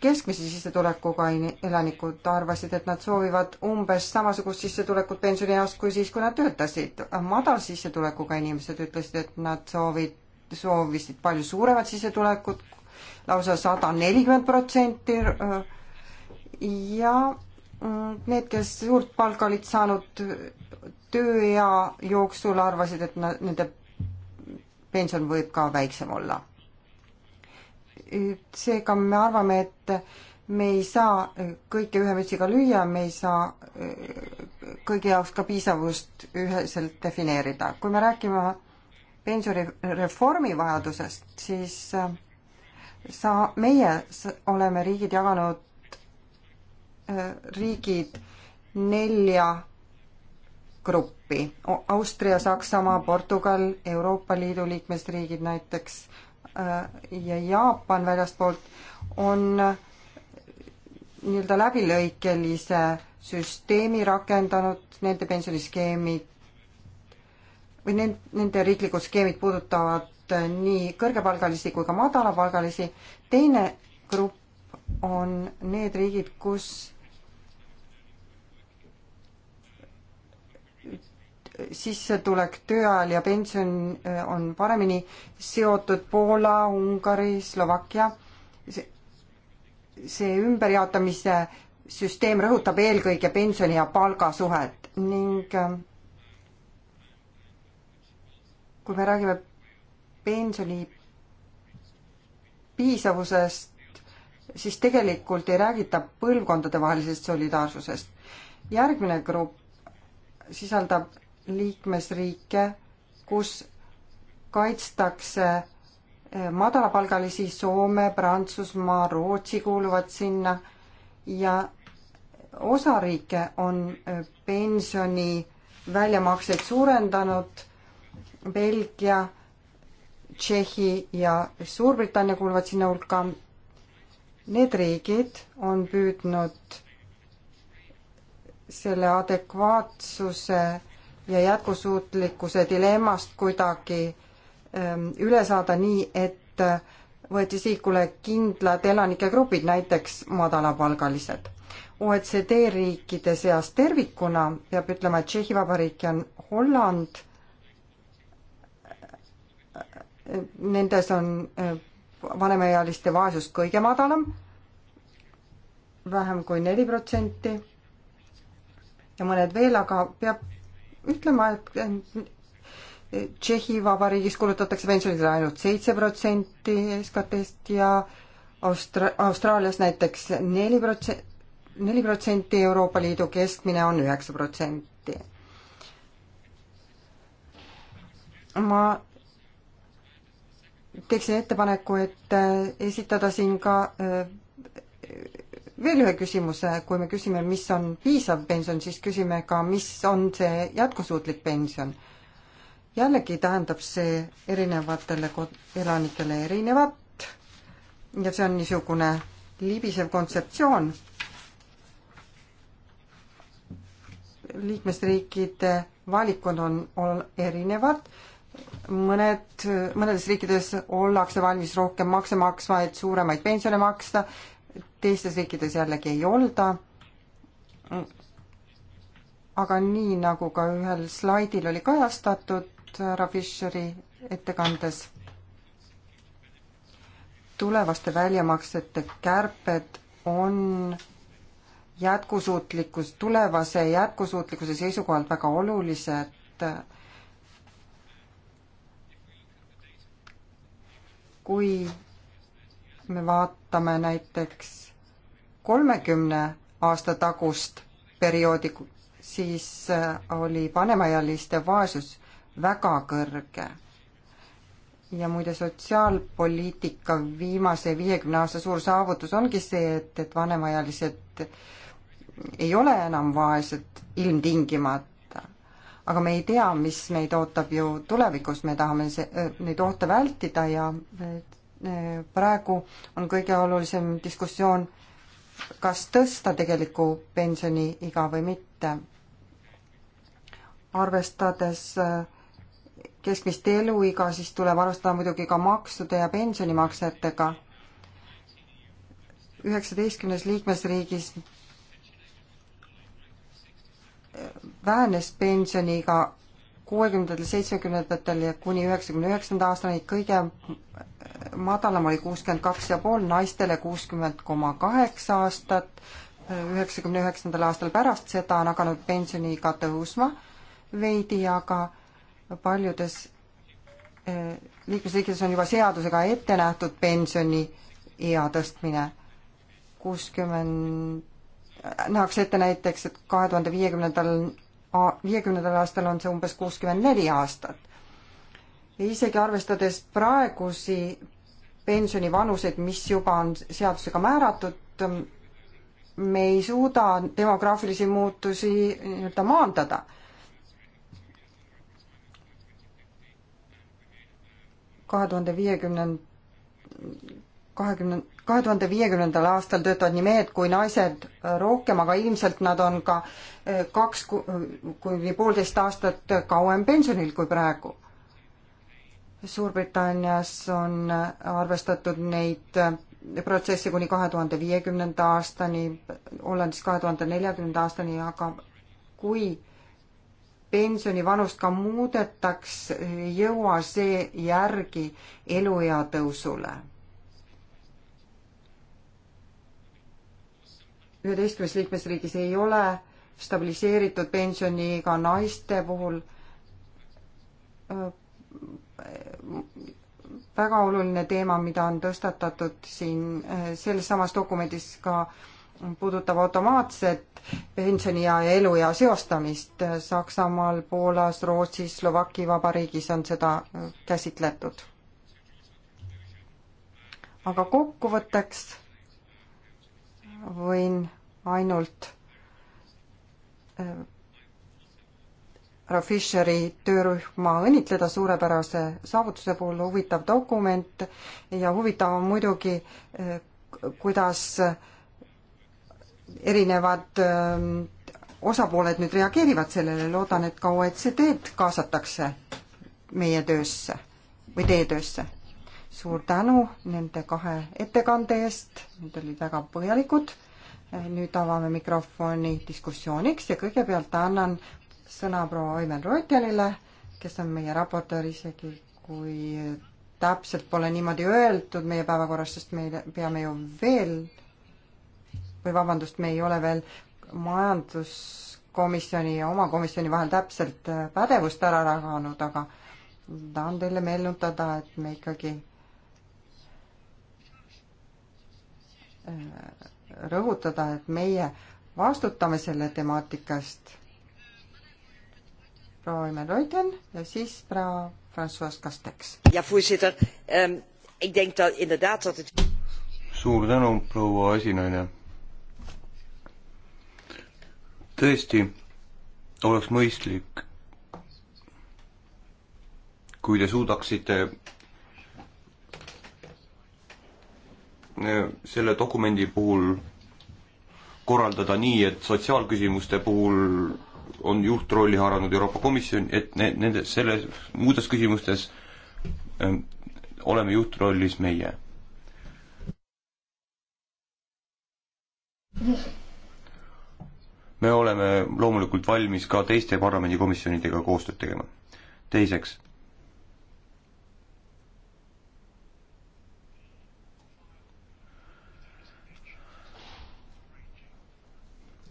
keskmise sissetulekuga elanikud arvasid, et nad soovivad umbes samasugust sissetulekut pensionieas kui siis, kui nad töötasid. madalsissetulekuga inimesed ütlesid, et nad soovid, soovisid palju suuremat sissetulekut, lausa sada nelikümmend protsenti ja mm, need, kes suurt palka olid saanud tööea jooksul, arvasid, et nende pension võib ka väiksem olla. seega me arvame, et me ei saa kõike ühe mütsiga lüüa, me ei saa eh, kõigi jaoks ka piisavust üheselt defineerida. kui me räägime pensionireformi vajadusest, siis eh, sa, meie oleme riigid jaganud riigid nelja gruppi. Austria, Saksamaa, Portugal, Euroopa Liidu liikmesriigid näiteks äh, ja Jaapan väljaspoolt on nii-öelda läbilõikelise süsteemi rakendanud, nende pensioniskeemid või nend-, nende riiklikud skeemid puudutavad nii kõrgepalgalisi kui ka madalapalgalisi, teine grupp on need riigid, kus sissetulek tööajal ja pension äh, on paremini seotud Poola, Ungari, Slovakkia. see, see ümberjaotamise süsteem rõhutab eelkõige pensioni ja palga suhet ning äh, kui me räägime pensioni piisavusest, siis tegelikult ei räägita põlvkondadevahelisest solidaarsusest. järgmine grupp sisaldab liikmesriike, kus kaitstakse eh, madalapalgalisi, Soome, Prantsusmaa, Rootsi kuuluvad sinna ja osariike on eh, pensioni väljamakseid suurendanud, Belgia, Tšehhi ja Suurbritannia kuuluvad sinna hulka. Need riigid on püüdnud selle adekvaatsuse ja jätkusuutlikkuse dilemmast kuidagi ähm, üle saada nii, et äh, võeti sihikule kindlad elanikegrupid, näiteks madalapalgalised. OECD riikide seas tervikuna peab ütlema, et Tšehhi Vabariik ja Holland, äh, nendes on äh, vanemaealiste vaesus kõige madalam, vähem kui neli protsenti ja mõned veel, aga peab ütlema, et Tšehhi Vabariigis kulutatakse pensionidele ainult seitse protsenti SKT-st ja Austra-, Austraalias näiteks neli protsenti, neli protsenti, Euroopa Liidu keskmine on üheksa protsenti. ma teeksin ettepaneku, et esitada siin ka veel ühe küsimuse, kui me küsime, mis on piisav pension, siis küsime ka, mis on see jätkusuutlik pension. jällegi tähendab see erinevatele elanikele erinevat ja see on niisugune libisev kontseptsioon. liikmesriikide valikud on, on erinevad mõned, mõnedes riikides ollakse valmis rohkem makse maksma, et suuremaid pensione maksta, teistes riikides jällegi ei olda. aga nii, nagu ka ühel slaidil oli kajastatud härra Fischeri ettekandes, tulevaste väljamaksete kärped on jätkusuutlikkus, tulevase jätkusuutlikkuse seisukohalt väga olulised. kui me vaatame näiteks kolmekümne aasta tagust perioodi, siis äh, oli vanemaealiste vaesus väga kõrge. ja muide, sotsiaalpoliitika viimase viiekümne aasta suur saavutus ongi see, et, et vanemaealised ei ole enam vaesed ilmtingimata. aga me ei tea, mis meid ootab ju tulevikus, me tahame see, äh, neid oote vältida ja äh, praegu on kõige olulisem diskussioon kas tõsta tegelikku pensioniiga või mitte. arvestades äh, keskmist eluiga, siis tuleb arvestada muidugi ka maksude ja pensionimaksetega. üheksateistkümnes liikmesriigis äh, vähenes pensioniiga kuuekümnendatel, seitsmekümnendatel ja kuni üheksakümne üheksanda aastani kõige madalam oli kuuskümmend kaks ja pool, naistele kuuskümmend koma kaheksa aastat, üheksakümne üheksandal aastal pärast seda on hakanud pensioniiga tõusma veidi, aga paljudes eh, liikmesriikides on juba seadusega ette nähtud pensioniea tõstmine kuuskümmend, nähakse ette näiteks, et kahe tuhande viiekümnendal viiekümnendal aastal on see umbes kuuskümmend neli aastat. isegi arvestades praegusi pensionivanuseid, mis juba on seadusega määratud, me ei suuda demograafilisi muutusi nii-öelda maandada. kahe tuhande viiekümne, kahekümne, kahe tuhande viiekümnendal aastal töötavad nii mehed kui naised rohkem, aga ilmselt nad on ka eh, kaks kuni poolteist aastat kauem pensionil kui praegu. Suurbritannias on arvestatud neid eh, protsesse kuni kahe tuhande viiekümnenda aastani, Hollandis kahe tuhande neljakümnenda aastani, aga kui pensionivanust ka muudetaks, ei jõua see järgi eluea tõusule üheteistkümnes liikmesriigis ei ole stabiliseeritud pensioniiga naiste puhul äh, väga oluline teema, mida on tõstatatud siin äh, selles samas dokumendis ka puudutab automaatset pensioni ja eluea seostamist. Saksamaal, Poolas, Rootsis, Slovaki Vabariigis on seda äh, käsitletud. aga kokkuvõtteks võin ainult äh, härra Fischeri töörühma õnnitleda suurepärase saavutuse puhul, huvitav dokument ja huvitav on muidugi, äh, kuidas äh, erinevad osapooled nüüd reageerivad sellele, loodan, et ka OECD-d kaasatakse meie töösse või teie töösse suur tänu nende kahe ettekande eest, need olid väga põhjalikud. Eh, nüüd avame mikrofoni diskussiooniks ja kõigepealt annan sõna proua Oimen Reutelile, kes on meie raportöör, isegi kui täpselt pole niimoodi öeldud meie päevakorras, sest me peame ju veel või vabandust, me ei ole veel majanduskomisjoni ja oma komisjoni vahel täpselt eh, pädevust ära jaganud, aga tahan teile meenutada, et me ikkagi rõhutada, et meie vastutame selle temaatikast. proua Imer Reuten ja siis proua Francois Kasteks. jah, voorzitter ähm,, ik denk dat inderdaad dat het suur tänu, proua esinaine. tõesti, oleks mõistlik, kui te suudaksite selle dokumendi puhul korraldada nii, et sotsiaalküsimuste puhul on juhtrolli haaranud Euroopa Komisjon, et ne-, nende, selles, muudes küsimustes öö, ähm, oleme juhtrollis meie. me oleme loomulikult valmis ka teiste parlamendikomisjonidega koostööd tegema. teiseks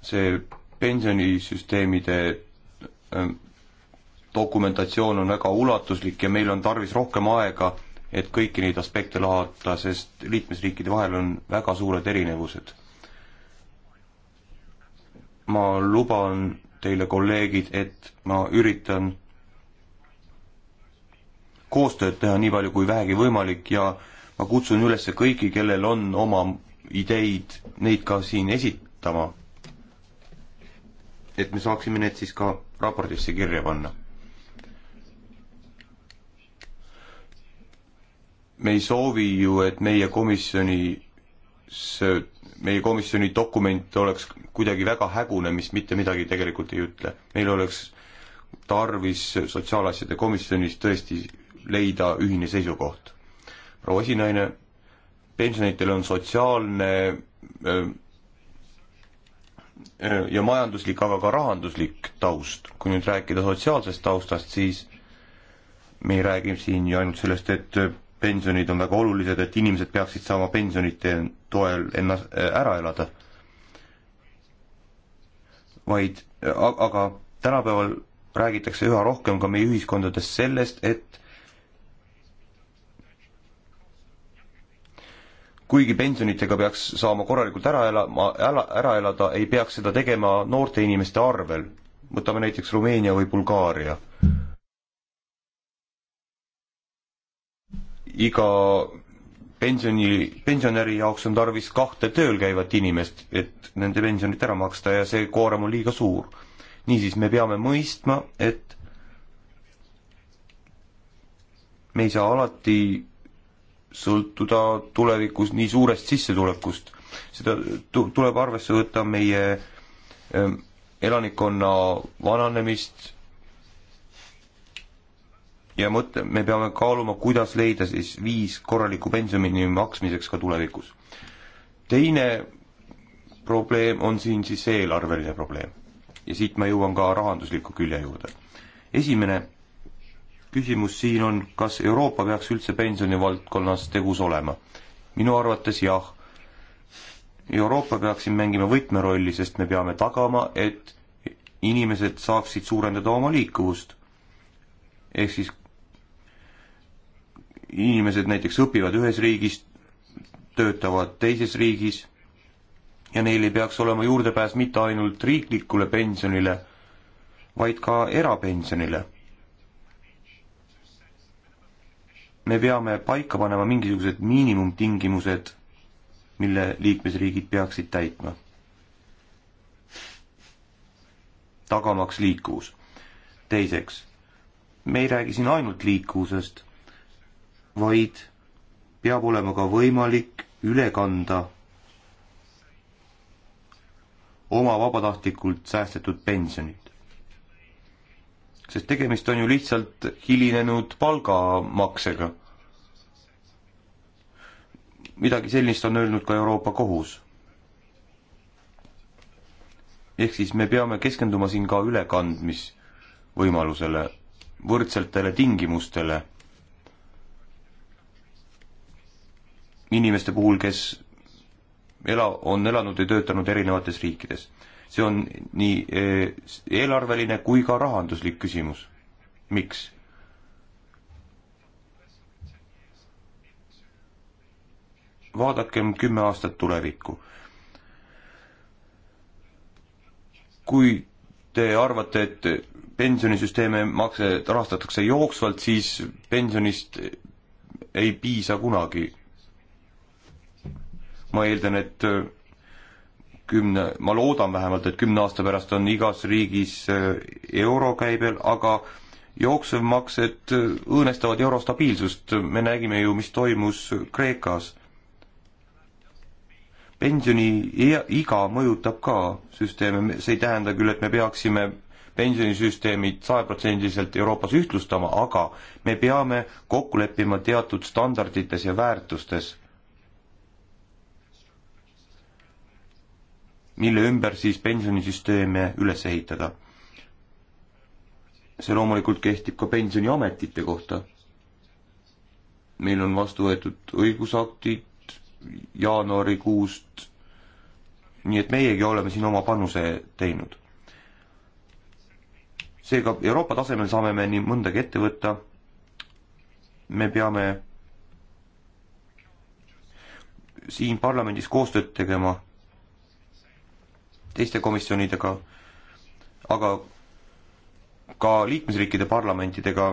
see pensionisüsteemide ähm, dokumentatsioon on väga ulatuslik ja meil on tarvis rohkem aega, et kõiki neid aspekte lahata, sest liikmesriikide vahel on väga suured erinevused. ma luban teile, kolleegid, et ma üritan koostööd teha nii palju kui vähegi võimalik ja ma kutsun üles kõiki, kellel on oma ideid, neid ka siin esitama et me saaksime need siis ka raportisse kirja panna. me ei soovi ju, et meie komisjonis, meie komisjoni dokument oleks kuidagi väga hägune, mis mitte midagi tegelikult ei ütle. meil oleks tarvis sotsiaalasjade komisjonis tõesti leida ühine seisukoht. proua esinaine, pensionitel on sotsiaalne öö, Äh, ja majanduslik, aga ka rahanduslik taust. kui nüüd rääkida sotsiaalsest taustast, siis me ei räägi siin ju ainult sellest, et äh, pensionid on väga olulised, et inimesed peaksid saama pensionite toel ennast äh, ära elada, vaid aga tänapäeval räägitakse üha rohkem ka meie ühiskondades sellest, et kuigi pensionitega peaks saama korralikult ära elama, ära, ära elada, ei peaks seda tegema noorte inimeste arvel. võtame näiteks Rumeenia või Bulgaaria. iga pensioni, pensionäri jaoks on tarvis kahte tööl käivat inimest, et nende pensionit ära maksta ja see koorem on liiga suur. niisiis, me peame mõistma, et me ei saa alati sõltuda tulevikus nii suurest sissetulekust. seda tu-, tuleb arvesse võtta meie ähm, elanikkonna vananemist ja mõte, me peame kaaluma, kuidas leida siis viis korraliku pensioni maksmiseks ka tulevikus. teine probleem on siin siis eelarveline probleem ja siit ma jõuan ka rahandusliku külje juurde. esimene küsimus siin on, kas Euroopa peaks üldse pensionivaldkonnas tegus olema? minu arvates jah. Euroopa peaks siin mängima võtmerolli, sest me peame tagama, et inimesed saaksid suurendada oma liikuvust. ehk siis inimesed näiteks õpivad ühes riigis, töötavad teises riigis ja neil ei peaks olema juurdepääs mitte ainult riiklikule pensionile, vaid ka erapensionile me peame paika panema mingisugused miinimumtingimused, mille liikmesriigid peaksid täitma. tagamaks liikuvus. teiseks, me ei räägi siin ainult liikuvusest, vaid peab olema ka võimalik üle kanda oma vabatahtlikult säästetud pensionit sest tegemist on ju lihtsalt hilinenud palgamaksega. midagi sellist on öelnud ka Euroopa Kohus. ehk siis me peame keskenduma siin ka ülekandmisvõimalusele, võrdsetele tingimustele inimeste puhul, kes ela, on elanud ja töötanud erinevates riikides see on nii eh, eelarveline kui ka rahanduslik küsimus. miks? vaadakem kümme aastat tulevikku. kui te arvate, et pensionisüsteeme makse rahastatakse jooksvalt, siis pensionist ei piisa kunagi. ma eeldan, et kümne, ma loodan vähemalt, et kümne aasta pärast on igas riigis äh, euro käibel, aga jooksevmaksed äh, õõnestavad euro stabiilsust, me nägime ju, mis toimus Kreekas. pensioniiga mõjutab ka süsteeme, see ei tähenda küll, et me peaksime pensionisüsteemid sajaprotsendiliselt Euroopas ühtlustama, aga me peame kokku leppima teatud standardites ja väärtustes mille ümber siis pensionisüsteeme üles ehitada. see loomulikult kehtib ka pensioniametite kohta. meil on vastu võetud õigusaktid jaanuarikuust, nii et meiegi oleme siin oma panuse teinud. seega Euroopa tasemel saame me nii mõndagi ette võtta, me peame siin parlamendis koostööd tegema teiste komisjonidega, aga ka liikmesriikide parlamentidega,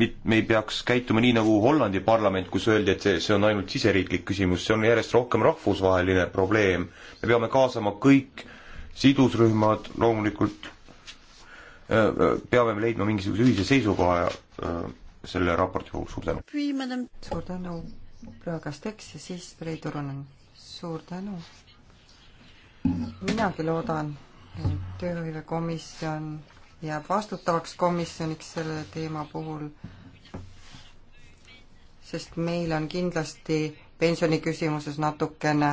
me ei peaks käituma nii, nagu Hollandi parlament, kus öeldi, et see, see on ainult siseriiklik küsimus, see on järjest rohkem rahvusvaheline probleem. me peame kaasama kõik sidusrühmad, loomulikult äh, äh, peame leidma mingisuguse ühise seisukoha äh, selle raporti puhul, suur tänu. suur tänu, Rõõgas Teks ja siis Priit Urunen. suur tänu minagi loodan, et tööhõivekomisjon jääb vastutavaks komisjoniks selle teema puhul, sest meil on kindlasti pensioniküsimuses natukene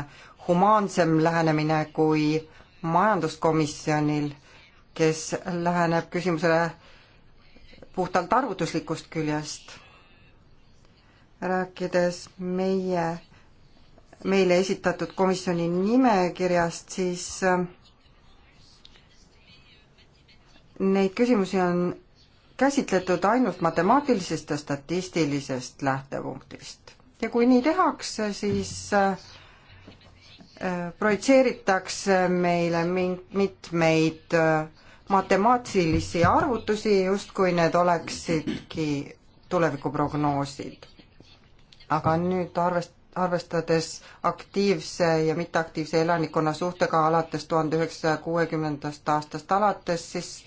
humaansem lähenemine kui majanduskomisjonil, kes läheneb küsimusele puhtalt arvutuslikust küljest. rääkides meie meile esitatud komisjoni nimekirjast, siis äh, neid küsimusi on käsitletud ainult matemaatilisest ja statistilisest lähtepunktist. ja kui nii tehakse, siis äh, projitseeritakse meile mitmeid äh, matemaatilisi arvutusi, justkui need oleksidki tulevikuprognoosid. aga nüüd arvest-, arvestades aktiivse ja mitteaktiivse elanikkonna suhtega alates tuhande üheksasaja kuuekümnendast aastast alates, siis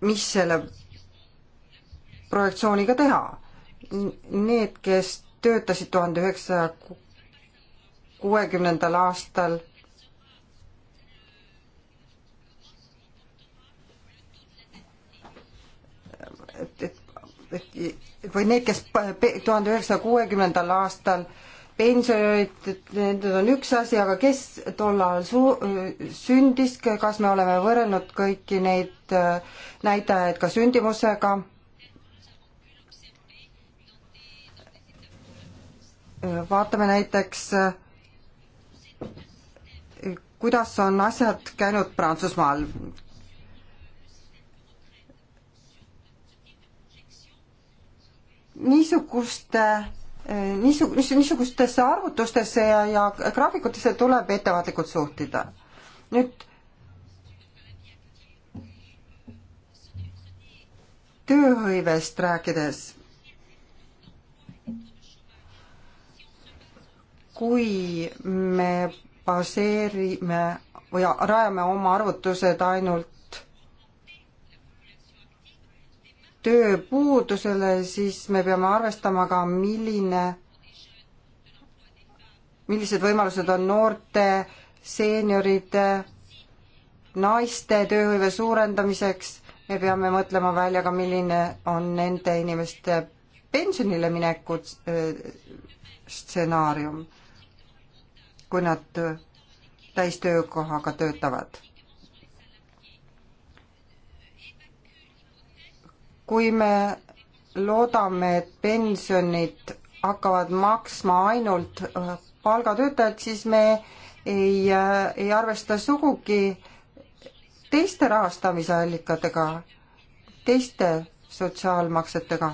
mis selle projektsiooniga teha? Need, kes töötasid tuhande üheksasaja kuuekümnendal aastal et, et, et või need, kes tuhande üheksasaja kuuekümnendal aastal pensionärid, need on üks asi, aga kes tollal su-, sündis, kas me oleme võrrelnud kõiki neid äh, näitajaid ka sündimusega? vaatame näiteks, äh, kuidas on asjad käinud Prantsusmaal. niisuguste niisu-, niisugustesse arvutustesse ja, ja graafikutesse tuleb ettevaatlikult suhtida. nüüd tööhõivest rääkides, kui me baseerime või rajame oma arvutused ainult tööpuudusele, siis me peame arvestama ka, milline, millised võimalused on noorte, seenioride, naiste tööhõive suurendamiseks, me peame mõtlema välja ka, milline on nende inimeste pensionile mineku äh, stsenaarium, kui nad täistöökohaga töötavad kui me loodame, et pensionid hakkavad maksma ainult äh, palgatöötajad, siis me ei, äh, ei arvesta sugugi teiste rahastamisallikatega, teiste sotsiaalmaksetega.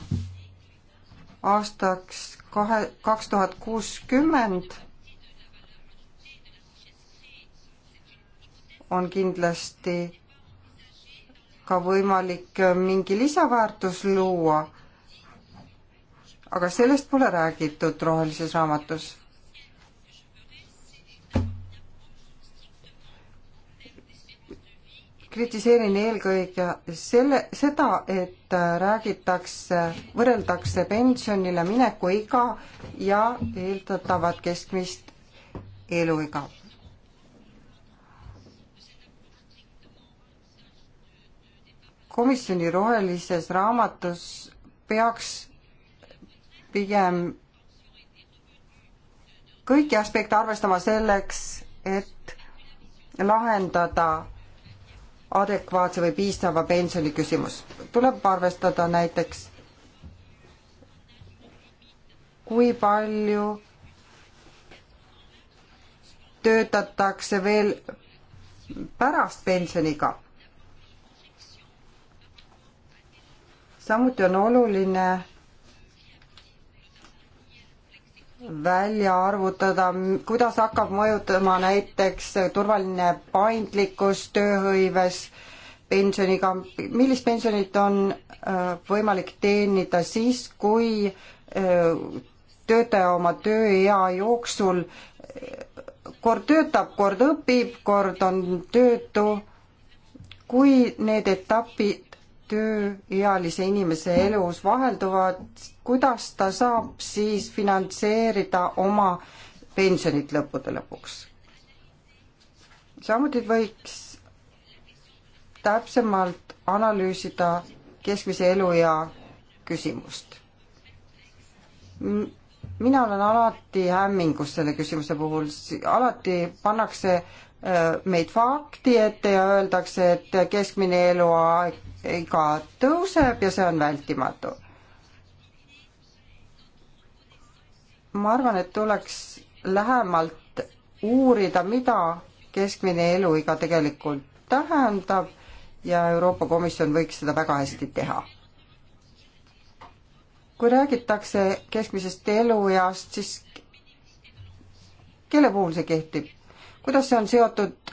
aastaks kahe, kaks tuhat kuuskümmend on kindlasti ka võimalik äh, mingi lisaväärtus luua. aga sellest pole räägitud rohelises raamatus. kritiseerin eelkõige selle, seda, et äh, räägitakse, võrreldakse pensionile mineku iga ja eeldatavat keskmist eluiga komisjoni rohelises raamatus peaks pigem kõiki aspekte arvestama selleks, et lahendada adekvaatse või piisava pensioni küsimus. tuleb arvestada näiteks, kui palju töötatakse veel pärast pensioniga samuti on oluline välja arvutada, kuidas hakkab mõjutama näiteks turvaline paindlikkus tööhõives, pensioniga, millist pensionit on äh, võimalik teenida siis, kui äh, töötaja oma tööea jooksul äh, kord töötab, kord õpib, kord on töötu. kui need etapi, tööealise inimese elus vahelduvad, kuidas ta saab siis finantseerida oma pensionit lõppude lõpuks? samuti võiks täpsemalt analüüsida keskmise eluea küsimust. mina olen alati hämmingus selle küsimuse puhul, alati pannakse Äh, meid fakti ette ja öeldakse, et keskmine eluaega tõuseb ja see on vältimatu. ma arvan, et tuleks lähemalt uurida, mida keskmine eluiga tegelikult tähendab ja Euroopa Komisjon võiks seda väga hästi teha. kui räägitakse keskmisest elueast, siis kelle puhul see kehtib? kuidas see on seotud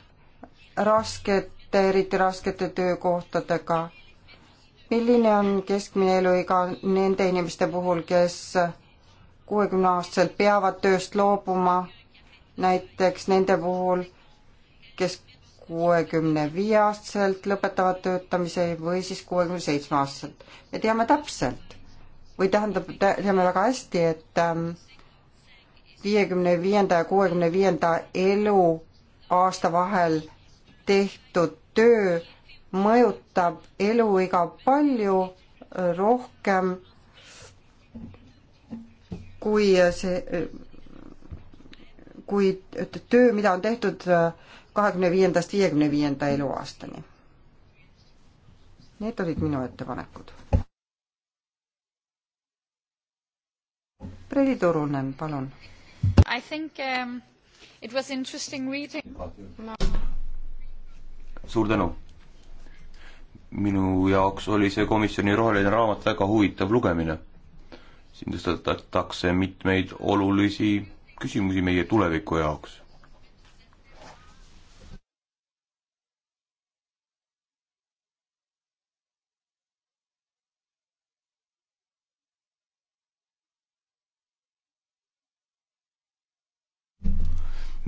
raskete, eriti raskete töökohtadega? milline on keskmine eluiga nende inimeste puhul, kes kuuekümneaastaselt peavad tööst loobuma, näiteks nende puhul, kes kuuekümne viie aastaselt lõpetavad töötamise või siis kuuekümne seitsme aastaselt. me teame täpselt või tähendab, teame väga hästi, et ähm, viiekümne viienda ja kuuekümne viienda elu aasta vahel tehtud töö mõjutab eluiga palju rohkem kui see, kui töö, mida on tehtud kahekümne viiendast viiekümne viienda eluaastani. Need olid minu ettepanekud. Preli Turunen, palun. I think um It was interesting reading no.. suur tänu. minu jaoks oli see komisjoni roheline raamat väga huvitav lugemine. siin tõstetakse mitmeid olulisi küsimusi meie tuleviku jaoks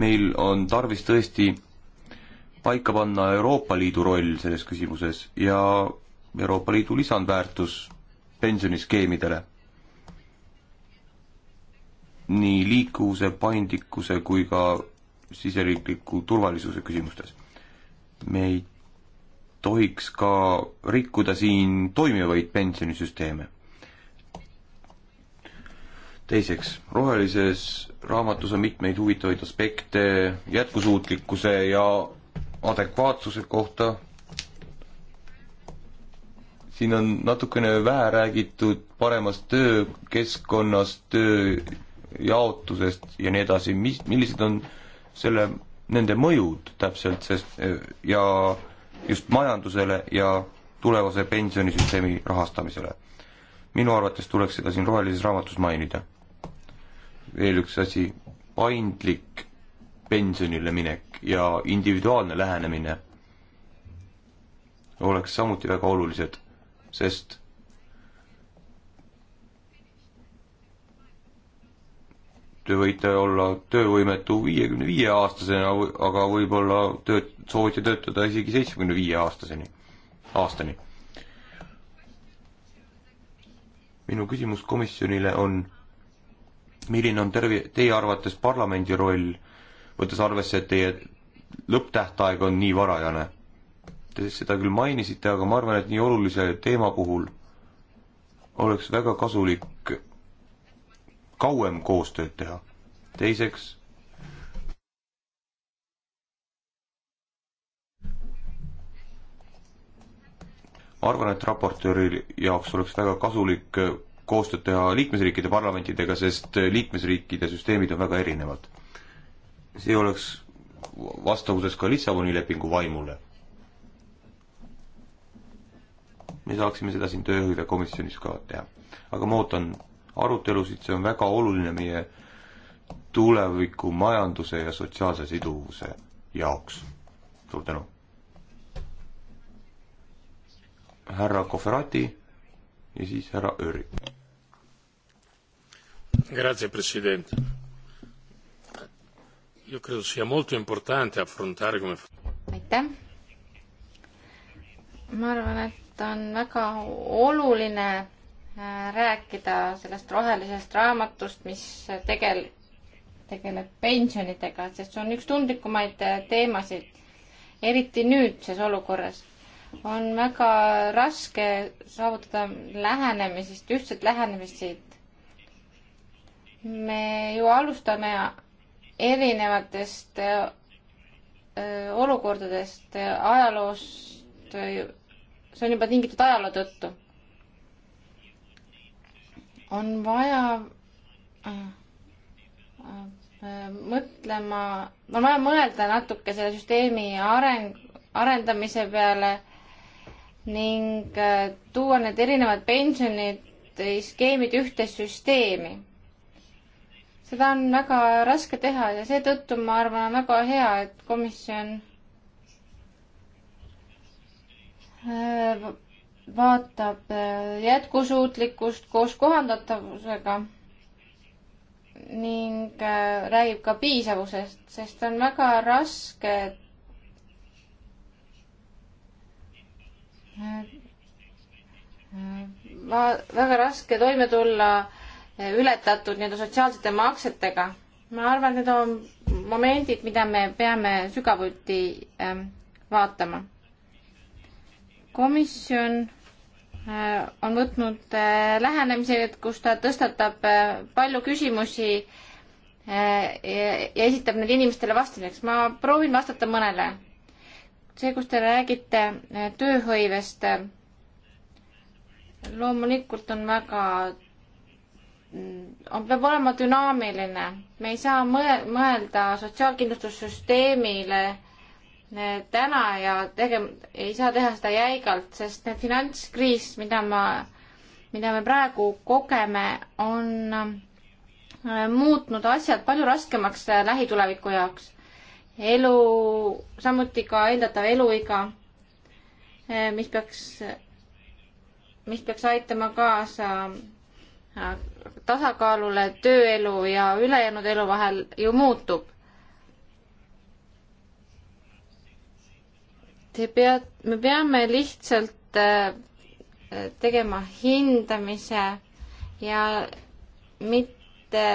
meil on tarvis tõesti paika panna Euroopa Liidu roll selles küsimuses ja Euroopa Liidu lisandväärtus pensioniskeemidele. nii liikuvuse, paindlikkuse kui ka siseriikliku turvalisuse küsimustes. me ei tohiks ka rikkuda siin toimivaid pensionisüsteeme teiseks, rohelises raamatus on mitmeid huvitavaid aspekte jätkusuutlikkuse ja adekvaatsuse kohta. siin on natukene vähe räägitud paremast töökeskkonnast, töö jaotusest ja nii edasi, mis, millised on selle, nende mõjud täpselt, sest ja just majandusele ja tulevase pensionisüsteemi rahastamisele. minu arvates tuleks seda siin rohelises raamatus mainida veel üks asi, paindlik pensionile minek ja individuaalne lähenemine oleks samuti väga olulised, sest te võite olla töövõimetu viiekümne viie aastasena, aga võib-olla tööd, soovite töötada isegi seitsmekümne viie aastaseni, aastani. minu küsimus komisjonile on milline on terve, teie arvates parlamendi roll, võttes arvesse, et teie lõpptähtaeg on nii varajane? Te seda küll mainisite, aga ma arvan, et nii olulise teema puhul oleks väga kasulik kauem koostööd teha. teiseks, ma arvan, et raportööri jaoks oleks väga kasulik koostööd teha liikmesriikide parlamentidega, sest liikmesriikide süsteemid on väga erinevad. see oleks vastavuses ka Lissaboni lepingu vaimule. me saaksime seda siin tööhõive komisjonis ka teha. aga ma ootan arutelusid, see on väga oluline meie tuleviku majanduse ja sotsiaalse siduvuse jaoks. suur tänu. härra Koferati ja siis härra Ööri signor presidente onorevoli colleghi io credo sia molto importante affrontare come. aitäh! ma arvan, et on väga oluline äh, rääkida sellest rohelisest raamatust, mis tegel-, tegeleb pensionidega, sest see on üks tundlikumaid äh, teemasid, eriti nüüdses olukorras. on väga raske saavutada lähenemisest, ühtset lähenemist me ju alustame erinevatest äh, olukordadest äh, ajaloost, äh, see on juba tingitud ajaloo tõttu. on vaja mõtlema, on vaja mõelda natuke selle süsteemi areng, arendamise peale ning tuua need erinevad pensionid, skeemid ühte süsteemi seda on väga raske teha ja seetõttu ma arvan, on väga hea, et komisjon äh, vaatab äh, jätkusuutlikkust koos kohandatavusega ning äh, räägib ka piisavusest, sest on väga raske va-, väga raske toime tulla ületatud nii-öelda sotsiaalsete maksetega. ma arvan, need on momendid, mida me peame sügavuti ähm, vaatama. komisjon äh, on võtnud äh, lähenemise, et kus ta tõstatab äh, palju küsimusi ja esitab need inimestele vastamiseks. ma proovin vastata mõnele. see, kus te räägite tööhõivest, loomulikult on väga peab olema dünaamiline, me ei saa mõe-, mõelda sotsiaalkindlustussüsteemile eh, täna ja tege-, ei saa teha seda jäigalt, sest need finantskriis, mida ma, mida me praegu kogeme, on eh, muutnud asjad palju raskemaks eh, lähituleviku jaoks. elu, samuti ka eeldatav eluiga, mis peaks, mis peaks aitama kaasa tasakaalule tööelu ja ülejäänud elu vahel ju muutub. Te pead, me peame lihtsalt äh, tegema hindamise ja mitte,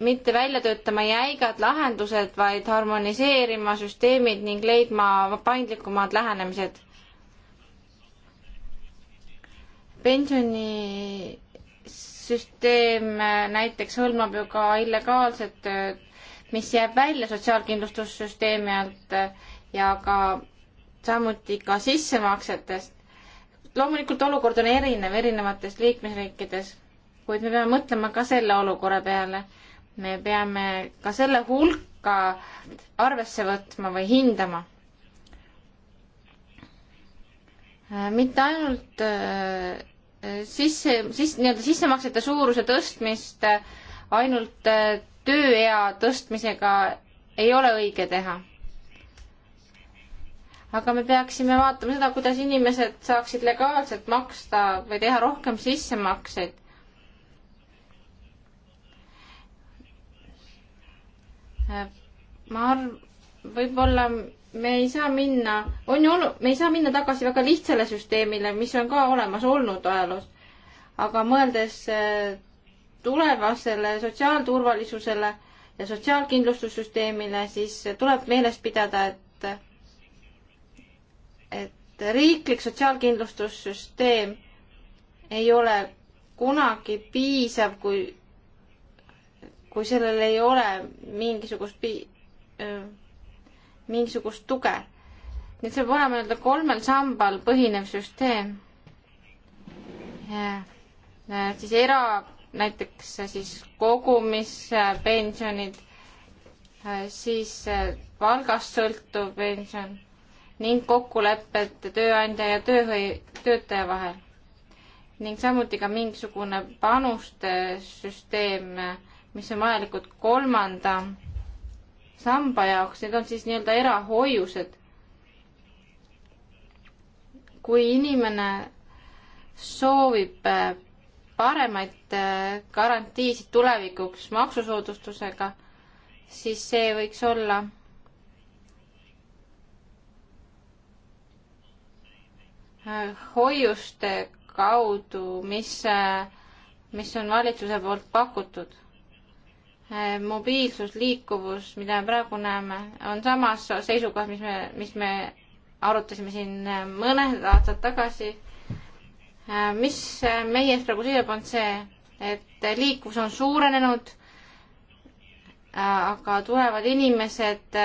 mitte välja töötama jäigad lahendused, vaid harmoniseerima süsteemid ning leidma paindlikumad lähenemised. pensioni süsteem äh, näiteks hõlmab ju ka illegaalset tööd, äh, mis jääb välja sotsiaalkindlustussüsteemi alt äh, ja ka samuti ka sissemaksetest. loomulikult olukord on erinev erinevates liikmesriikides, kuid me peame mõtlema ka selle olukorra peale. me peame ka selle hulka arvesse võtma või hindama mitte ainult Äh, sisse, siis nii-öelda sissemaksete suuruse tõstmist äh, ainult äh, tööea tõstmisega ei ole õige teha. aga me peaksime vaatama seda, kuidas inimesed saaksid legaalselt maksta või teha rohkem sissemakseid. ma arv-, võib-olla me ei saa minna, on ju olu-, me ei saa minna tagasi väga lihtsale süsteemile, mis on ka olemas olnud ajaloos. aga mõeldes äh, tulevasele sotsiaalturvalisusele ja sotsiaalkindlustussüsteemile, siis tuleb meeles pidada, et, et riiklik sotsiaalkindlustussüsteem ei ole kunagi piisav, kui, kui sellel ei ole mingisugust pi-, mingisugust tuge. nii et see peab olema nii-öelda kolmel sambal põhinev süsteem. siis era, näiteks siis kogumispensionid, siis äh, palgast sõltuv pension ning kokkulepped tööandja ja tööhõi-, töötaja vahel. ning samuti ka mingisugune panuste süsteem, mis on vajalikud kolmanda samba jaoks, need on siis nii-öelda erahoiused. kui inimene soovib äh, paremaid äh, garantiisid tulevikuks maksusoodustusega, siis see võiks olla äh, hoiuste kaudu, mis, mis on valitsuse poolt pakutud Äh, mobiilsus, liikuvus, mida me praegu näeme, on samas seisukohas, mis me, mis me arutasime siin äh, mõned aastad tagasi. Äh, mis meie ees praegu seisab, on see, et liikuvus on suurenenud, aga tulevad inimesed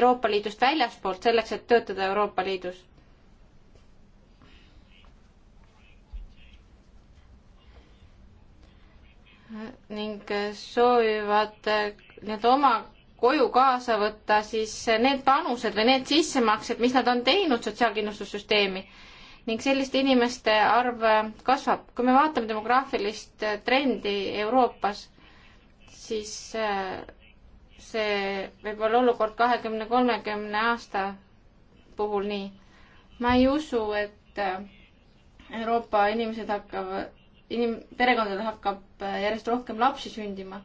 Euroopa Liidust väljaspoolt selleks, et töötada Euroopa Liidus. ning soovivad need oma koju kaasa võtta, siis need panused või need sissemaksed, mis nad on teinud sotsiaalkindlustussüsteemi ning selliste inimeste arv kasvab. kui me vaatame demograafilist trendi Euroopas, siis äh, see võib olla olukord kahekümne, kolmekümne aasta puhul nii. ma ei usu, et Euroopa inimesed hakkavad inim-, perekondadel hakkab äh, järjest rohkem lapsi sündima.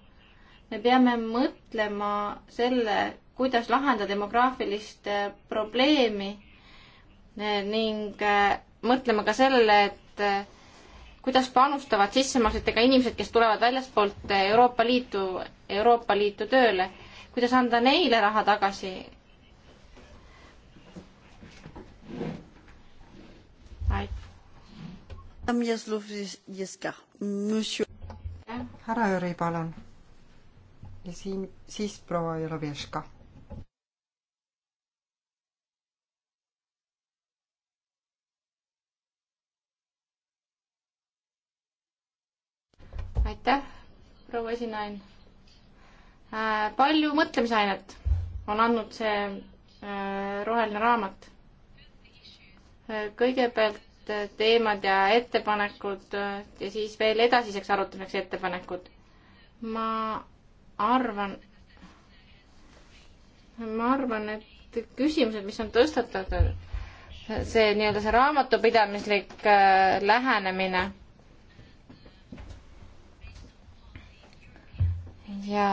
me peame mõtlema selle, kuidas lahendada demograafilist äh, probleemi äh, ning mõtlema ka sellele, et kuidas panustavad sissemaksetega inimesed, kes tulevad väljaspoolt Euroopa Liitu, Euroopa Liitu tööle, kuidas anda neile raha tagasi härra Jüri, palun. ja siin, siis proua Jelovjeska. aitäh, proua esinaine. Äh, palju mõtlemisainet on andnud see äh, roheline raamat. Äh, kõigepealt teemad ja ettepanekud ja siis veel edasiseks arutamiseks ettepanekud. ma arvan, ma arvan, et küsimused, mis on tõstatatud, see nii-öelda see raamatupidamislik äh, lähenemine ja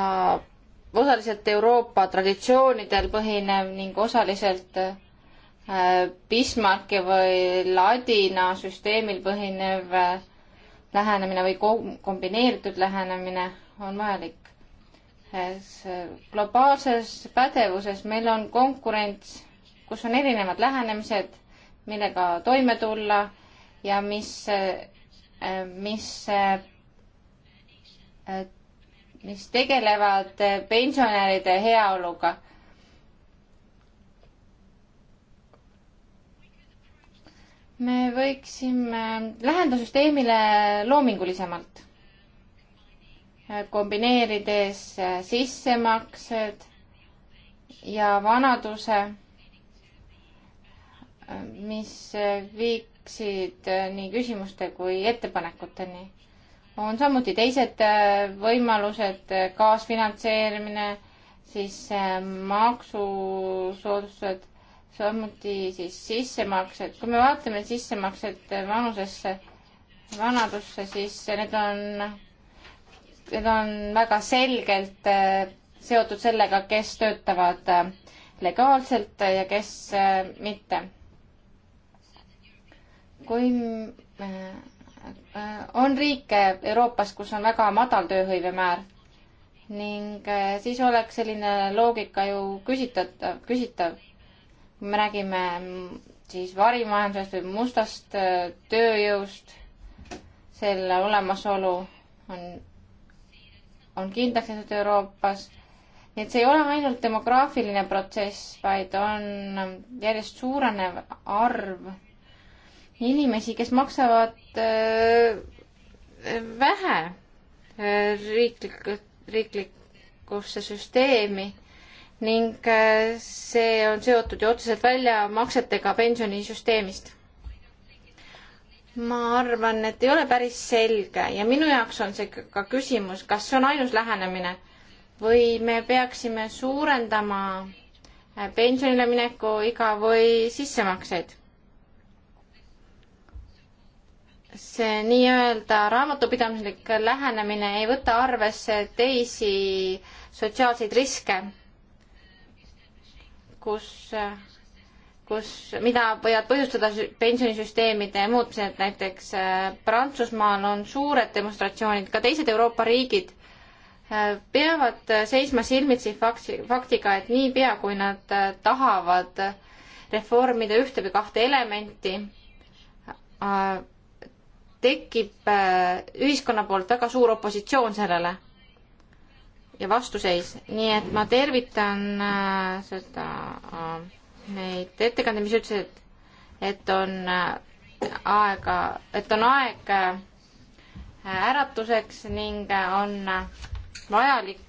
osaliselt Euroopa traditsioonidel põhinev ning osaliselt Äh, Bismarcki või ladina süsteemil põhinev äh, lähenemine või kombineeritud lähenemine on vajalik. Äh, globaalses pädevuses meil on konkurents, kus on erinevad lähenemised, millega toime tulla ja mis, mis, mis tegelevad pensionäride heaoluga me võiksime läheneda süsteemile loomingulisemalt, kombineerides sissemaksed ja vanaduse, mis viiksid nii küsimuste kui ettepanekuteni. on samuti teised võimalused, kaasfinantseerimine, siis maksusoodustused samuti siis sissemaksed, kui me vaatame sissemaksed vanusesse, vanadusse, siis need on, need on väga selgelt äh, seotud sellega, kes töötavad äh, legaalselt ja kes äh, mitte. kui on riike Euroopas, kus on väga madal tööhõive määr ning siis oleks selline loogika ju küsitav, küsitav me räägime siis varimajandusest või mustast äh, tööjõust, selle olemasolu on, on kindlaks jäetud Euroopas. nii et see ei ole ainult demograafiline protsess, vaid on järjest suurenev arv inimesi, kes maksavad öö, äh, vähe äh, riiklikult, riiklikusse süsteemi ning äh, see on seotud ju otseselt väljamaksetega pensionisüsteemist. ma arvan, et ei ole päris selge ja minu jaoks on see ka küsimus, kas see on ainus lähenemine või me peaksime suurendama äh, pensionile mineku iga või sissemakseid. see nii-öelda raamatupidamislik lähenemine ei võta arvesse teisi sotsiaalseid riske kus, kus, mida võivad põhjustada pensionisüsteemide muutmised, näiteks äh, Prantsusmaal on suured demonstratsioonid, ka teised Euroopa riigid äh, peavad äh, seisma silmitsi fakti, faktiga, et niipea, kui nad tahavad reformida ühte või kahte elementi, tekib ühiskonna poolt väga suur opositsioon sellele ja vastuseis, nii et ma tervitan äh, seda, äh, neid ettekande, mis ütlesid, et on äh, aega, et on aeg äratuseks ning on vajalik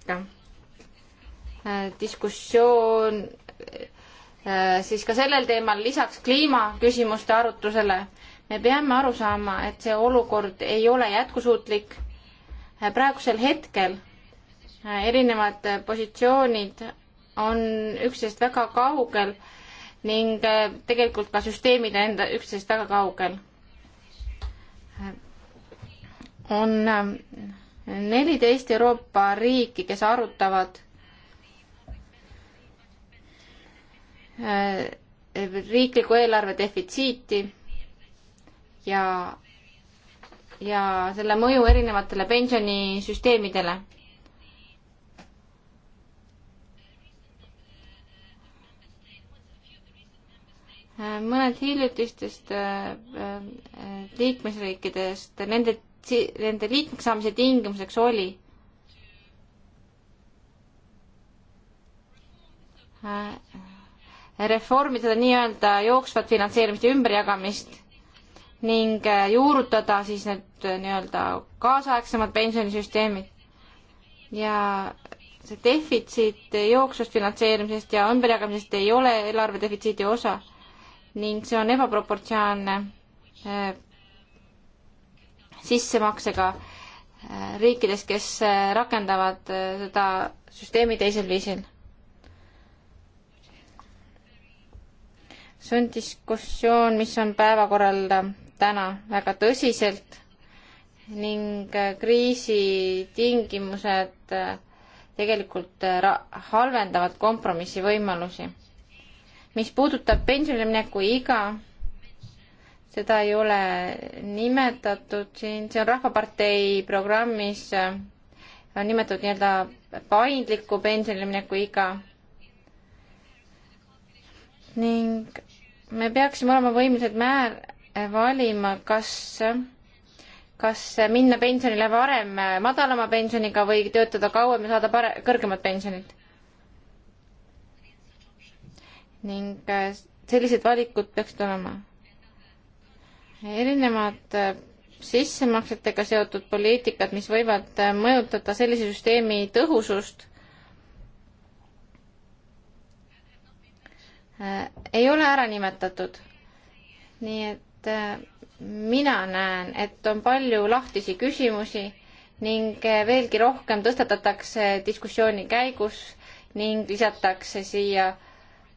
diskussioon siis ka sellel teemal lisaks kliimaküsimuste arutusele. me peame aru saama, et see olukord ei ole jätkusuutlik. praegusel hetkel erinevad positsioonid on üksteisest väga kaugel ning äh, tegelikult ka süsteemid enda üksteisest väga kaugel. on äh, neliteist Euroopa riiki, kes arutavad äh, riikliku eelarve defitsiiti ja, ja selle mõju erinevatele pensionisüsteemidele mõned hiljutistest äh, äh, liikmesriikidest, nende, nende liikmeks saamise tingimuseks oli äh, reformida nii-öelda jooksvat finantseerimist ja ümberjagamist ning juurutada siis need nii-öelda kaasaegsemad pensionisüsteemid. ja see defitsiit jooksvast finantseerimisest ja ümberjagamisest ei ole eelarve defitsiidi osa ning see on ebaproportsionaalne eh, sissemaksega eh, riikides, kes eh, rakendavad seda süsteemi teisel viisil. see on diskussioon, mis on päevakorral täna väga tõsiselt ning kriisi tingimused tegelikult halvendavad kompromissi võimalusi mis puudutab pensionile mineku iga, seda ei ole nimetatud siin, see on Rahvapartei programmis, äh, on nimetatud nii-öelda paindliku pensionile mineku iga. ning me peaksime olema võimelised määr äh, valima, kas kas minna pensionile varem äh, madalama pensioniga või töötada kauem ja saada pare-, kõrgemat pensionit? ning äh, sellised valikud peaksid olema erinevad äh, sissemaksetega seotud poliitikad, mis võivad äh, mõjutada sellise süsteemi tõhusust, ei ole ära nimetatud. nii et mina näen, et on palju lahtisi küsimusi ning veelgi rohkem tõstatatakse diskussiooni käigus ning lisatakse siia äh,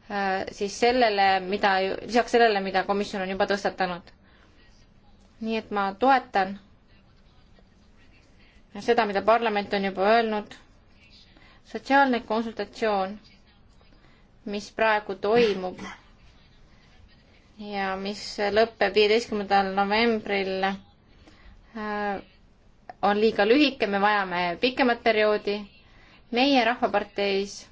Äh, siis sellele, mida, lisaks sellele, mida komisjon on juba tõstatanud. nii et ma toetan seda, mida parlament on juba öelnud. sotsiaalne konsultatsioon, mis praegu toimub ja mis lõpeb viieteistkümnendal novembril, äh, on liiga lühike, me vajame pikemat perioodi. meie Rahvaparteis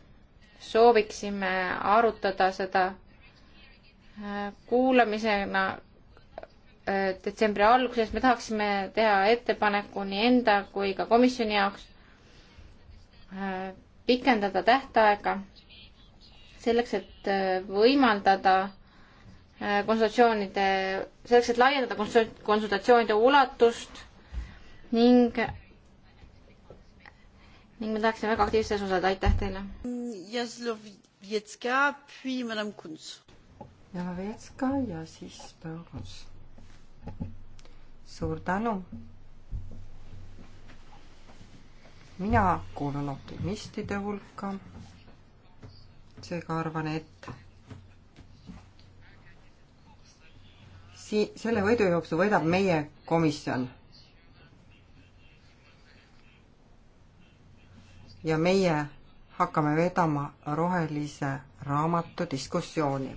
sooviksime arutada seda äh, kuulamisena äh, detsembri alguses, me tahaksime teha ettepaneku nii enda kui ka komisjoni jaoks äh, pikendada tähtaega selleks, et võimaldada konsultatsioonide, selleks, et laiendada konsultatsioonide ulatust ning ning me tahaksime väga aktiivses osaleda, aitäh teile. Jaslovjetska, puis madame Kunz. Jaslovjetska ja siis proua Kunz. suur tänu. mina kuulun optimistide hulka. seega arvan, et si-, selle võidujooksu võidab meie komisjon ja meie hakkame vedama rohelise raamatu diskussiooni.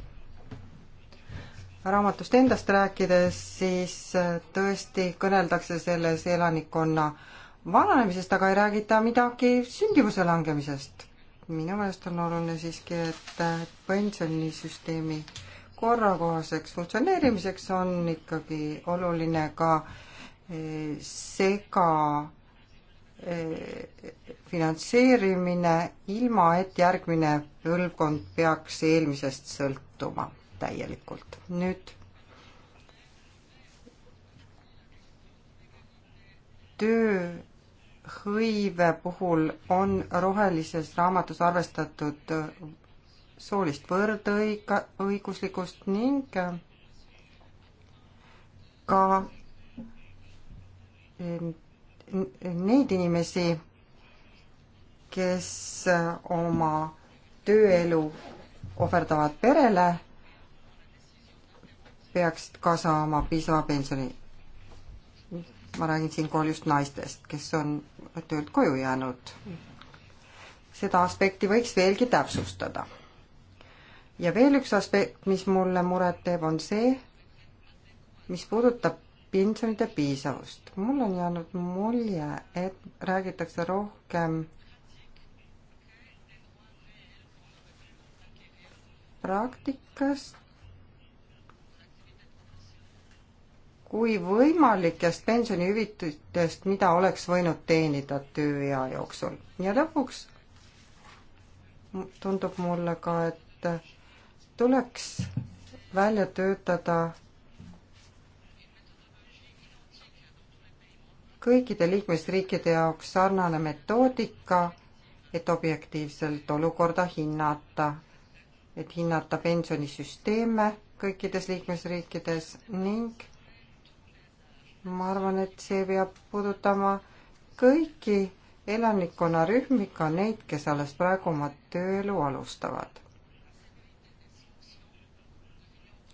raamatust endast rääkides, siis äh, tõesti kõneldakse selles elanikkonna vananemisest, aga ei räägita midagi sündivuse langemisest. minu meelest on oluline siiski, et äh, pensionisüsteemi korrakohaseks funktsioneerimiseks on ikkagi oluline ka äh, sega finantseerimine, ilma et järgmine põlvkond peaks eelmisest sõltuma täielikult. nüüd tööhõive puhul on rohelises raamatus arvestatud soolist võrdõiga, õiguslikkust ning ka neid inimesi, kes oma tööelu ohverdavad perele, peaksid ka saama piisava pensioni. ma räägin siinkohal just naistest, kes on töölt koju jäänud. seda aspekti võiks veelgi täpsustada. ja veel üks aspekt, mis mulle muret teeb, on see, mis puudutab pensionide piisavust. mul on jäänud mulje, et räägitakse rohkem praktikast kui võimalikest pensionihüvitistest, mida oleks võinud teenida tööea jooksul. ja lõpuks tundub mulle ka, et tuleks välja töötada kõikide liikmesriikide jaoks sarnane metoodika, et objektiivselt olukorda hinnata, et hinnata pensionisüsteeme kõikides liikmesriikides ning ma arvan, et see peab puudutama kõiki elanikkonnarühmi, ka neid, kes alles praegu oma tööelu alustavad.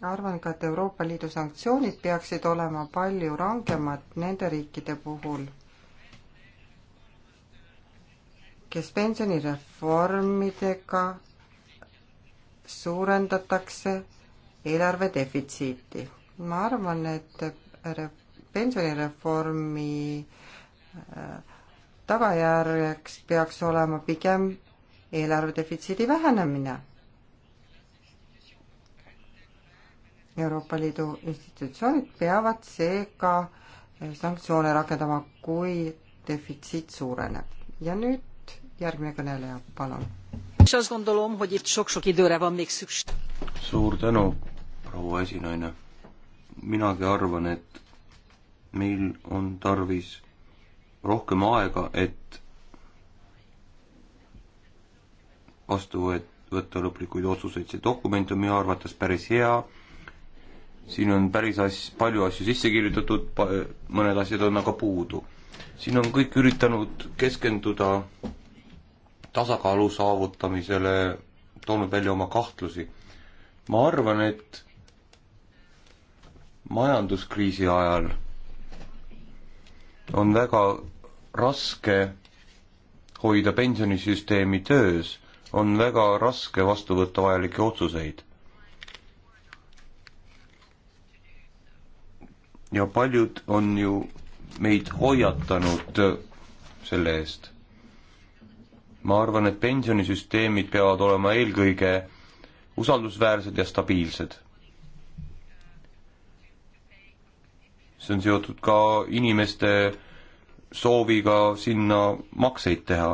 arvan ka, et Euroopa Liidu sanktsioonid peaksid olema palju rangemad nende riikide puhul, kes pensionireformidega suurendatakse eelarve defitsiiti. ma arvan, et pensionireformi äh, tagajärjeks peaks olema pigem eelarve defitsiidi vähenemine Euroopa Liidu institutsioonid peavad seega eh, sanktsioone rakendama, kui defitsiit suureneb. ja nüüd järgmine kõneleja, palun. suur tänu, proua esinaine. minagi arvan, et meil on tarvis rohkem aega, et vastu võtta lõplikuid otsuseid. see dokument on minu arvates päris hea siin on päris as-, palju asju sisse kirjutatud, mõned asjad on aga puudu. siin on kõik üritanud keskenduda tasakaalu saavutamisele, toonud välja oma kahtlusi. ma arvan, et majanduskriisi ajal on väga raske hoida pensionisüsteemi töös, on väga raske vastu võtta vajalikke otsuseid ja paljud on ju meid hoiatanud selle eest. ma arvan, et pensionisüsteemid peavad olema eelkõige usaldusväärsed ja stabiilsed. see on seotud ka inimeste sooviga sinna makseid teha.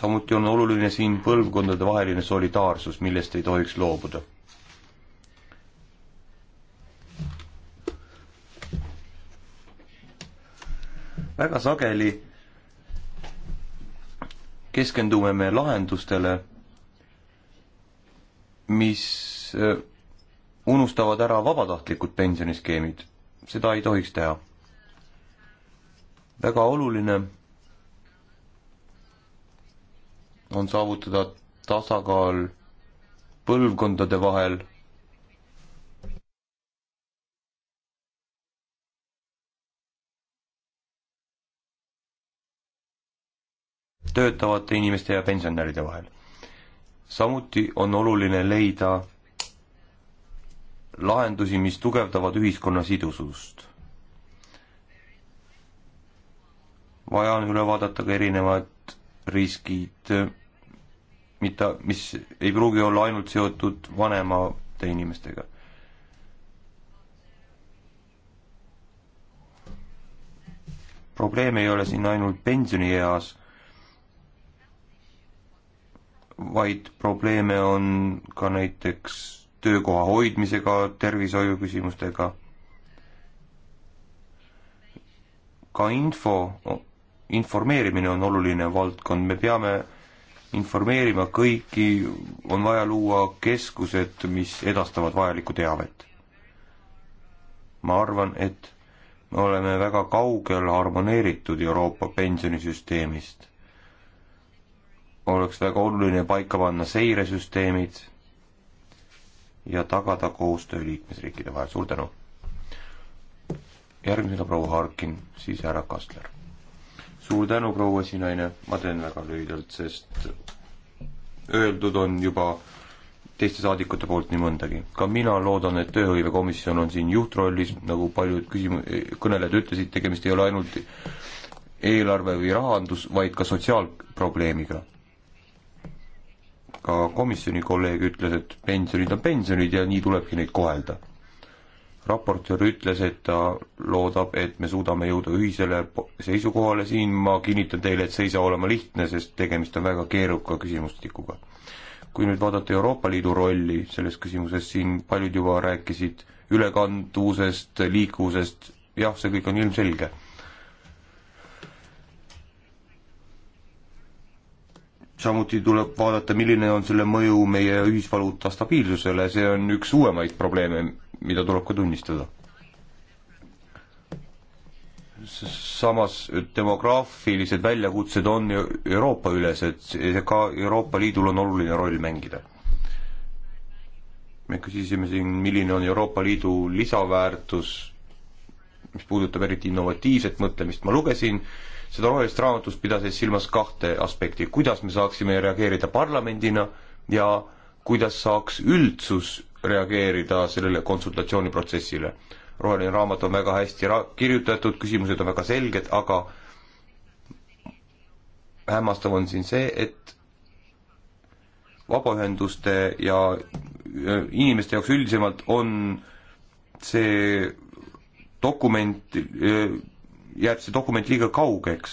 samuti on oluline siin põlvkondadevaheline solidaarsus, millest ei tohiks loobuda väga sageli keskendume me lahendustele, mis äh, unustavad ära vabatahtlikud pensioniskeemid. seda ei tohiks teha. väga oluline on saavutada tasakaal põlvkondade vahel töötavate inimeste ja pensionäride vahel. samuti on oluline leida lahendusi, mis tugevdavad ühiskonna sidusust. vaja on üle vaadata ka erinevad riskid, mida, mis ei pruugi olla ainult seotud vanemate inimestega probleem ei ole siin ainult pensionieas, vaid probleeme on ka näiteks töökoha hoidmisega, tervishoiuküsimustega. ka info, informeerimine on oluline valdkond, me peame informeerima kõiki, on vaja luua keskused, mis edastavad vajalikku teavet. ma arvan, et me oleme väga kaugel harmoneeritud Euroopa pensionisüsteemist oleks väga oluline paika panna seiresüsteemid ja tagada koostöö liikmesriikide vahel. suur tänu! järgmisena proua Harkin, siis härra Kastler. suur tänu, proua esinaine, ma teen väga lühidalt, sest öeldud on juba teiste saadikute poolt nii mõndagi. ka mina loodan, et tööhõivekomisjon on siin juhtrollis, nagu paljud küsimu-, kõnelejad ütlesid, tegemist ei ole ainult eelarve või rahandus, vaid ka sotsiaalprobleemiga ka komisjoni kolleeg ütles, et pensionid on pensionid ja nii tulebki neid kohelda. raportöör ütles, et ta loodab, et me suudame jõuda ühisele seisukohale siin, ma kinnitan teile, et see ei saa olema lihtne, sest tegemist on väga keeruka küsimustikuga. kui nüüd vaadata Euroopa Liidu rolli selles küsimuses, siin paljud juba rääkisid ülekanduvusest, liikuvusest, jah, see kõik on ilmselge samuti tuleb vaadata, milline on selle mõju meie ühisvaluuta stabiilsusele, see on üks uuemaid probleeme, mida tuleb ka tunnistada. samas demograafilised väljakutsed on Euroopa ülesed, ka Euroopa Liidul on oluline roll mängida. me küsisime siin, milline on Euroopa Liidu lisaväärtus, mis puudutab eriti innovatiivset mõtlemist, ma lugesin seda rohelist raamatust pidades silmas kahte aspekti, kuidas me saaksime reageerida parlamendina ja kuidas saaks üldsus reageerida sellele konsultatsiooniprotsessile. roheline raamat on väga hästi ra-, kirjutatud, küsimused on väga selged, aga hämmastav on siin see, et vabaühenduste ja inimeste jaoks üldisemalt on see dokument jääb see dokument liiga kaugeks.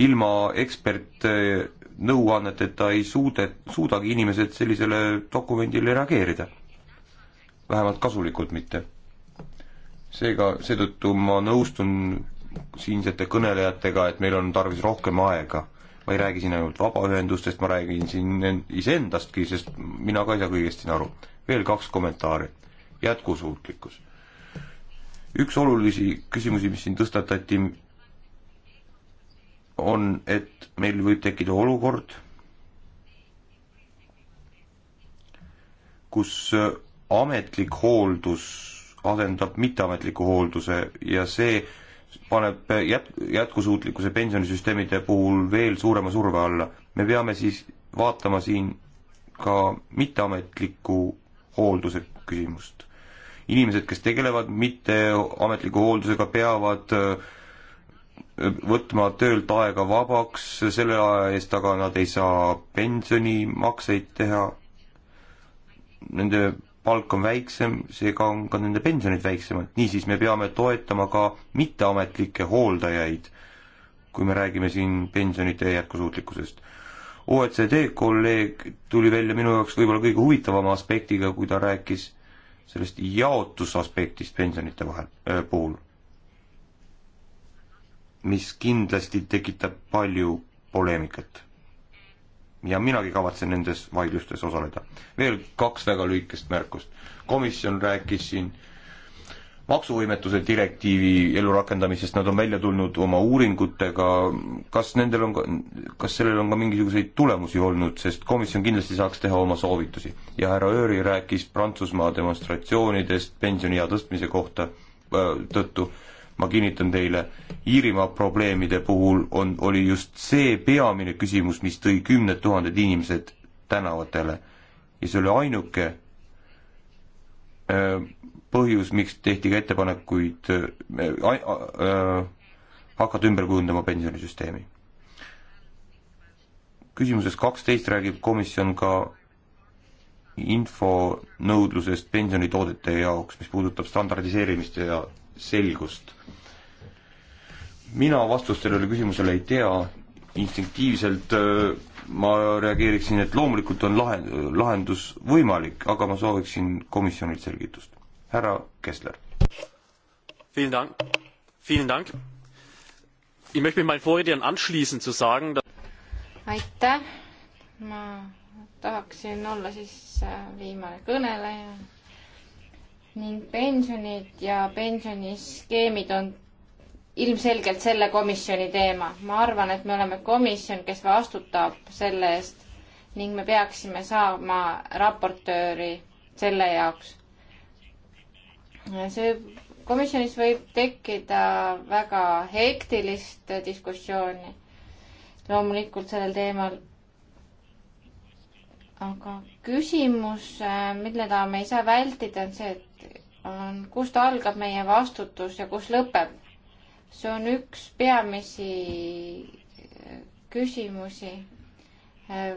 ilma ekspertnõuanneteta ei suude, suudagi inimesed sellisele dokumendile reageerida. vähemalt kasulikult mitte. seega, seetõttu ma nõustun siinsete kõnelejatega, et meil on tarvis rohkem aega. ma ei räägi siin ainult vabaühendustest, ma räägin siin iseendastki, sest mina ka ei saa kõigest siin aru. veel kaks kommentaari. jätkusuutlikkus üks olulisi küsimusi, mis siin tõstatati, on, et meil võib tekkida olukord, kus ametlik hooldus asendab mitteametliku hoolduse ja see paneb jät-, jätkusuutlikkuse pensionisüsteemide puhul veel suurema surve alla. me peame siis vaatama siin ka mitteametliku hoolduse küsimust inimesed, kes tegelevad mitteametliku hooldusega, peavad äh, võtma töölt aega vabaks, selle aja eest aga nad ei saa pensionimakseid teha. Nende palk on väiksem, seega on ka nende pensionid väiksemad, niisiis me peame toetama ka mitteametlikke hooldajaid, kui me räägime siin pensionite jätkusuutlikkusest. OECD kolleeg tuli välja minu jaoks võib-olla kõige huvitavama aspektiga, kui ta rääkis sellest jaotusaspektist pensionite vahel äh,, puhul, mis kindlasti tekitab palju poleemikat. ja minagi kavatsen nendes vaidlustes osaleda. veel kaks väga lühikest märkust. komisjon rääkis siin äh, maksuvõimetuse direktiivi elurakendamisest, nad on välja tulnud oma uuringutega, kas nendel on ka, kas sellel on ka mingisuguseid tulemusi olnud, sest komisjon kindlasti saaks teha oma soovitusi. ja härra Ööri rääkis Prantsusmaa demonstratsioonidest pensioniea tõstmise kohta äh, tõttu, ma kinnitan teile, Iirimaa probleemide puhul on, oli just see peamine küsimus, mis tõi kümned tuhanded inimesed tänavatele. ja see oli ainuke öö, äh, põhjus, miks tehti ka ettepanekuid hakata ümber kujundama pensionisüsteemi. küsimuses kaksteist räägib komisjon ka infonõudlusest pensionitoodete jaoks, mis puudutab standardiseerimist ja selgust. mina vastust sellele küsimusele ei tea, instinktiivselt äh, ma reageeriksin, et loomulikult on lahend-, lahendus võimalik, aga ma sooviksin komisjonilt selgitust härra Kessler. aitäh, ma tahaksin olla siis äh, viimane kõneleja ning pensionid ja pensioniskeemid on ilmselgelt selle komisjoni teema. ma arvan, et me oleme komisjon, kes vastutab selle eest ning me peaksime saama raportööri selle jaoks see komisjonis võib tekkida väga hektilist diskussiooni loomulikult sellel teemal. aga küsimus, mida me ei saa vältida, on see, et on, kust algab meie vastutus ja kus lõpeb. see on üks peamisi äh, küsimusi, äh,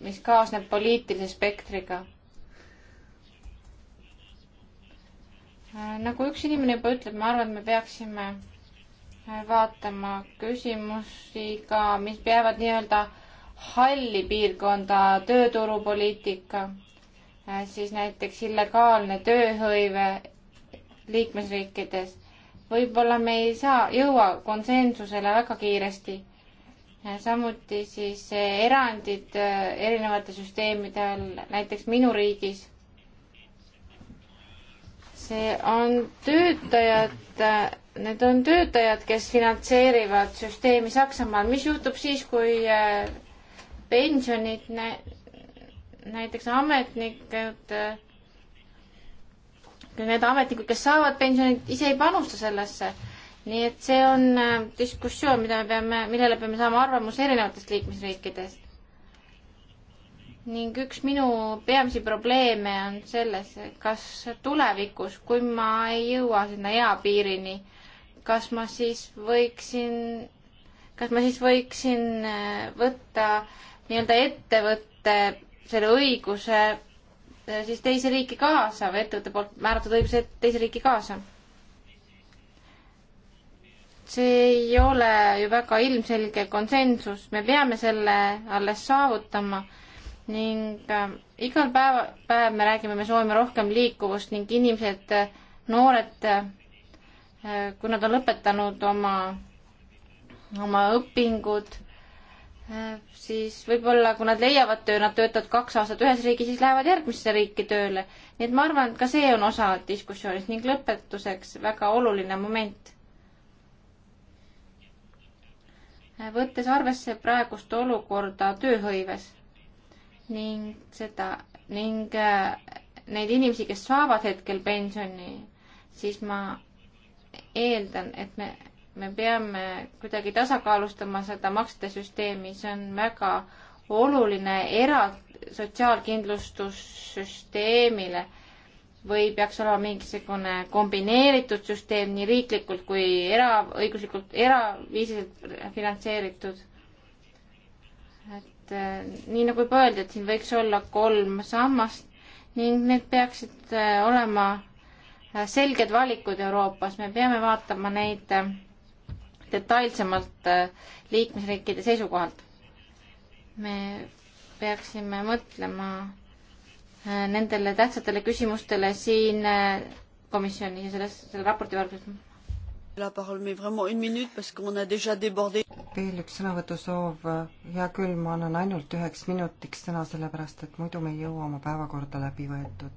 mis kaasneb poliitilise spektriga Äh, nagu üks inimene juba ütleb, ma arvan, et me peaksime äh, vaatama küsimusi ka, mis peavad nii-öelda halli piirkonda, tööturupoliitika, äh, siis näiteks illegaalne tööhõive liikmesriikides. võib-olla me ei saa, jõua konsensusele väga kiiresti. samuti siis erandid erinevate süsteemide all, näiteks minu riigis see on töötajad, need on töötajad, kes finantseerivad süsteemi Saksamaal. mis juhtub siis, kui eh, pensionid, näiteks ametnikud, eh, need ametnikud, kes saavad pensionit, ise ei panusta sellesse? nii et see on eh, diskussioon, mida me peame, millele peame saama arvamuse erinevatest liikmesriikidest ning üks minu peamisi probleeme on selles, kas tulevikus, kui ma ei jõua sinna eapiirini, kas ma siis võiksin, kas ma siis võiksin äh, võtta nii-öelda ettevõtte selle õiguse äh, siis teise riiki kaasa või ettevõtte poolt määratud õiguse teise riiki kaasa? see ei ole ju väga ilmselge konsensus, me peame selle alles saavutama ning äh, igal päev, päev me räägime, me soovime rohkem liikuvust ning inimesed, äh, noored äh,, kui nad on lõpetanud oma, oma õpingud äh,, siis võib-olla, kui nad leiavad töö, nad töötavad kaks aastat ühes riigis, siis lähevad järgmisse riiki tööle. nii et ma arvan, et ka see on osa diskussioonist ning lõpetuseks väga oluline moment. Äh, võttes arvesse praegust olukorda tööhõives ning seda ning äh, neid inimesi, kes saavad hetkel pensioni, siis ma eeldan, et me, me peame kuidagi tasakaalustama seda maksete süsteemi, see on väga oluline era-, sotsiaalkindlustussüsteemile või peaks olema mingisugune kombineeritud süsteem nii riiklikult kui era, õiguslikult eraviisiliselt finantseeritud. et et nii nagu juba öeldi, et siin võiks olla kolm sammast ning need peaksid äh, olema äh, selged valikud Euroopas, me peame vaatama neid äh, detailsemalt liikmesriikide seisukohalt. me peaksime mõtlema nendele tähtsatele küsimustele siin komisjoni ja selles, selle raporti valguses veel üks sõnavõtusoov, hea küll, ma annan ainult üheks minutiks sõna, sellepärast et muidu me ei jõua oma päevakorda läbi võetud.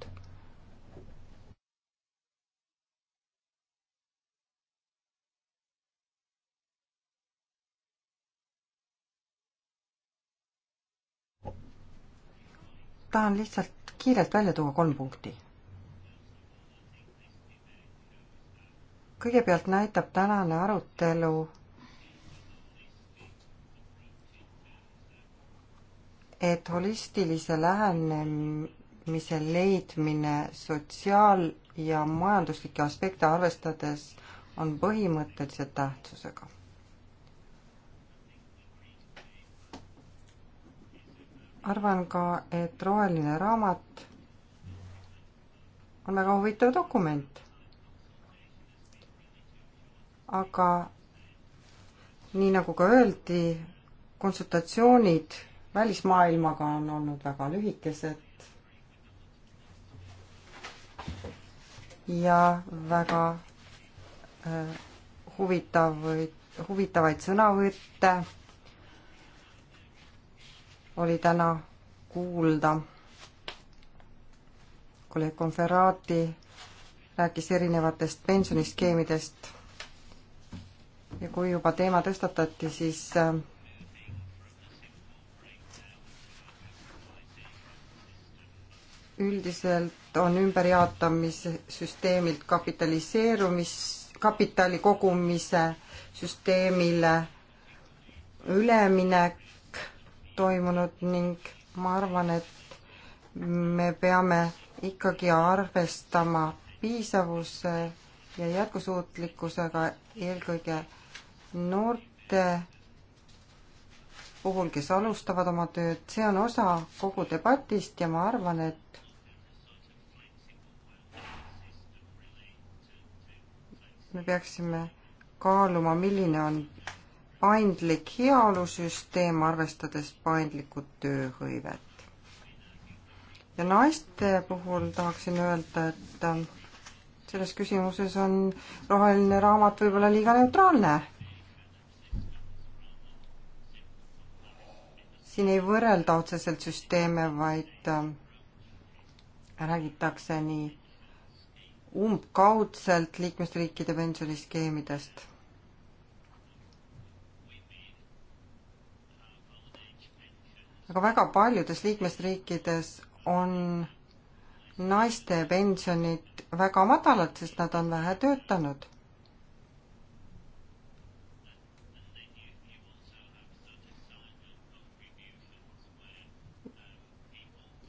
tahan lihtsalt kiirelt välja tuua kolm punkti kõigepealt näitab tänane arutelu, et holistilise lähenemise leidmine sotsiaal- ja majanduslikke aspekte arvestades on põhimõttelise tähtsusega. arvan ka, et roheline raamat on väga huvitav dokument aga nii nagu ka öeldi, konsultatsioonid välismaailmaga on olnud väga lühikesed ja väga äh, huvitavaid, huvitavaid sõnavõtte oli täna kuulda. kolleeg Konferaati rääkis erinevatest pensioniskeemidest ja kui juba teema tõstatati, siis äh, üldiselt on ümberjaotamissüsteemilt kapitaliseerumis, kapitali kogumise süsteemile üleminek toimunud ning ma arvan, et me peame ikkagi arvestama piisavuse ja jätkusuutlikkusega eelkõige noorte puhul, kes alustavad oma tööd, see on osa kogu debatist ja ma arvan, et me peaksime kaaluma, milline on paindlik heaolusüsteem, arvestades paindlikku tööhõivet. ja naiste puhul tahaksin öelda, et selles küsimuses on roheline raamat võib-olla liiga neutraalne siin ei võrrelda otseselt süsteeme, vaid äh, räägitakse nii umbkaudselt liikmesriikide pensioniskeemidest. aga väga paljudes liikmesriikides on naiste pensionid väga madalad, sest nad on vähe töötanud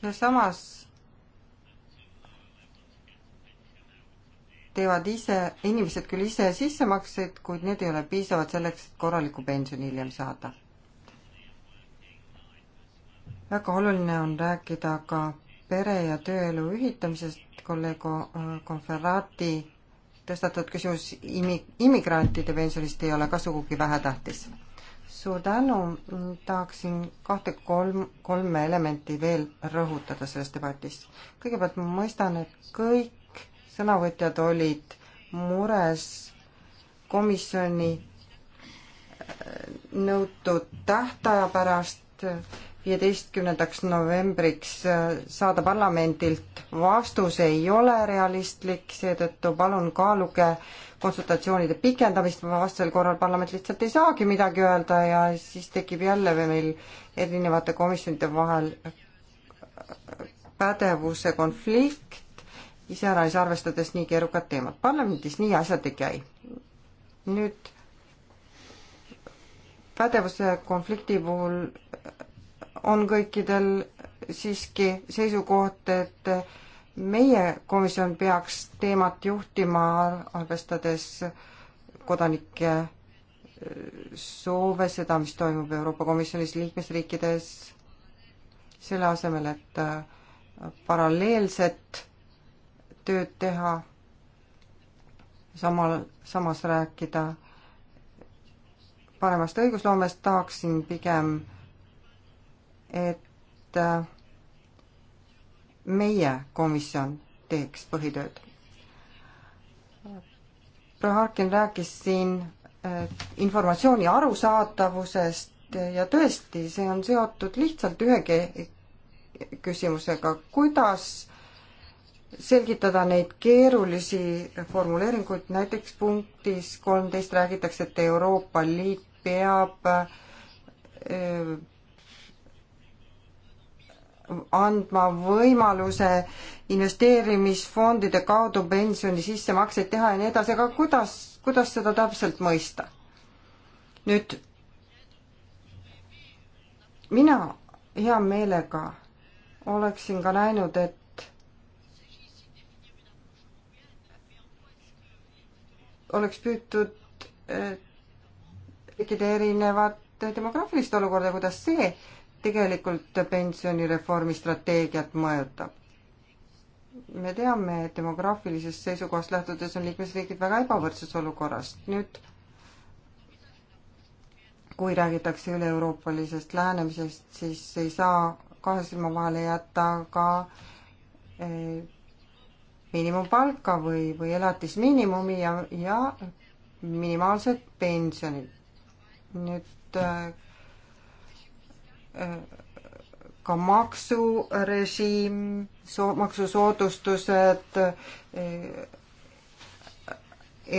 ja samas teevad ise, inimesed küll ise sissemakseid, kuid need ei ole piisavad selleks, et korralikku pensioni hiljem saada. väga oluline on rääkida ka pere- ja tööelu ühitamisest, kolleeg Conferati tõstatatud küsimus imi-, immigrantide pensionist ei ole ka sugugi vähetähtis suur tänu, tahaksin kahte kolm, kolme elementi veel rõhutada selles debatis. kõigepealt ma mõistan, et kõik sõnavõtjad olid mures komisjoni äh, nõutud tähtaja pärast, viieteistkümnendaks novembriks äh, saada parlamendilt vastus ei ole realistlik, seetõttu palun kaaluge äh, konsultatsioonide pikendamist, vastasel korral parlament lihtsalt ei saagi midagi öelda ja siis tekib jälle või meil erinevate komisjonide vahel äh, pädevuse konflikt, iseäranis arvestades nii keerukad teemad. parlamendis nii asjad ei käi. nüüd pädevuse konflikti puhul äh, on kõikidel siiski seisukoht, et äh, meie komisjon peaks teemat juhtima, arvestades kodanike äh, soove, seda, mis toimub Euroopa Komisjonis liikmesriikides, selle asemel, et äh, paralleelset tööd teha, samal, samas rääkida paremast õigusloomest, tahaksin pigem, et äh, meie komisjon teeks põhitööd. proua Harkin rääkis siin äh, informatsiooni arusaadavusest ja tõesti, see on seotud lihtsalt ühe küsimusega, kuidas selgitada neid keerulisi formuleeringuid, näiteks punktis kolmteist räägitakse, et Euroopa Liit peab öö, äh, andma võimaluse investeerimisfondide kaudu pensioni sissemakseid teha ja nii edasi, aga kuidas, kuidas seda täpselt mõista? nüüd mina hea meelega oleksin ka näinud, et oleks püütud tekkida erinevat demograafilist olukorda, kuidas see tegelikult pensionireformi strateegiat mõjutab. me teame, et demograafilisest seisukohast lähtudes on liikmesriigid väga ebavõrdses olukorras. nüüd kui räägitakse üle-euroopalisest lähenemisest, siis ei saa kahe silma vahele jätta ka eh, miinimumpalka või, või elatismiinimumi ja, ja minimaalset pensioni. nüüd eh, ka maksurežiim, maksusoodustused,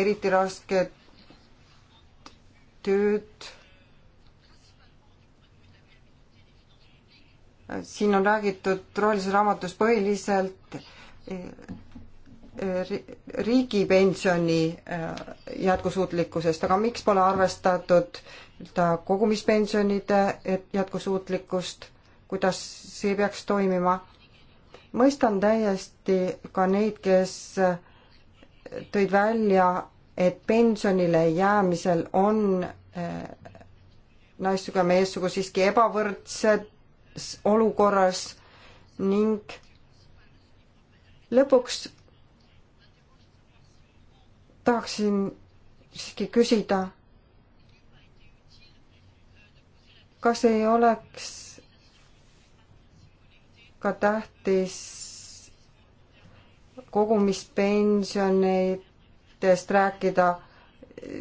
eriti rasked tööd. siin on räägitud rohelises raamatus põhiliselt eh, riigipensioni eh, jätkusuutlikkusest, aga miks pole arvestatud äh, nii-öelda kogumispensionide jätkusuutlikkust, kuidas see peaks toimima. mõistan täiesti ka neid, kes tõid välja, et pensionile jäämisel on eh, naissugu ja meessugu siiski ebavõrdses olukorras ning lõpuks tahaksin siiski küsida kas ei oleks ka tähtis kogumispensionidest rääkida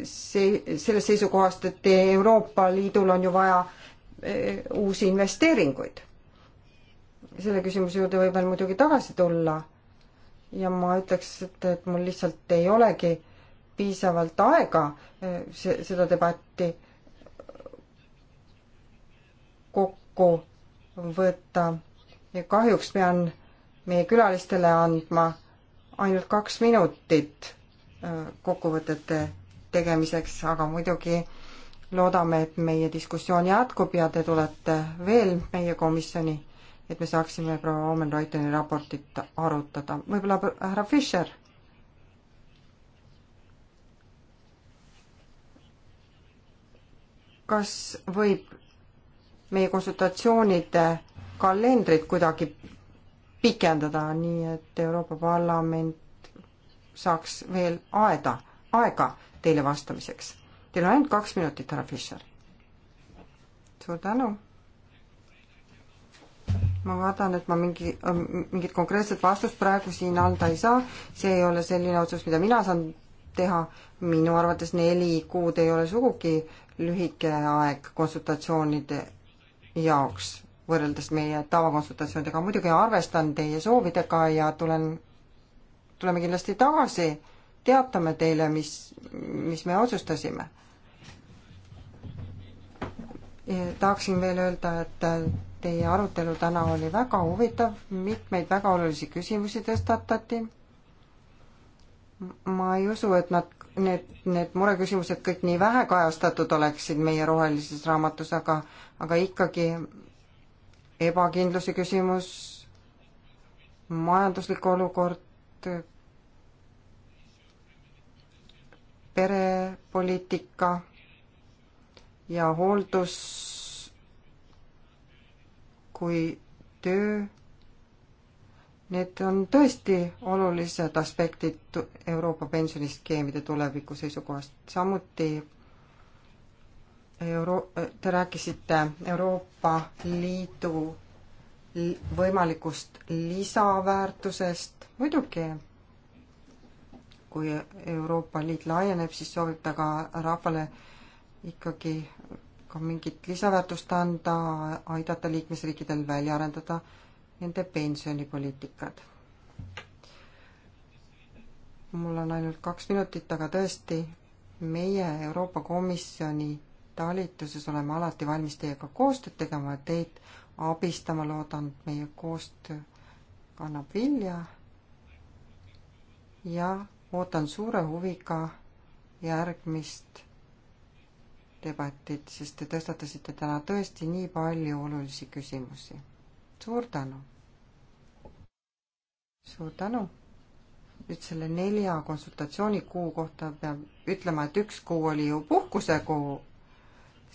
see, sellest seisukohast, et Euroopa Liidul on ju vaja e, uusi investeeringuid. selle küsimuse juurde võib veel muidugi tagasi tulla. ja ma ütleks, et, et mul lihtsalt ei olegi piisavalt aega e, see, seda debatti kokku võtta ja kahjuks pean meie külalistele andma ainult kaks minutit äh, kokkuvõtete tegemiseks, aga muidugi loodame, et meie diskussioon jätkub ja te tulete veel meie komisjoni, et me saaksime proua Omen Reuteni raportit arutada. võib-olla härra Fischer? kas võib meie konsultatsioonide kalendrit kuidagi pikendada, nii et Euroopa Parlament saaks veel aeda, aega teile vastamiseks. Teil on ainult kaks minutit, härra Fischer. suur tänu. ma vaatan, et ma mingi, ähm, mingit konkreetset vastust praegu siin anda ei saa, see ei ole selline otsus, mida mina saan teha, minu arvates neli kuud ei ole sugugi lühike aeg konsultatsioonide jaoks võrreldes meie tavakonsultatsioonidega. muidugi arvestan teie soovidega ja tulen, tuleme kindlasti tagasi, teatame teile, mis, mis me otsustasime. tahaksin veel öelda, et teie arutelu täna oli väga huvitav, mitmeid väga olulisi küsimusi tõstatati ma ei usu, et nad, need, need mureküsimused kõik nii vähe kajastatud oleksid meie rohelises raamatus, aga, aga ikkagi ebakindluse küsimus, majanduslik olukord, perepoliitika ja hooldus kui töö Need on tõesti olulised aspektid Euroopa pensioniskeemide tuleviku seisukohast. samuti euro-, te rääkisite Euroopa Liidu võimalikust lisaväärtusest. muidugi, kui Euroopa Liit laieneb, siis soovib ta ka rahvale ikkagi ka mingit lisaväärtust anda, aidata liikmesriikidel välja arendada äh, nende pensionipoliitikad. mul on ainult kaks minutit, aga tõesti, meie Euroopa Komisjoni talituses oleme alati valmis teiega koostööd tegema ja teid abistama, loodan, et meie koostöö kannab vilja ja ootan suure huviga järgmist debatit, sest te tõstatasite täna tõesti nii palju olulisi küsimusi suur tänu. suur tänu. nüüd selle nelja konsultatsioonikuu kohta peab ütlema, et üks kuu oli ju puhkusekuu.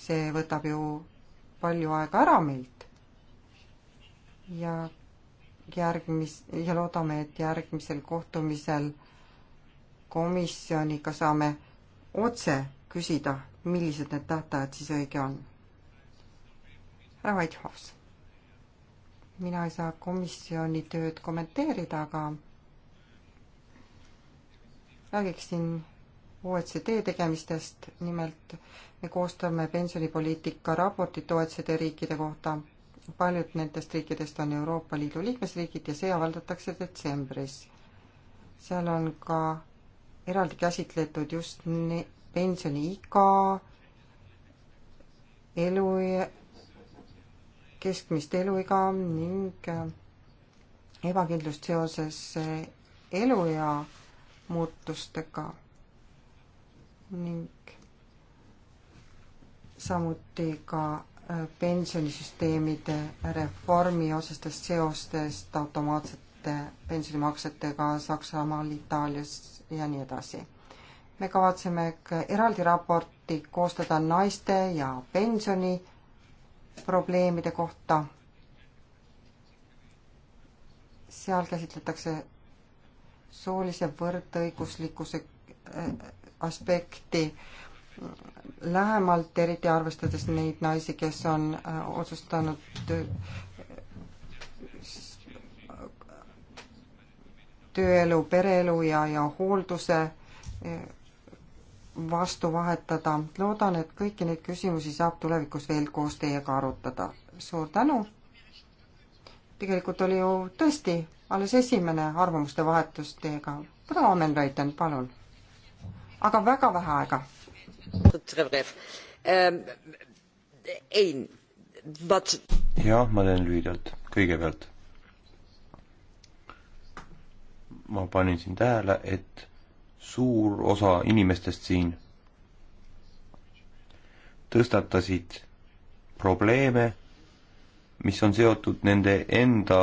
see võtab ju palju aega ära meilt. ja järgmis- ja loodame, et järgmisel kohtumisel komisjoniga saame otse küsida, millised need tähtajad siis õige on. härra Whitehouse mina ei saa komisjoni tööd kommenteerida, aga räägiksin OECD tegemistest, nimelt me koostame pensionipoliitika raportit OECD riikide kohta. paljud nendest riikidest on Euroopa Liidu liikmesriigid ja see avaldatakse detsembris. seal on ka eraldi käsitletud just pensioniiga, elu, keskmist eluiga ning äh, ebakindlust seoses äh, elujaa muutustega ning samuti ka äh, pensionisüsteemide reformi otsestest seostest automaatsete pensionimaksetega Saksamaal, Itaalias ja nii edasi. me kavatseme ka eraldi raporti koostada naiste ja pensioni probleemide kohta. seal käsitletakse soolise võrdõiguslikkuse äh, aspekti lähemalt, eriti arvestades neid naisi, kes on äh, otsustanud äh, tööelu, pereelu ja, ja hoolduse vastu vahetada. loodan, et kõiki neid küsimusi saab tulevikus veel koos teiega arutada. suur tänu! tegelikult oli ju tõesti alles esimene arvamuste vahetus teiega. proua Amenreiten, palun! aga väga vähe aega. jah, ma teen lühidalt. kõigepealt ma panin siin tähele, et suur osa inimestest siin tõstatasid probleeme, mis on seotud nende enda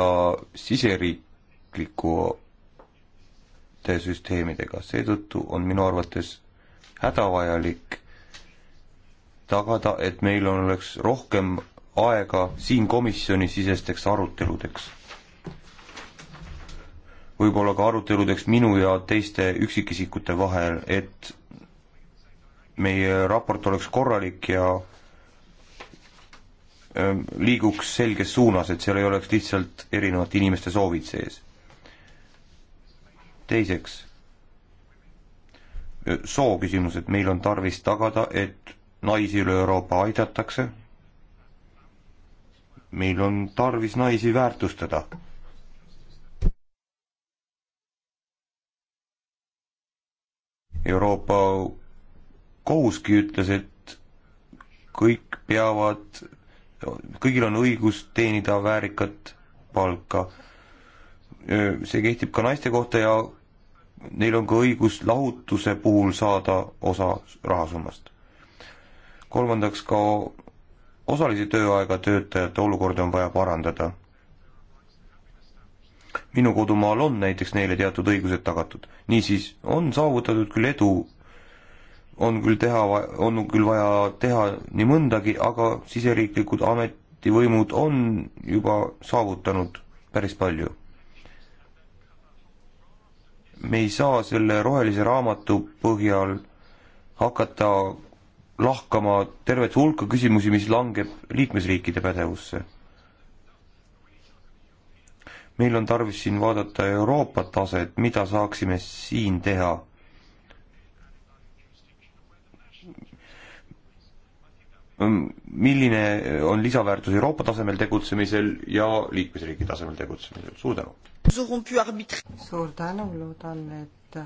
siseriiklikude süsteemidega, seetõttu on minu arvates hädavajalik tagada, et meil on, oleks rohkem aega siin komisjoni sisesteks aruteludeks võib-olla ka aruteludeks minu ja teiste üksikisikute vahel, et meie raport oleks korralik ja ähm, liiguks selges suunas, et seal ei oleks lihtsalt erinevate inimeste soovid sees. teiseks, äh, soo küsimus, et meil on tarvis tagada, et naisi üle Euroopa aidatakse, meil on tarvis naisi väärtustada Euroopa kohuski ütles, et kõik peavad, kõigil on õigus teenida väärikat palka. see kehtib ka naiste kohta ja neil on ka õigus lahutuse puhul saada osa rahasummast. kolmandaks, ka osalise tööaega töötajate olukorda on vaja parandada minu kodumaal on näiteks neile teatud õigused tagatud. niisiis, on saavutatud küll edu, on küll teha, on küll vaja teha nii mõndagi, aga siseriiklikud ametivõimud on juba saavutanud päris palju. me ei saa selle rohelise raamatu põhjal hakata lahkama tervet hulka küsimusi, mis langeb liikmesriikide pädevusse meil on tarvis siin vaadata Euroopa taset, mida saaksime siin teha. milline on lisaväärtus Euroopa tasemel tegutsemisel ja liikmesriigi tasemel tegutsemisel, suur tänu! suur tänu, loodan, et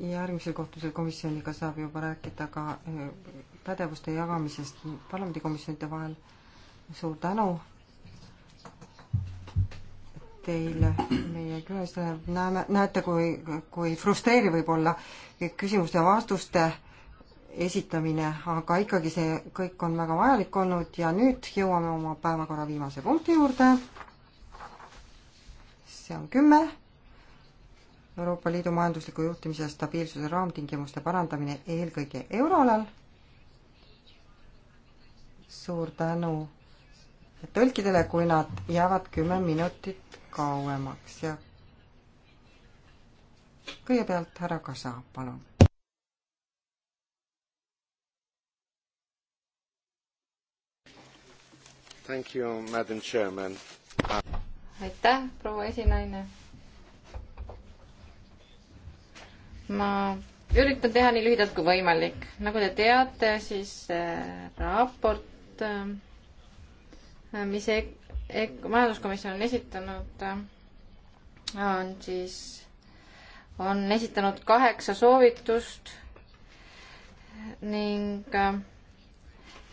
järgmisel kohtusel komisjoniga saab juba rääkida ka eh, pädevuste jagamisest parlamendikomisjonide vahel, suur tänu! teile meie külastajad, näeme, näete, kui, kui frustreeriv võib olla küsimuste ja vastuste esitamine, aga ikkagi see kõik on väga vajalik olnud ja nüüd jõuame oma päevakorra viimase punkti juurde. see on kümme. Euroopa Liidu majandusliku juhtimise stabiilsuse raamtingimuste parandamine eelkõige euroalal. suur tänu tõlkidele, kui nad jäävad kümme minutit kauemaks ja kõigepealt härra Kasa, palun. Thank you, madam chairman. aitäh, proua esinaine. ma üritan teha nii lühidalt kui võimalik. nagu te teate, siis äh, raport äh, mis, mis majanduskomisjon on esitanud, on siis, on esitanud kaheksa soovitust ning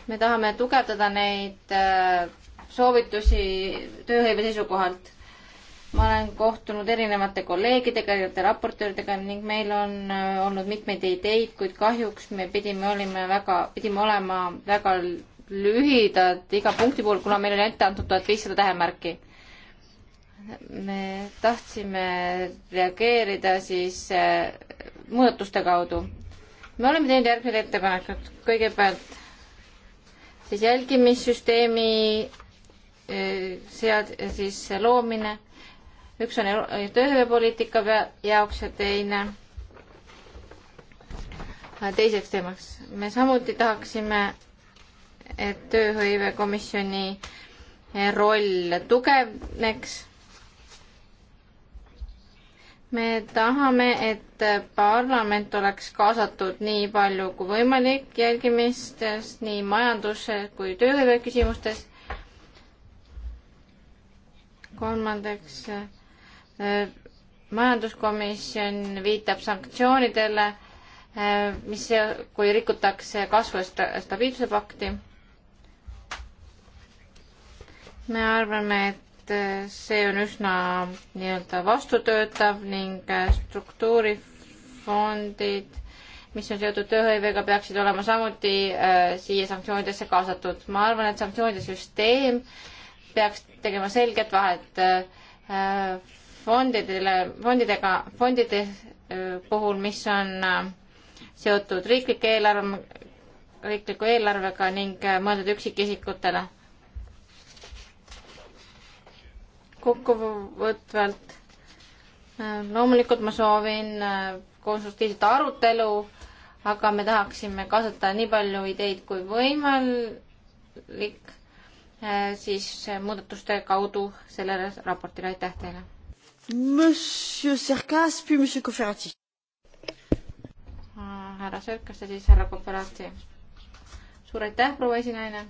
me tahame tugevdada neid soovitusi tööhõive seisukohalt. ma olen kohtunud erinevate kolleegidega, erinevate raportööridega ning meil on olnud mitmeid ideid, kuid kahjuks me pidime olema väga, pidime olema väga lühidalt iga punkti puhul, kuna meil on ette antud tuhat viissada tähemärki. me tahtsime reageerida siis äh, muudatuste kaudu. me oleme teinud järgmised ettepanekud. kõigepealt siis jälgimissüsteemi äh, sead-, siis loomine. üks on tööpoliitika jaoks ja teine äh, teiseks teemaks. me samuti tahaksime et tööhõivekomisjoni eh, roll tugevneks. me tahame, et parlament oleks kaasatud nii palju kui võimalik jälgimistest nii majanduse kui tööhõive küsimustes. kolmandaks, eh, majanduskomisjon viitab sanktsioonidele, eh, mis, kui rikutakse kasvu ja stabiilsuse pakti me arvame, et äh, see on üsna nii-öelda vastutöötav ning äh, struktuurifondid, mis on seotud tööhõivega, peaksid olema samuti äh, siia sanktsioonidesse kaasatud. ma arvan, et sanktsioonide süsteem peaks tegema selget vahet äh, fondidele, fondidega, fondide äh, puhul, mis on äh, seotud riiklike eelarve, riikliku eelarvega ning mõeldud üksikisikutele kokkuvõtvalt loomulikult ma soovin äh, konstruktiivset arutelu, aga me tahaksime kaasata nii palju ideid kui võimalik äh, siis äh, muudatuste kaudu sellele raportile, aitäh teile. Monsieur Serkas, puis Monsieur Conferati. härra Serkas ja siis härra Conferati. suur aitäh, proua esinaine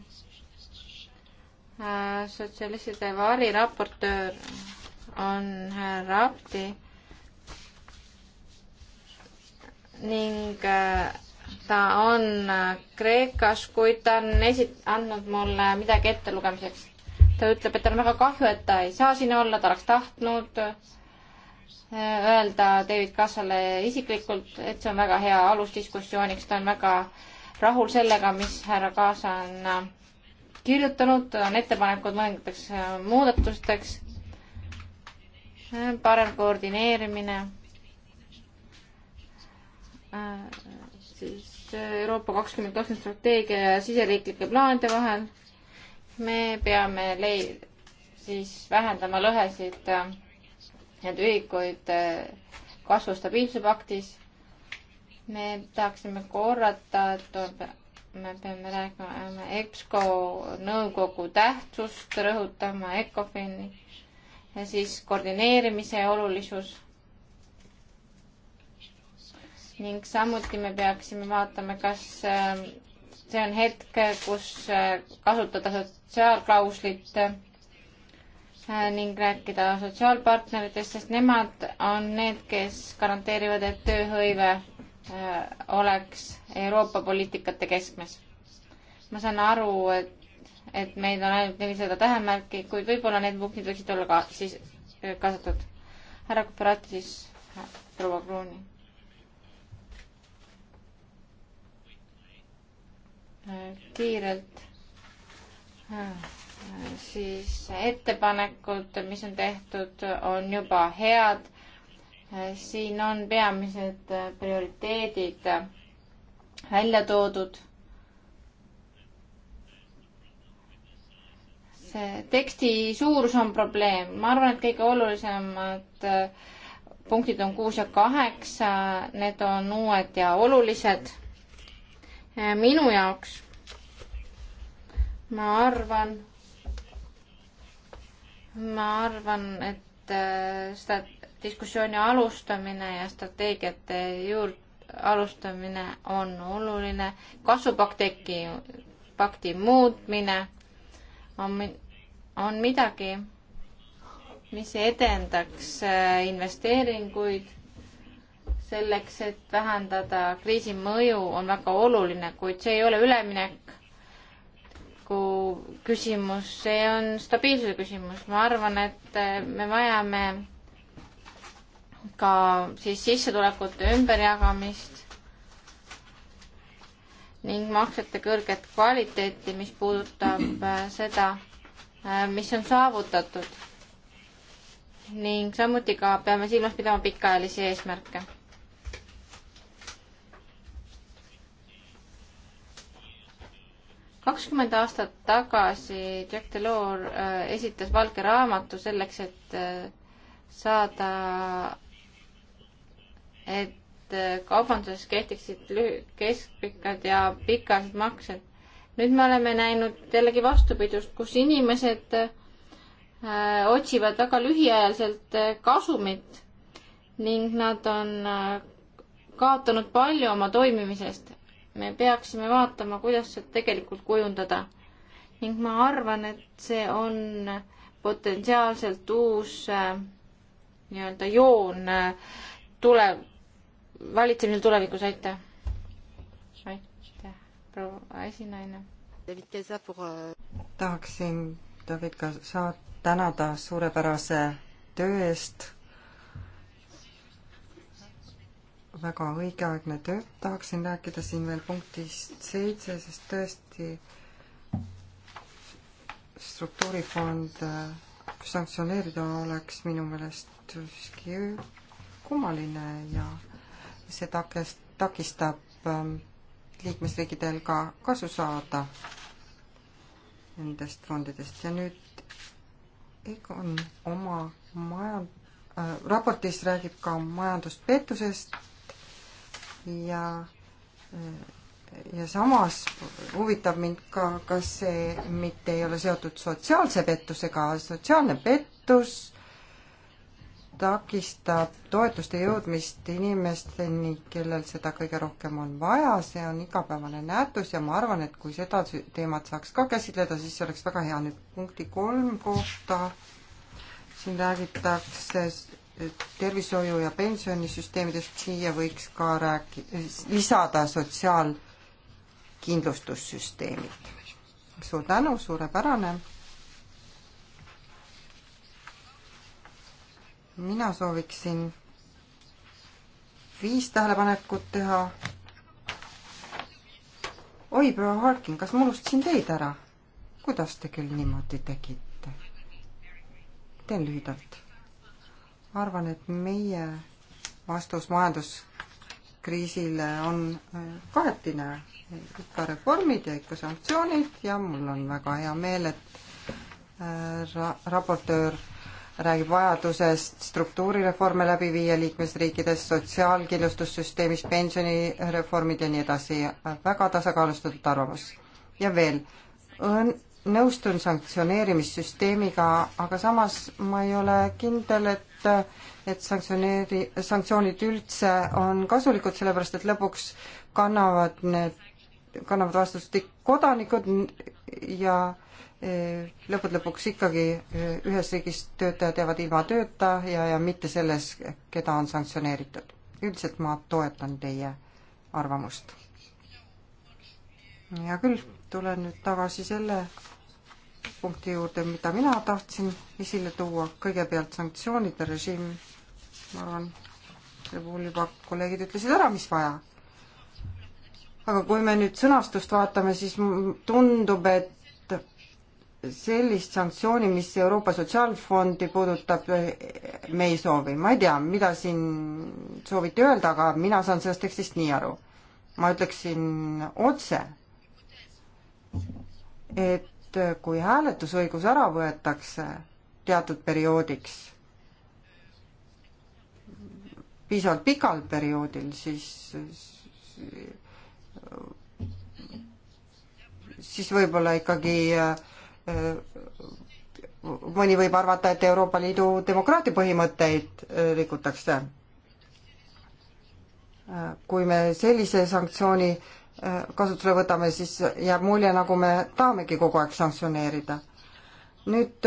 Äh, sotsialistide variraportöör on härra Apti ning äh, ta on äh, Kreekas, kuid ta on esi-, andnud mulle midagi ettelugemiseks. ta ütleb, et tal on väga kahju, et ta ei saa siin olla, ta oleks tahtnud öelda David Kassale isiklikult, et see on väga hea alus diskussiooniks, ta on väga rahul sellega, mis härra Kaasa on kirjutanud, on ettepanekud mõningateks äh, muudatusteks, parem koordineerimine, äh, siis Euroopa kakskümmend kakskümmend strateegia ja siseriiklike plaanide vahel. me peame lei-, siis vähendama lõhesid, need äh, ühikuid kasvu stabiilsuse paktis. me tahaksime korrata, et me peame rääkima EBSCO nõukogu tähtsust, rõhutama ECOFIN-i ja siis koordineerimise olulisus. ning samuti me peaksime vaatama, kas äh, see on hetk, kus äh, kasutada sotsiaalklauslit äh, ning rääkida sotsiaalpartneritest, sest nemad on need, kes garanteerivad, et tööhõive Äh, oleks Euroopa poliitikate keskmes. ma saan aru, et, et meid on ainult nelisada tähemärki, kuid võib-olla need punktid võiksid olla ka siis äh, kaasatud. härra Kooperatis, äh, proua Kruuni. kiirelt siis ettepanekud, mis on tehtud, on juba head siin on peamised äh, prioriteedid äh, välja toodud. see teksti suurus on probleem, ma arvan, et kõige olulisemad äh, punktid on kuus ja kaheksa, need on uued ja olulised minu jaoks. ma arvan, ma arvan, et seda diskussiooni alustamine ja strateegiate juurde alustamine on oluline. kasvupakti, pakti muutmine on, on midagi, mis edendaks äh, investeeringuid selleks, et vähendada kriisi mõju, on väga oluline, kuid see ei ole üleminek küsimus, see on stabiilsuse küsimus. ma arvan, et äh, me vajame ka siis sissetulekute ümberjagamist ning maksete kõrget kvaliteeti, mis puudutab äh, seda, äh, mis on saavutatud. ning samuti ka peame silmas pidama pikaajalisi eesmärke. kakskümmend aastat tagasi Jack Delors äh, esitas valge raamatu selleks, et saada et äh, kaubanduses kehtiksid lüh-, keskpikad ja pikad maksed. nüüd me oleme näinud jällegi vastupidust, kus inimesed äh, otsivad väga lühiajaliselt äh, kasumit ning nad on äh, kaotanud palju oma toimimisest. me peaksime vaatama, kuidas seda tegelikult kujundada. ning ma arvan, et see on potentsiaalselt uus äh, nii-öelda joon äh, tule, valitsemisel tulevikus, aitäh! aitäh, proua esinaine! Euh, tahaksin David Kaza tänada suurepärase töö eest, väga õigeaegne töö, tahaksin rääkida siin veel punktist seitse, sest tõesti struktuurifond äh, sanktsioneerida oleks minu meelest siiski kummaline ja see takest, takistab ähm, liikmesriikidel ka kasu saada nendest fondidest ja nüüd Egon oma maja- äh,, raportis räägib ka majanduspettusest ja äh, ja samas huvitab mind ka, kas see mitte ei ole seotud sotsiaalse pettusega, sotsiaalne pettus takistab toetuste jõudmist inimesteni, kellel seda kõige rohkem on vaja, see on igapäevane nähtus ja ma arvan, et kui seda teemat saaks ka käsitleda, siis see oleks väga hea. nüüd punkti kolm kohta, siin räägitakse tervishoiu ja pensionisüsteemidest, siia võiks ka rääki-, lisada sotsiaalkindlustussüsteemid. suur tänu, suurepärane mina sooviksin viis tähelepanekut teha. oi, proua Harkin, kas ma unustasin teid ära? kuidas te küll niimoodi tegite? teen lühidalt. arvan, et meie vastus majanduskriisile on äh, kahetine. ikka reformid ja ikka sanktsioonid ja mul on väga hea meel, et äh, ra-, raportöör äh, räägib vajadusest struktuurireforme läbi viia liikmesriikides, sotsiaalkindlustussüsteemis, pensionireformid ja nii edasi. väga tasakaalustatud arvamus. ja veel, nõustun sanktsioneerimissüsteemiga, aga samas ma ei ole kindel, et et sanktsioneeri, sanktsioonid üldse on kasulikud, sellepärast et lõpuks kannavad need, kannavad vastust kodanikud ja Eh, lõppude lõpuks ikkagi eh, ühes riigis töötajad jäävad ilma tööta ja, ja mitte selles, keda on sanktsioneeritud. üldiselt ma toetan teie arvamust. hea küll, tulen nüüd tagasi selle punkti juurde, mida mina tahtsin esile tuua, kõigepealt sanktsioonide režiim, ma arvan, selle puhul juba kolleegid ütlesid ära, mis vaja. aga kui me nüüd sõnastust vaatame, siis tundub, et sellist sanktsiooni, mis Euroopa Sotsiaalfondi puudutab, me ei soovi. ma ei tea, mida siin sooviti öelda, aga mina saan sellest tekstist nii aru. ma ütleksin otse, et kui hääletusõigus ära võetakse teatud perioodiks, piisavalt pikal perioodil, siis siis võib-olla ikkagi äh, Äh, mõni võib arvata, et Euroopa Liidu demokraatia põhimõtteid äh, rikutakse. Äh, kui me sellise sanktsiooni kasutusele võtame, siis jääb mulje, nagu me tahamegi kogu aeg sanktsioneerida. nüüd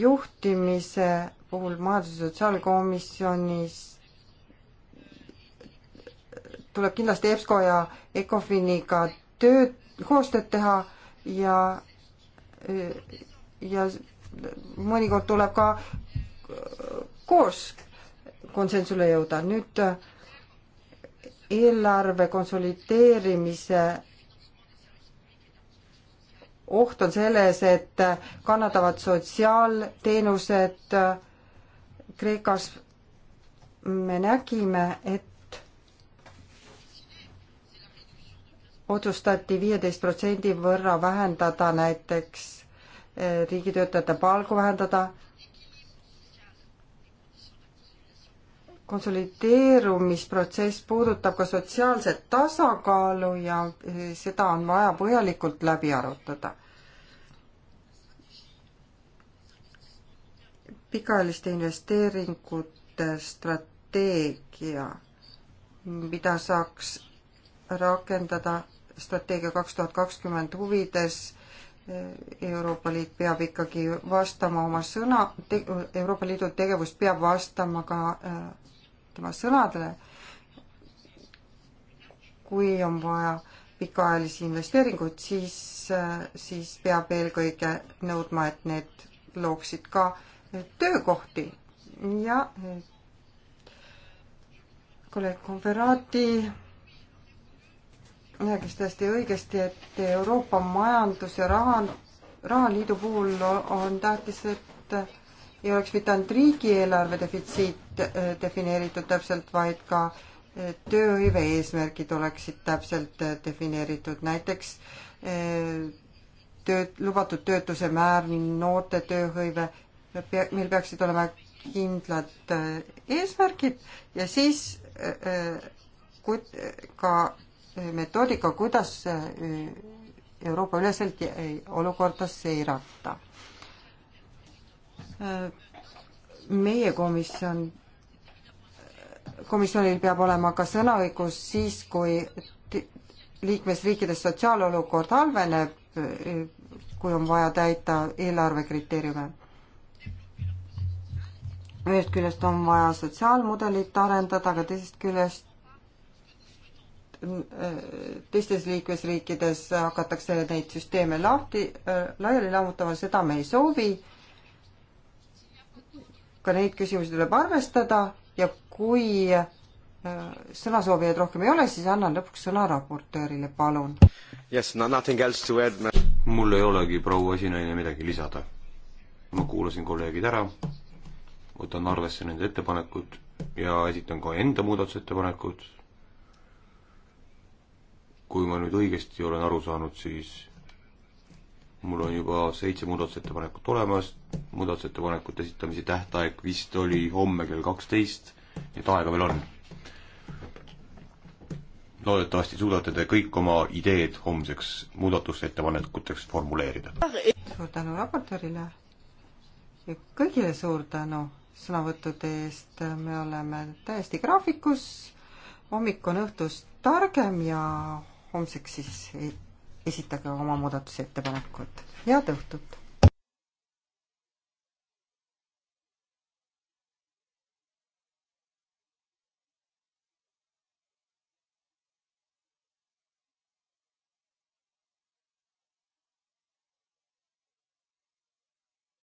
juhtimise puhul Majandus- ja Sotsiaalkomisjonis tuleb kindlasti EBSCO ja ECOFINiga tööd, koostööd teha ja, ja mõnikord tuleb ka koos konsensusele jõuda. nüüd eelarve konsolideerimise oht on selles, et kannatavad sotsiaalteenused Kreekas me nägime, et otsustati viieteist protsendi võrra vähendada näiteks eh, riigitöötajate palku vähendada, konsolideerumisprotsess puudutab ka sotsiaalset tasakaalu ja eh, seda on vaja põhjalikult läbi arutada. pikaajaliste investeeringute strateegia, mida saaks rakendada strateegia kaks tuhat kakskümmend huvides eh, Euroopa Liit peab ikkagi vastama oma sõna, Euroopa Liidu tegevus peab vastama ka eh, tema sõnadele. kui on vaja pikaajalisi investeeringuid, siis, eh, siis peab eelkõige nõudma, et need looksid ka töökohti ja kolleeg Konverati rääkis täiesti õigesti, et Euroopa Majandus- ja Rahan-, Rahaliidu puhul on tähtis, et ei oleks mitte ainult riigieelarve defitsiit äh, defineeritud täpselt, vaid ka äh, tööhõive eesmärgid oleksid täpselt äh, defineeritud, näiteks tööd, lubatud töötuse määr, noorte tööhõive, meil peaksid olema kindlad eesmärgid ja siis kui ka metoodika, kuidas e, Euroopa üleselt e, olukorda seirata. E, meie komisjon, komisjonil peab olema ka sõnaõigus siis, kui liikmesriikides sotsiaalolukord halveneb, kui on vaja täita eelarvekriteeriume. ühest küljest on vaja sotsiaalmudelit arendada, aga teisest küljest teistes liikmesriikides hakatakse neid süsteeme lahti, laiali lammutama, seda me ei soovi. ka neid küsimusi tuleb arvestada ja kui äh, sõnasoovijaid rohkem ei ole, siis annan lõpuks sõna raportöörile, palun. Yes, no nothing else to add. mul ei olegi, proua esinaine, midagi lisada. ma kuulasin kolleegid ära, võtan arvesse nende ettepanekud ja esitan ka enda muudatusettepanekud kui ma nüüd õigesti olen aru saanud, siis mul on juba seitse muudatusettepanekut olemas, muudatusettepanekute esitamise tähtaeg vist oli homme kell kaksteist, nii et aega veel on. loodetavasti suudate te kõik oma ideed homseks muudatusettepanekuteks formuleerida. suur tänu raportöörile ja kõigile suur tänu sõnavõttude eest, me oleme täiesti graafikus, hommik on õhtust targem ja homseks siis esitage oma muudatusettepanekud. head õhtut!